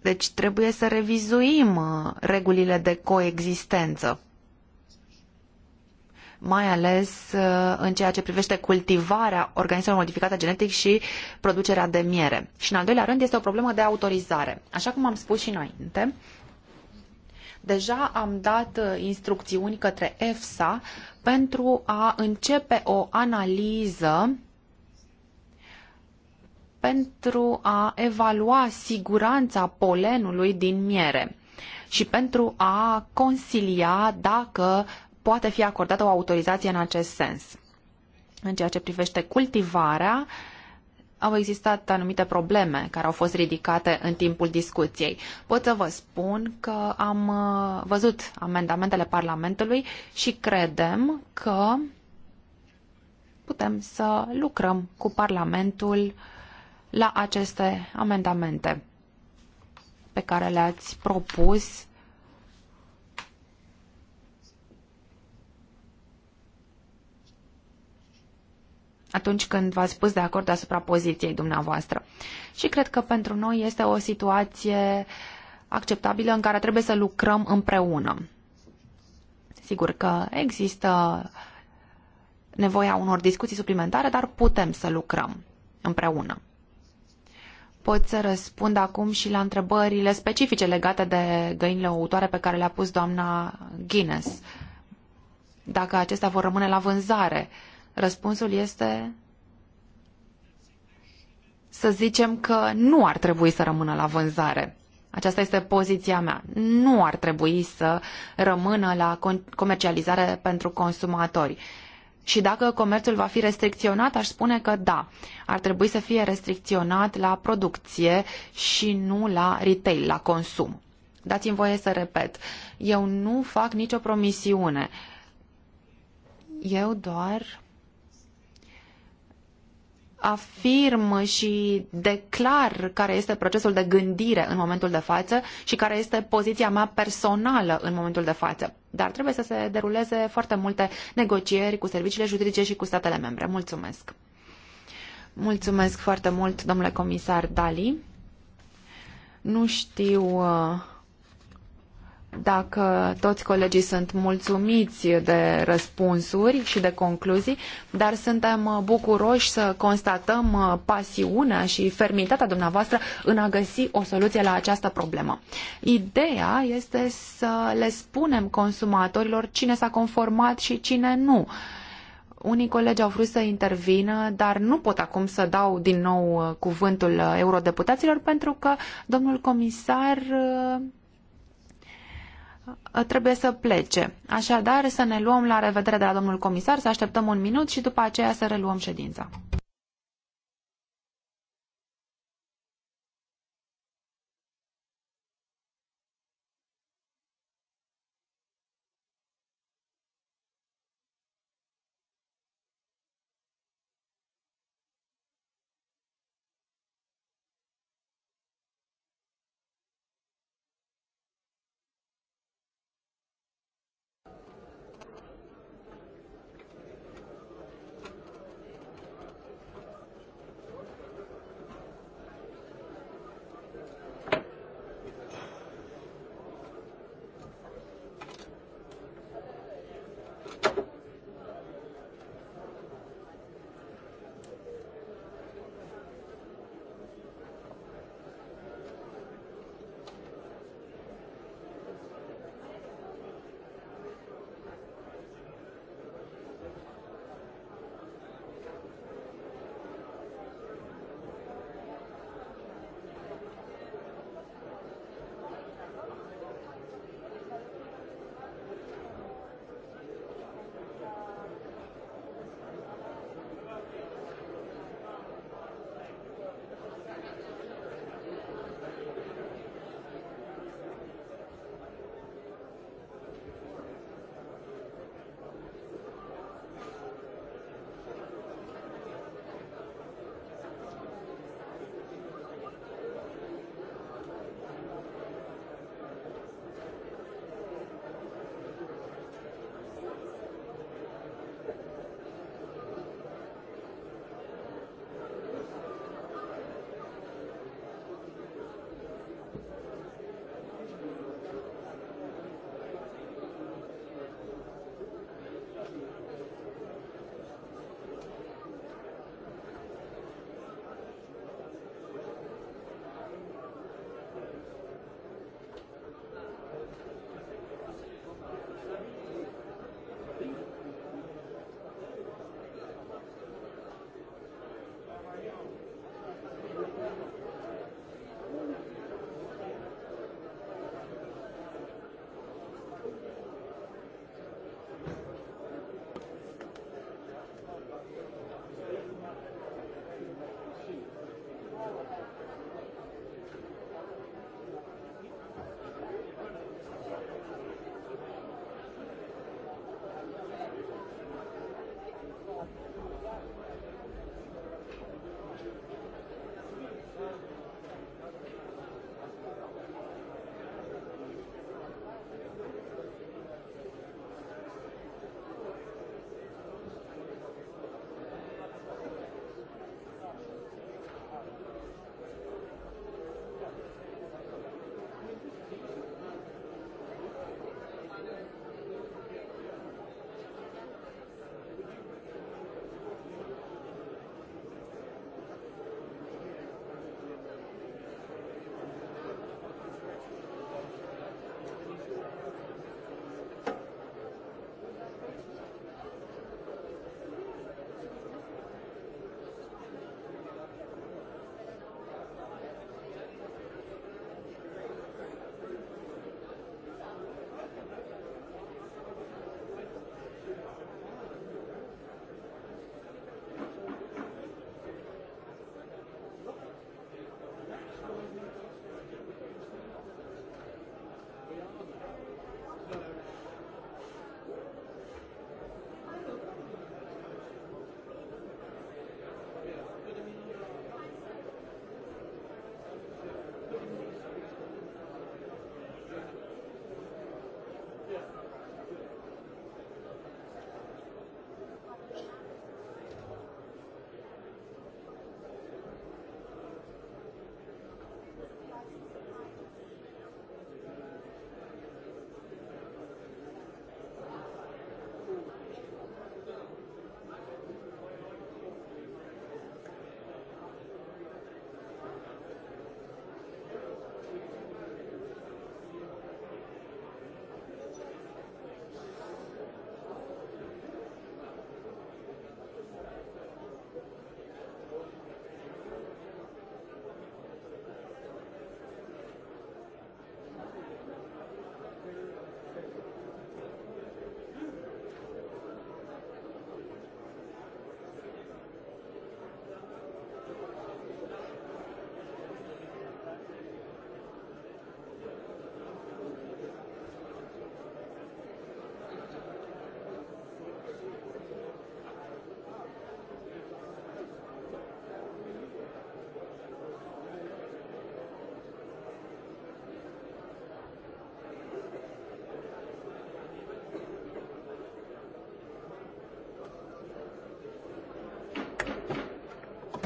Deci trebuie să revizuim uh, regulile de coexistență, mai ales uh, în ceea ce privește cultivarea organismelor modificate genetic și producerea de miere. Și în al doilea rând este o problemă de autorizare. Așa cum am spus și înainte, deja am dat uh, instrucțiuni către EFSA pentru a începe o analiză pentru a evalua siguranța polenului din miere și pentru a consilia dacă poate fi acordată o autorizație în acest sens. În ceea ce privește cultivarea, uh, au existat anumite probleme care au fost ridicate în timpul discuției. Pot să vă spun că am uh, văzut amendamentele Parlamentului și credem că putem să lucrăm cu Parlamentul la aceste amendamente pe care le-ați propus atunci când v-ați pus de acord asupra poziției dumneavoastră. Și cred că pentru noi este o situație acceptabilă în care trebuie să lucrăm împreună. Sigur că există nevoia unor discuții suplimentare, dar putem să lucrăm împreună. Pot să răspund acum și la întrebările specifice legate de găinile ouătoare pe care le-a pus doamna Guinness. Dacă acestea vor rămâne la vânzare, Răspunsul este să zicem că nu ar trebui să rămână la vânzare. Aceasta este poziția mea. Nu ar trebui să rămână la comercializare pentru consumatori. Și dacă comerțul va fi restricționat, aș spune că da, ar trebui să fie restricționat la producție și nu la retail, la consum. Dați-mi voie să repet, eu nu fac nicio promisiune. Eu doar afirm și declar care este procesul de gândire în momentul de față și care este poziția mea personală în momentul de față. Dar trebuie să se deruleze foarte multe negocieri cu serviciile juridice și cu statele membre. Mulțumesc! Mulțumesc foarte mult, domnule comisar Dali. Nu știu uh, dacă toți colegii sunt mulțumiți de răspunsuri și de concluzii, dar suntem uh, bucuroși să constatăm uh, pasiunea și fermitatea dumneavoastră în a găsi o soluție la această problemă. Ideea este să le spunem consumatorilor cine s-a conformat și cine nu. Unii colegi au vrut să intervină, dar nu pot acum să dau din nou uh, cuvântul eurodeputaților pentru că domnul comisar Uh, trebuie să plece. Așadar, să ne luăm la revedere de la domnul comisar, să așteptăm un minut și după aceea să reluăm ședința.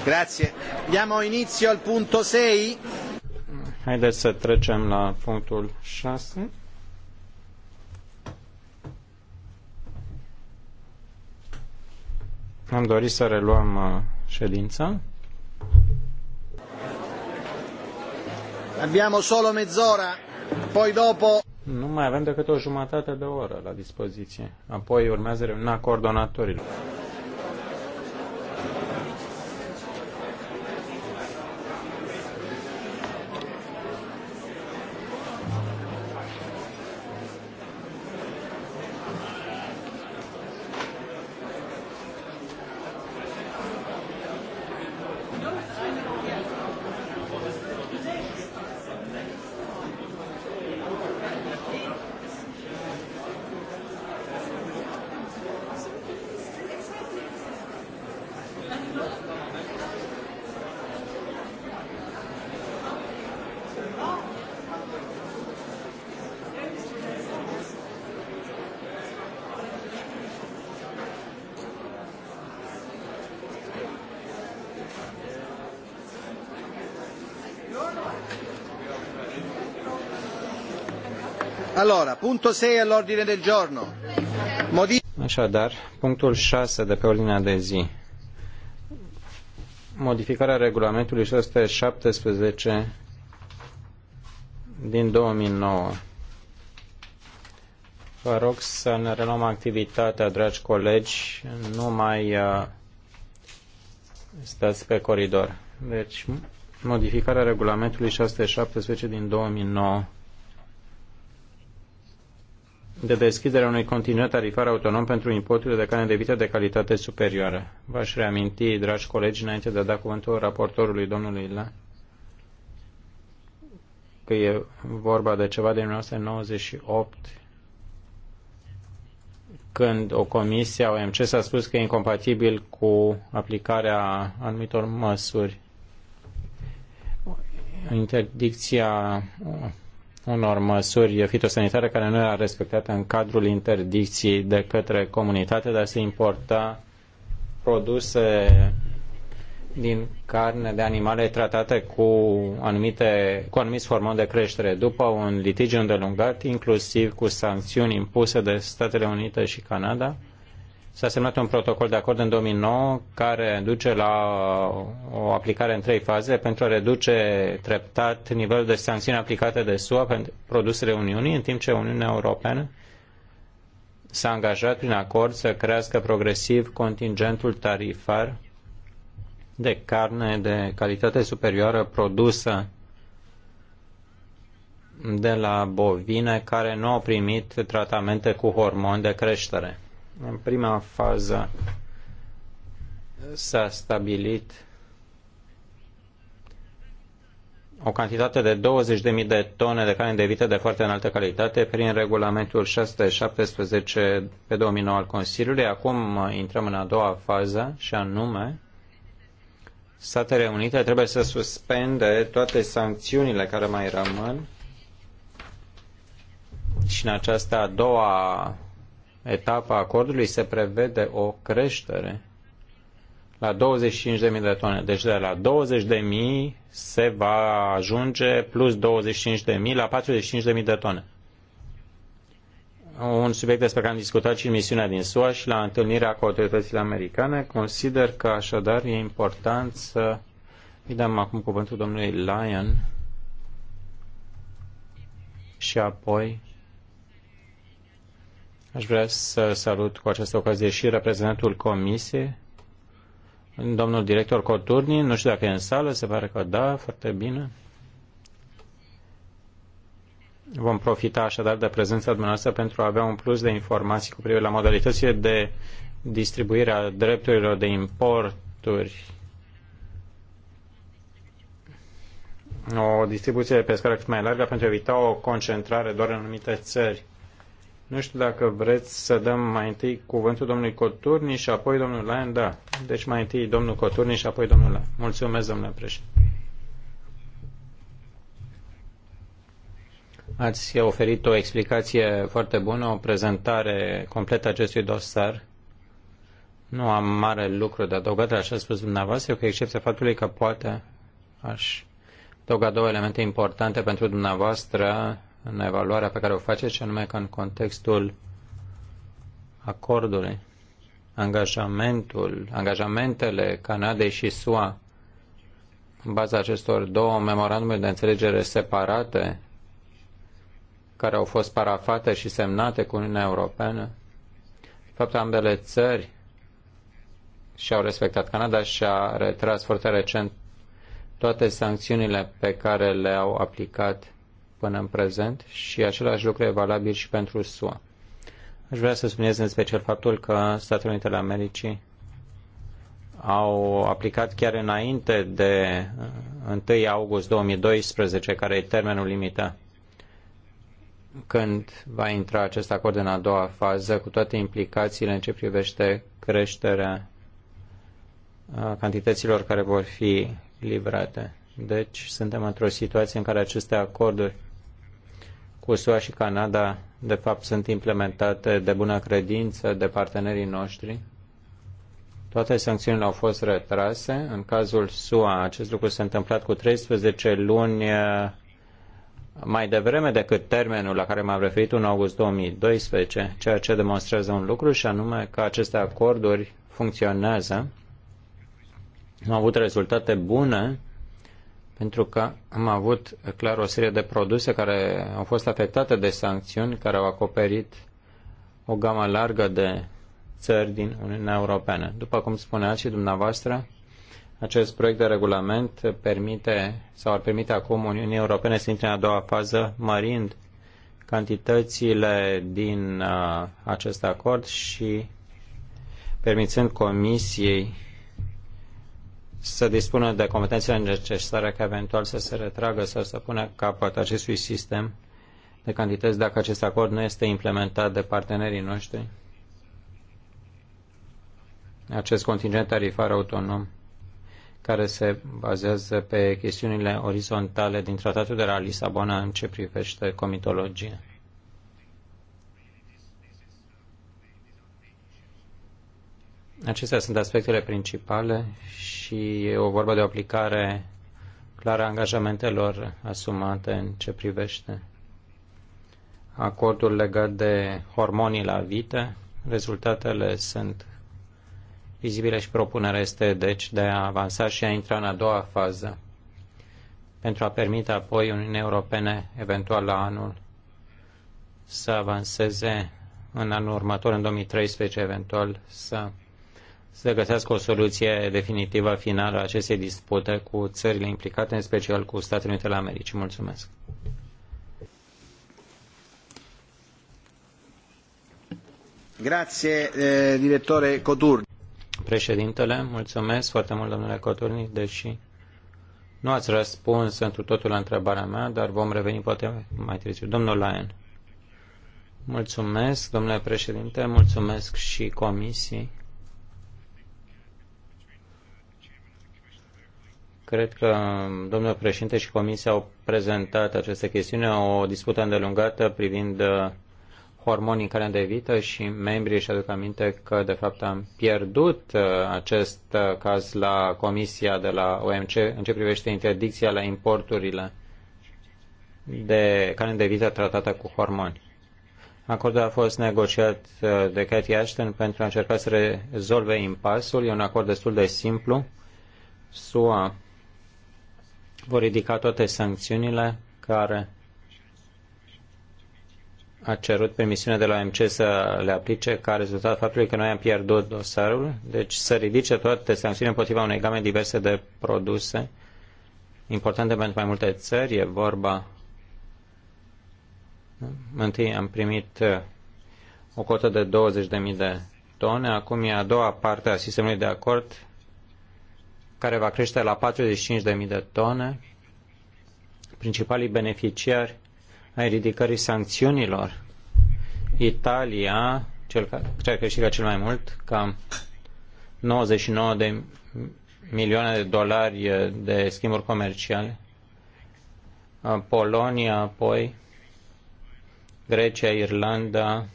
Grazie. Diamo inizio al punto 6. Haideți să trecem la punctul 6. Am dorit să reluăm uh, ședința. Abbiamo solo mezz'ora, poi dopo... Nu mai avem decât o jumătate de oră la dispoziție. Apoi urmează reuniunea coordonatorilor. Allora, punctul 6 all'ordine del giorno. Modi- Așadar, punctul 6 de pe ordinea de zi. Modificarea regulamentului 617 din 2009. Vă rog să ne reluăm activitatea, dragi colegi, nu mai uh, stați pe coridor. Deci, modificarea regulamentului 617 din 2009 de deschiderea unui continent tarifar autonom pentru importurile de carne de vită de calitate superioară. V-aș reaminti, dragi colegi, înainte de a da cuvântul raportorului domnului La, că e vorba de ceva din 1998 când o comisie a OMC s-a spus că e incompatibil cu aplicarea anumitor măsuri. Interdicția unor măsuri fitosanitare care nu era respectată în cadrul interdicției de către comunitate, dar se importa produse din carne de animale tratate cu, anumite, cu anumiți hormoni de creștere, după un litigiu îndelungat, inclusiv cu sancțiuni impuse de Statele Unite și Canada S-a semnat un protocol de acord în 2009 care duce la o aplicare în trei faze pentru a reduce treptat nivelul de sancțiuni aplicate de SUA pentru produsele Uniunii, în timp ce Uniunea Europeană s-a angajat prin acord să crească progresiv contingentul tarifar de carne de calitate superioară produsă de la bovine care nu au primit tratamente cu hormoni de creștere. În prima fază s-a stabilit o cantitate de 20.000 de tone de carne de vită de foarte înaltă calitate prin regulamentul 617 pe 2009 al Consiliului. Acum uh, intrăm în a doua fază și anume Statele Unite trebuie să suspende toate sancțiunile care mai rămân și în această a doua etapă a acordului se prevede o creștere la 25.000 de tone. Deci de la 20.000 se va ajunge plus 25.000 la 45.000 de tone. Un subiect despre care am discutat și în misiunea din SUA și la întâlnirea cu autoritățile americane. Consider că așadar e important să îi dăm acum cuvântul domnului Lyon și apoi Aș vrea să salut cu această ocazie și reprezentantul Comisiei, domnul director Coturni. Nu știu dacă e în sală, se pare că da, foarte bine. Vom profita așadar de prezența dumneavoastră pentru a avea un plus de informații cu privire la modalitățile de distribuire a drepturilor de importuri o distribuție pe scară cât mai largă pentru a evita o concentrare doar în anumite țări nu știu dacă vreți să dăm mai întâi cuvântul domnului Coturni și apoi domnul Lain, da. Deci mai întâi domnul Coturni și apoi domnul Lain. Mulțumesc, domnule președinte. Ați oferit o explicație foarte bună, o prezentare completă acestui dosar. Nu am mare lucru de adăugat așa a spus dumneavoastră, cu excepția faptului că poate aș adăuga două elemente importante pentru dumneavoastră în evaluarea pe care o face, ce anume că în contextul acordului, angajamentul, angajamentele Canadei și SUA în baza acestor două memorandume de înțelegere separate care au fost parafate și semnate cu Uniunea Europeană. De fapt, ambele țări și-au respectat. Canada și-a retras foarte recent toate sancțiunile pe care le-au aplicat până în prezent și același lucru e valabil și pentru SUA. Aș vrea să subliniez în special faptul că Statele Unite ale Americii au aplicat chiar înainte de 1 uh, august 2012, care e termenul limită, când va intra acest acord în a doua fază, cu toate implicațiile în ce privește creșterea uh, cantităților care vor fi livrate. Deci suntem într-o situație în care aceste acorduri cu SUA și Canada, de fapt, sunt implementate de bună credință de partenerii noștri. Toate sancțiunile au fost retrase. În cazul SUA, acest lucru s-a întâmplat cu 13 luni eh, mai devreme decât termenul la care m-am referit în august 2012, ceea ce demonstrează un lucru și anume că aceste acorduri funcționează, au avut rezultate bune pentru că am avut clar o serie de produse care au fost afectate de sancțiuni, care au acoperit o gamă largă de țări din Uniunea Europeană. După cum spuneați și dumneavoastră, acest proiect de regulament permite sau ar permite acum Uniunii Europene să intre în a doua fază, mărind cantitățile din uh, acest acord și permițând Comisiei să dispună de competențele necesare ca eventual să se retragă sau să pună capăt acestui sistem de cantități dacă acest acord nu este implementat de partenerii noștri? Acest contingent tarifar autonom care se bazează pe chestiunile orizontale din Tratatul de la Lisabona în ce privește comitologie. Acestea sunt aspectele principale și e o vorba de o aplicare clară a angajamentelor asumate în ce privește acordul legat de hormonii la vite. Rezultatele sunt vizibile și propunerea este deci de a avansa și a intra în a doua fază pentru a permite apoi Uniunii Europene eventual la anul să avanseze în anul următor, în 2013 eventual, să să găsească o soluție definitivă finală a acestei dispute cu țările implicate, în special cu Statele Unite ale Americii. Mulțumesc! Grazie, eh, directore Coturni. Președintele, mulțumesc foarte mult, domnule Coturni, deși nu ați răspuns întru totul la întrebarea mea, dar vom reveni poate mai târziu. Domnul Lyon. Mulțumesc, domnule președinte, mulțumesc și comisii. Cred că domnul președinte și comisia au prezentat această chestiune, o dispută îndelungată privind uh, hormonii care de vită și membrii își aduc aminte că de fapt am pierdut uh, acest uh, caz la comisia de la OMC în ce privește interdicția la importurile de carne de vită tratată cu hormoni. Acordul a fost negociat de Cathy Ashton pentru a încerca să rezolve impasul. E un acord destul de simplu. SUA vor ridica toate sancțiunile care a cerut permisiunea de la OMC să le aplice ca rezultat faptului că noi am pierdut dosarul, deci să ridice toate sancțiunile împotriva unei game diverse de produse importante pentru mai multe țări. E vorba. Întâi am primit uh, o cotă de 20.000 de tone, acum e a doua parte a sistemului de acord care va crește la 45.000 de tone. Principalii beneficiari ai ridicării sancțiunilor, Italia, cel care, care câștigă cel mai mult, cam 99 de milioane de dolari de schimburi comerciale, Polonia, apoi Grecia, Irlanda,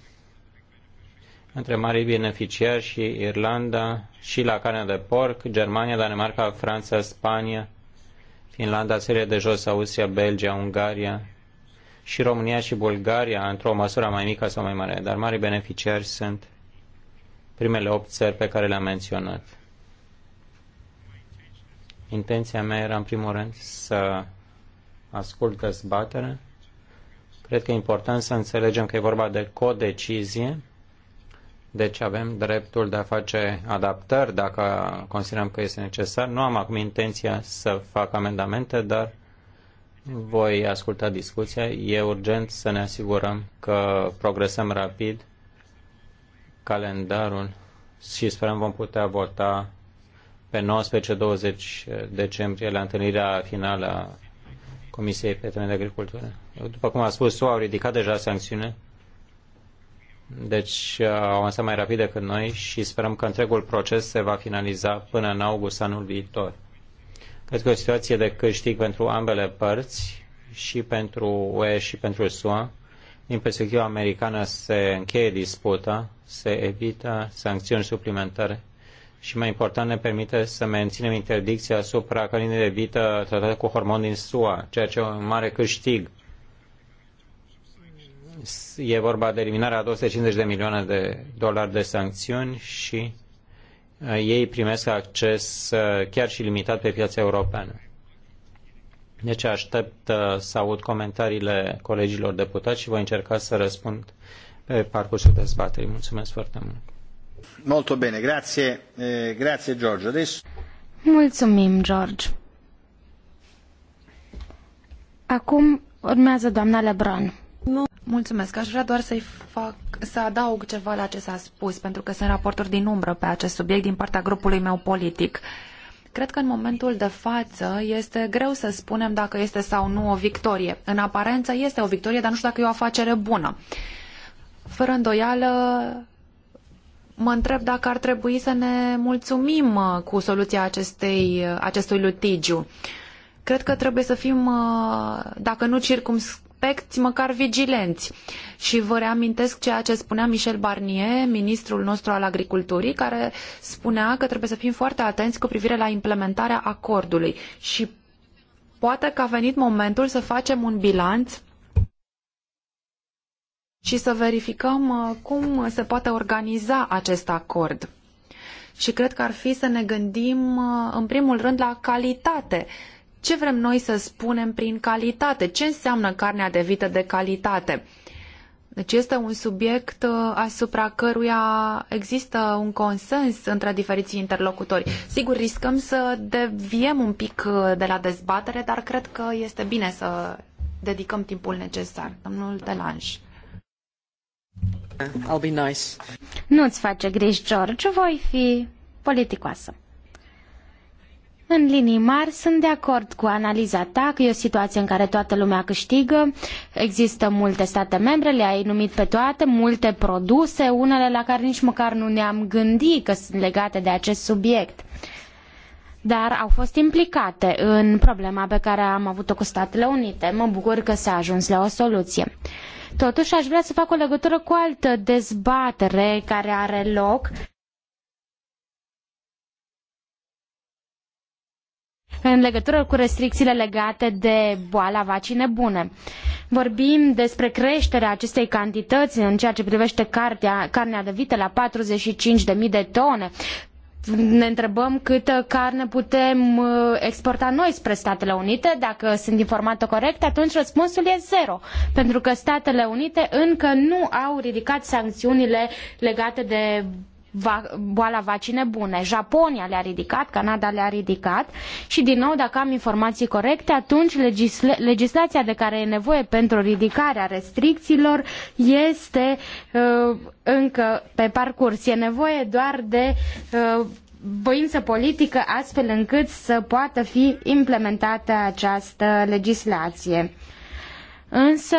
între marii beneficiari și Irlanda și la carne de porc, Germania, Danemarca, Franța, Spania, Finlanda, serie de jos, Austria, Belgia, Ungaria și România și Bulgaria, într-o măsură mai mică sau mai mare, dar mari beneficiari sunt primele opt țări pe care le-am menționat. Intenția mea era, în primul rând, să ascult dezbaterea. Cred că e important să înțelegem că e vorba de codecizie deci avem dreptul de a face adaptări dacă considerăm că este necesar. Nu am acum intenția să fac amendamente, dar voi asculta discuția. E urgent să ne asigurăm că progresăm rapid calendarul și sperăm vom putea vota pe 19-20 decembrie la întâlnirea finală a Comisiei pe de Agricultură. După cum a spus, o au ridicat deja sancțiune deci uh, au avansat mai rapid decât noi și sperăm că întregul proces se va finaliza până în august anul viitor. Cred că o situație de câștig pentru ambele părți, și pentru UE și pentru SUA. Din perspectiva americană se încheie disputa, se evită sancțiuni suplimentare și, mai important, ne permite să menținem interdicția asupra cărinii de vită tratate cu hormon din SUA, ceea ce e un mare câștig e vorba de eliminarea a 250 de milioane de dolari de sancțiuni și uh, ei primesc acces uh, chiar și limitat pe piața europeană. Deci aștept uh, să aud comentariile colegilor deputați și voi încerca să răspund pe parcursul dezbaterii. Mulțumesc foarte mult. Molto bene, grazie, eh, grazie George. Adesso...
Mulțumim, George. Acum urmează doamna Lebron. Mulțumesc. Aș vrea doar să-i fac, să
adaug ceva la ce s-a spus, pentru că sunt raporturi din umbră pe acest subiect din partea grupului meu politic. Cred că în momentul de față este greu să spunem dacă este sau nu o victorie. În aparență este o victorie, dar nu știu dacă e o afacere bună. Fără îndoială, mă întreb dacă ar trebui să ne mulțumim uh, cu soluția acestei, uh, acestui litigiu. Cred că trebuie să fim, uh, dacă nu circums aspecti măcar vigilenți. Și vă reamintesc ceea ce spunea Michel Barnier, ministrul nostru al agriculturii, care spunea că trebuie să fim foarte atenți cu privire la implementarea acordului și poate că a venit momentul să facem un bilanț și să verificăm uh, cum se poate organiza acest acord. Și cred că ar fi să ne gândim uh, în primul rând la calitate ce vrem noi să spunem prin calitate, ce înseamnă carnea de vită de calitate. Deci este un subiect uh, asupra căruia există un consens între diferiții interlocutori. Sigur, riscăm să deviem un pic uh, de la dezbatere, dar cred că este bine să
dedicăm timpul necesar. Domnul Delanj. I'll be nice. Nu-ți face griji, George. Voi fi politicoasă. În linii mari sunt de acord cu analiza ta că e o situație în care toată lumea câștigă, există multe state membre, le-ai numit pe toate, multe produse, unele la care nici măcar nu ne-am gândit că sunt legate de acest subiect dar au fost implicate în problema pe care am avut-o cu Statele Unite. Mă bucur că s-a ajuns la o soluție. Totuși, aș vrea să fac o legătură cu altă dezbatere care are loc în legătură cu restricțiile legate de boala vacii nebune. Vorbim despre creșterea acestei cantități în ceea ce privește cartea, carnea de vită la 45.000 de tone. Ne întrebăm câtă carne putem uh, exporta noi spre Statele Unite. Dacă sunt informată corect, atunci răspunsul e zero, pentru că Statele Unite încă nu au ridicat sancțiunile legate de va, boala vacine bune. Japonia le-a ridicat, Canada le-a ridicat și din nou, dacă am informații corecte, atunci legisla- legislația de care e nevoie pentru ridicarea restricțiilor este uh, încă pe parcurs. E nevoie doar de uh, politică astfel încât să poată fi implementată această legislație. Însă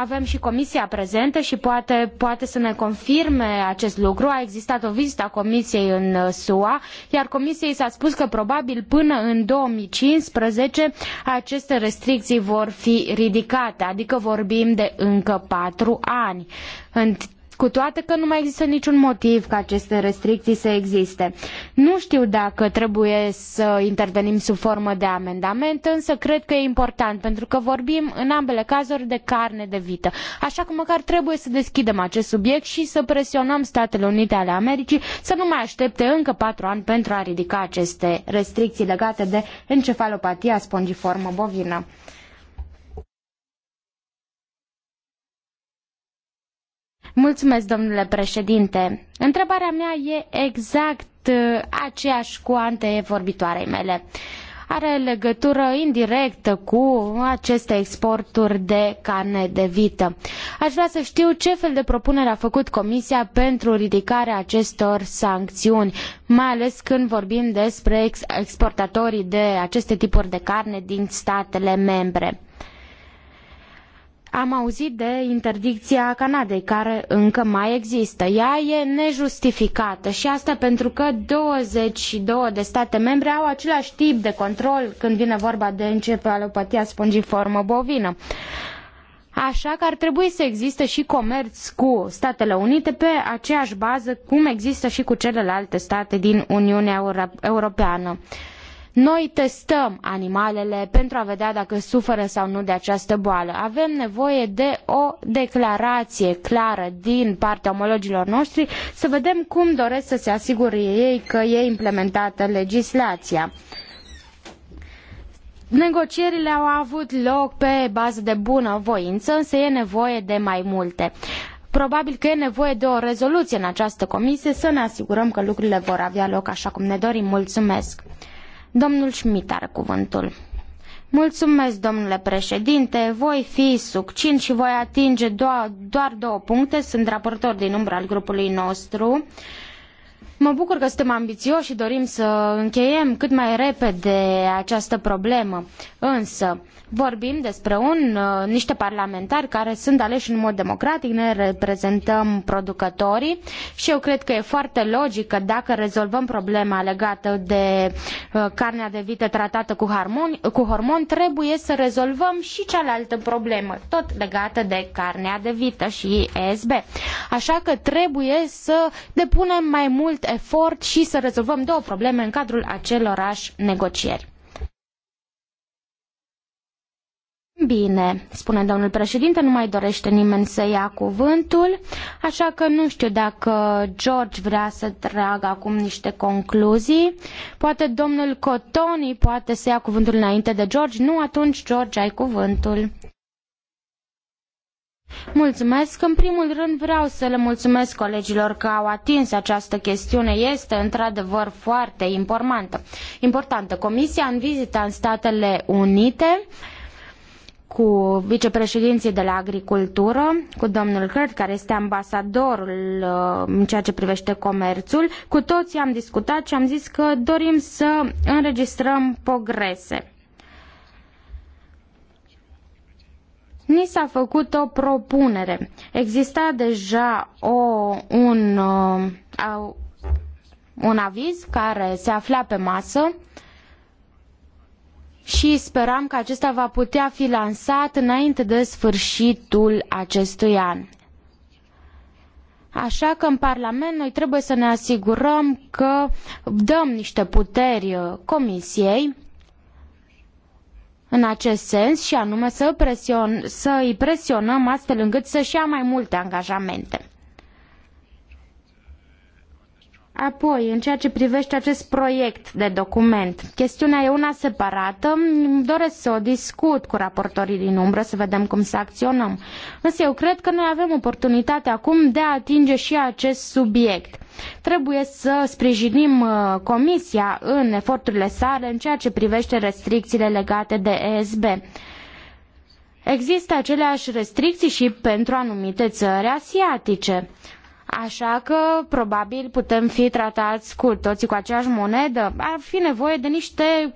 avem și comisia prezentă și poate, poate să ne confirme acest lucru. A existat o vizită a comisiei în uh, SUA, iar comisiei s-a spus că probabil până în 2015 aceste restricții vor fi ridicate, adică vorbim de încă patru ani. În cu toate că nu mai există niciun motiv ca aceste restricții să existe. Nu știu dacă trebuie să intervenim sub formă de amendament, însă cred că e important, pentru că vorbim în ambele cazuri de carne de vită. Așa că măcar trebuie să deschidem acest subiect și să presionăm Statele Unite ale Americii să nu mai aștepte încă patru ani pentru a ridica aceste restricții legate de encefalopatia spongiformă bovină. Mulțumesc, domnule președinte. Întrebarea mea e exact uh, aceeași cu antevorbitoarei mele. Are legătură indirectă cu aceste exporturi de carne de vită. Aș vrea să știu ce fel de propunere a făcut Comisia pentru ridicarea acestor sancțiuni, mai ales când vorbim despre exportatorii de aceste tipuri de carne din statele membre am auzit de interdicția Canadei, care încă mai există. Ea e nejustificată și asta pentru că 22 de state membre au același tip de control când vine vorba de encefalopatia spongiformă bovină. Așa că ar trebui să existe și comerț cu Statele Unite pe aceeași bază cum există și cu celelalte state din Uniunea Europeană. Noi testăm animalele pentru a vedea dacă suferă sau nu de această boală. Avem nevoie de o declarație clară din partea omologilor noștri să vedem cum doresc să se asigure ei că e implementată legislația. Negocierile au avut loc pe bază de bună voință, însă e nevoie de mai multe. Probabil că e nevoie de o rezoluție în această comisie să ne asigurăm că lucrurile vor avea loc așa cum ne dorim. Mulțumesc! Domnul Schmidt are cuvântul. Mulțumesc, domnule președinte, voi fi succint și voi atinge doar două puncte. Sunt raportor din umbra al grupului nostru. Mă bucur că suntem ambițioși și dorim să încheiem cât mai repede această problemă. Însă, vorbim despre un, uh, niște parlamentari care sunt aleși în mod democratic, ne reprezentăm producătorii și eu cred că e foarte logic că dacă rezolvăm problema legată de uh, carnea de vită tratată cu, harmon, cu hormon, trebuie să rezolvăm și cealaltă problemă, tot legată de carnea de vită și ESB. Așa că trebuie să depunem mai mult efort și să rezolvăm două probleme în cadrul acelorași negocieri. Bine, spune domnul președinte, nu mai dorește nimeni să ia cuvântul, așa că nu știu dacă George vrea să tragă acum niște concluzii. Poate domnul Cotoni poate să ia cuvântul înainte de George. Nu, atunci, George, ai cuvântul. Mulțumesc. În primul rând vreau să le mulțumesc colegilor că au atins această chestiune. Este într-adevăr foarte importantă. importantă. Comisia în vizită în Statele Unite cu vicepreședinții de la agricultură, cu domnul Hurt, care este ambasadorul uh, în ceea ce privește comerțul. Cu toții am discutat și am zis că dorim să înregistrăm progrese. Ni s-a făcut o propunere. Exista deja o, un, uh, un aviz care se afla pe masă și speram că acesta va putea fi lansat înainte de sfârșitul acestui an. Așa că în Parlament noi trebuie să ne asigurăm că dăm niște puteri uh, Comisiei în acest sens și anume să, îi presionăm astfel încât să-și ia mai multe angajamente. Apoi, în ceea ce privește acest proiect de document, chestiunea e una separată, îmi doresc să o discut cu raportorii din umbră, să vedem cum să acționăm. Însă eu cred că noi avem oportunitatea acum de a atinge și acest subiect. Trebuie să sprijinim uh, Comisia în eforturile sale în ceea ce privește restricțiile legate de ESB. Există aceleași restricții și pentru anumite țări asiatice. Așa că probabil putem fi tratați cu toții cu aceeași monedă. Ar fi nevoie de niște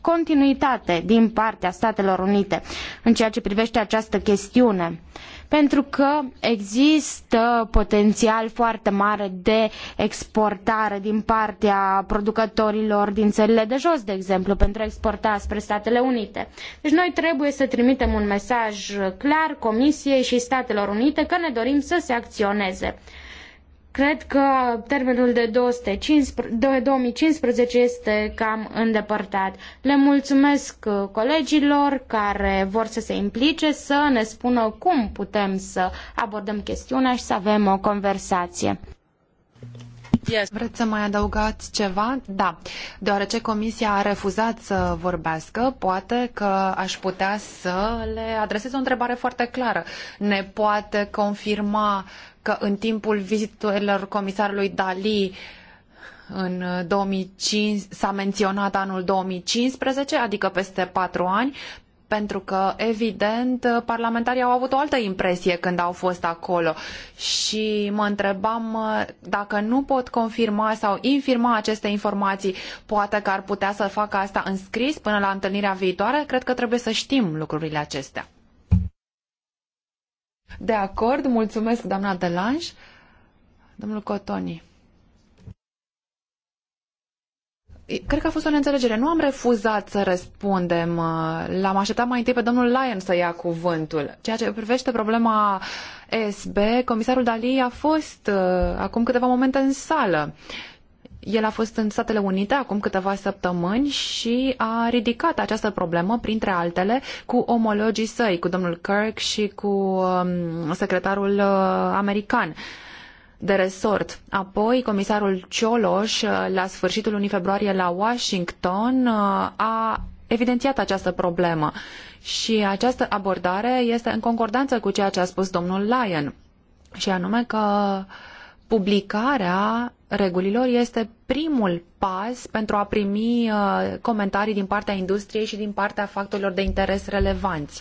continuitate din partea Statelor Unite în ceea ce privește această chestiune. Pentru că există potențial foarte mare de exportare din partea producătorilor din țările de jos, de exemplu, pentru a exporta spre Statele Unite. Deci noi trebuie să trimitem un mesaj clar Comisiei și Statelor Unite că ne dorim să se acționeze. Cred că termenul de 215, 2015 este cam îndepărtat. Le mulțumesc uh, colegilor care vor să se implice să ne spună cum putem să abordăm chestiunea și să avem o conversație.
Yes. Vreți să mai adăugați ceva? Da. Deoarece comisia a refuzat să vorbească, poate că aș putea să le adresez o întrebare foarte clară. Ne poate confirma că în timpul vizitelor comisarului Dali în 2005 uh, s-a menționat anul 2015, adică peste patru ani, pentru că, evident, uh, parlamentarii au avut o altă impresie când au fost acolo și mă întrebam uh, dacă nu pot confirma sau infirma aceste informații, poate că ar putea să facă asta în scris până la întâlnirea viitoare, cred că trebuie să știm lucrurile acestea. De acord, mulțumesc, doamna Delange, Domnul Cotoni. Cred că a fost o neînțelegere. Nu am refuzat să răspundem. Uh, l-am așteptat mai întâi pe domnul Lyon să ia cuvântul. Ceea ce privește problema ESB, comisarul Dali a fost uh, acum câteva momente în sală el a fost în Statele Unite acum câteva săptămâni și a ridicat această problemă, printre altele, cu omologii săi, cu domnul Kirk și cu um, secretarul uh, american de resort. Apoi, comisarul Cioloș, uh, la sfârșitul lunii februarie la Washington, uh, a evidențiat această problemă și această abordare este în concordanță cu ceea ce a spus domnul Lyon, și anume că publicarea regulilor este primul pas pentru a primi uh, comentarii din partea industriei și din partea factorilor de interes relevanți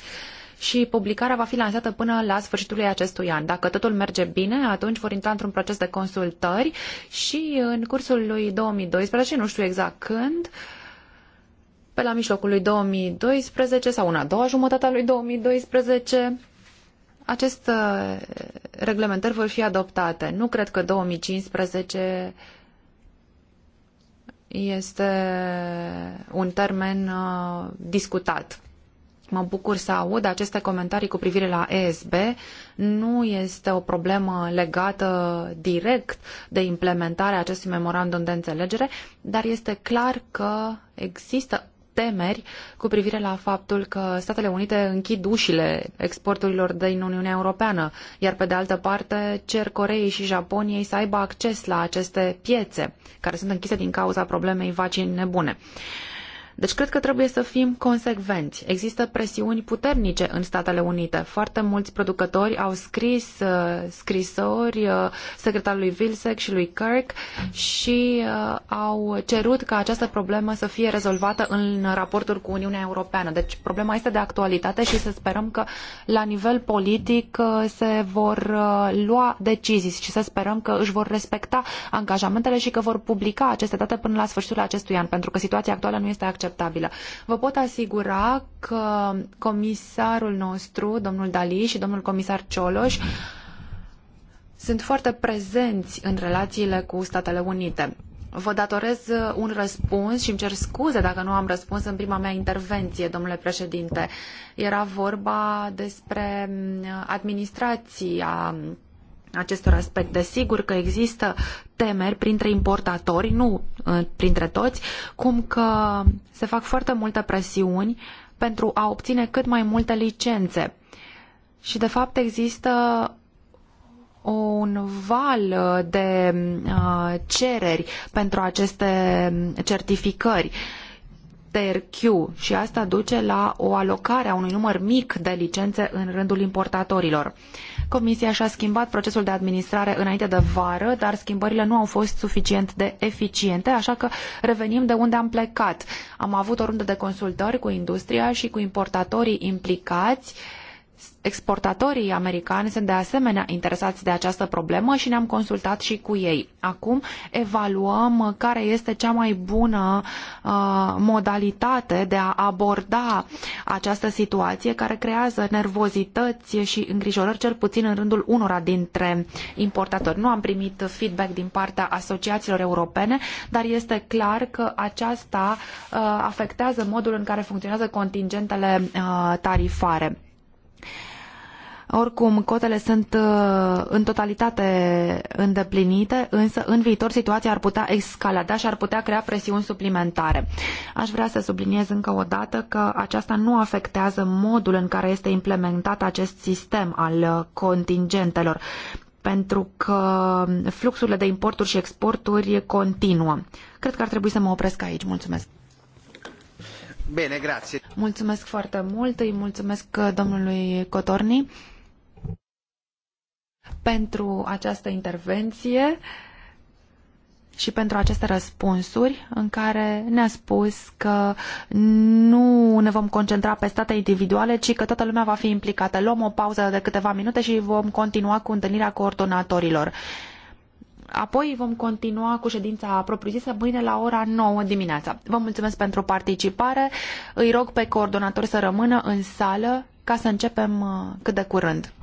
și publicarea va fi lansată până la sfârșitul acestui an. Dacă totul merge bine, atunci vor intra într-un proces de consultări și în cursul lui 2012, nu știu exact când, pe la mijlocul lui 2012 sau în a doua jumătate a lui 2012, aceste uh, reglementări vor fi adoptate. Nu cred că 2015 este un termen uh, discutat. Mă bucur să aud aceste comentarii cu privire la ESB. Nu este o problemă legată direct de implementarea acestui memorandum de înțelegere, dar este clar că există temeri cu privire la faptul că Statele Unite închid ușile exporturilor din Uniunea Europeană, iar pe de altă parte cer Coreei și Japoniei să aibă acces la aceste piețe care sunt închise din cauza problemei vacii nebune. Deci cred că trebuie să fim consecvenți. Există presiuni puternice în Statele Unite. Foarte mulți producători au scris uh, scrisori uh, secretarului Vilsec și lui Kirk și uh, au cerut ca această problemă să fie rezolvată în raportul cu Uniunea Europeană. Deci problema este de actualitate și să sperăm că la nivel politic se vor lua decizii și să sperăm că își vor respecta angajamentele și că vor publica aceste date până la sfârșitul acestui an, pentru că situația actuală nu este acceptabilă acceptabilă. Vă pot asigura că comisarul nostru, domnul Dali și domnul comisar Cioloș, sunt foarte prezenți în relațiile cu Statele Unite. Vă datorez uh, un răspuns și îmi cer scuze dacă nu am răspuns în prima mea intervenție, domnule președinte. Era vorba despre mm, administrația acestor aspecte. Sigur că există temeri printre importatori, nu ă, printre toți, cum că se fac foarte multe presiuni pentru a obține cât mai multe licențe. Și de fapt există un val ă, de ă, cereri pentru aceste certificări. TRQ și asta duce la o alocare a unui număr mic de licențe în rândul importatorilor. Uh, Comisia și-a schimbat procesul de administrare înainte de vară, dar schimbările nu au fost suficient de eficiente, așa că revenim de unde am plecat. Am avut o rundă de consultări cu industria și cu importatorii implicați Exportatorii americani sunt de asemenea interesați de această problemă și ne-am consultat și cu ei. Acum evaluăm care este cea mai bună uh, modalitate de a aborda această situație care creează nervozități și îngrijorări cel puțin în rândul unora dintre importatori. Nu am primit feedback din partea asociațiilor europene, dar este clar că aceasta uh, afectează modul în care funcționează contingentele uh, tarifare. Oricum, cotele sunt uh, în totalitate îndeplinite, însă în viitor situația ar putea escalada și ar putea crea presiuni suplimentare. Aș vrea să subliniez încă o dată că aceasta nu afectează modul în care este implementat acest sistem al uh, contingentelor pentru că fluxurile de importuri și exporturi continuă. Cred că ar trebui să mă opresc aici. Mulțumesc.
Bine, grație.
Mulțumesc foarte mult, îi mulțumesc domnului Cotorni pentru această intervenție și pentru aceste răspunsuri în care ne-a spus că nu ne vom concentra pe state individuale, ci că toată lumea va fi implicată. Luăm o pauză de câteva minute și vom continua cu întâlnirea coordonatorilor. Apoi vom continua cu ședința propriu-zisă mâine la ora 9 dimineața. Vă mulțumesc pentru participare. Îi rog pe coordonator să rămână în sală ca să începem uh, cât de curând.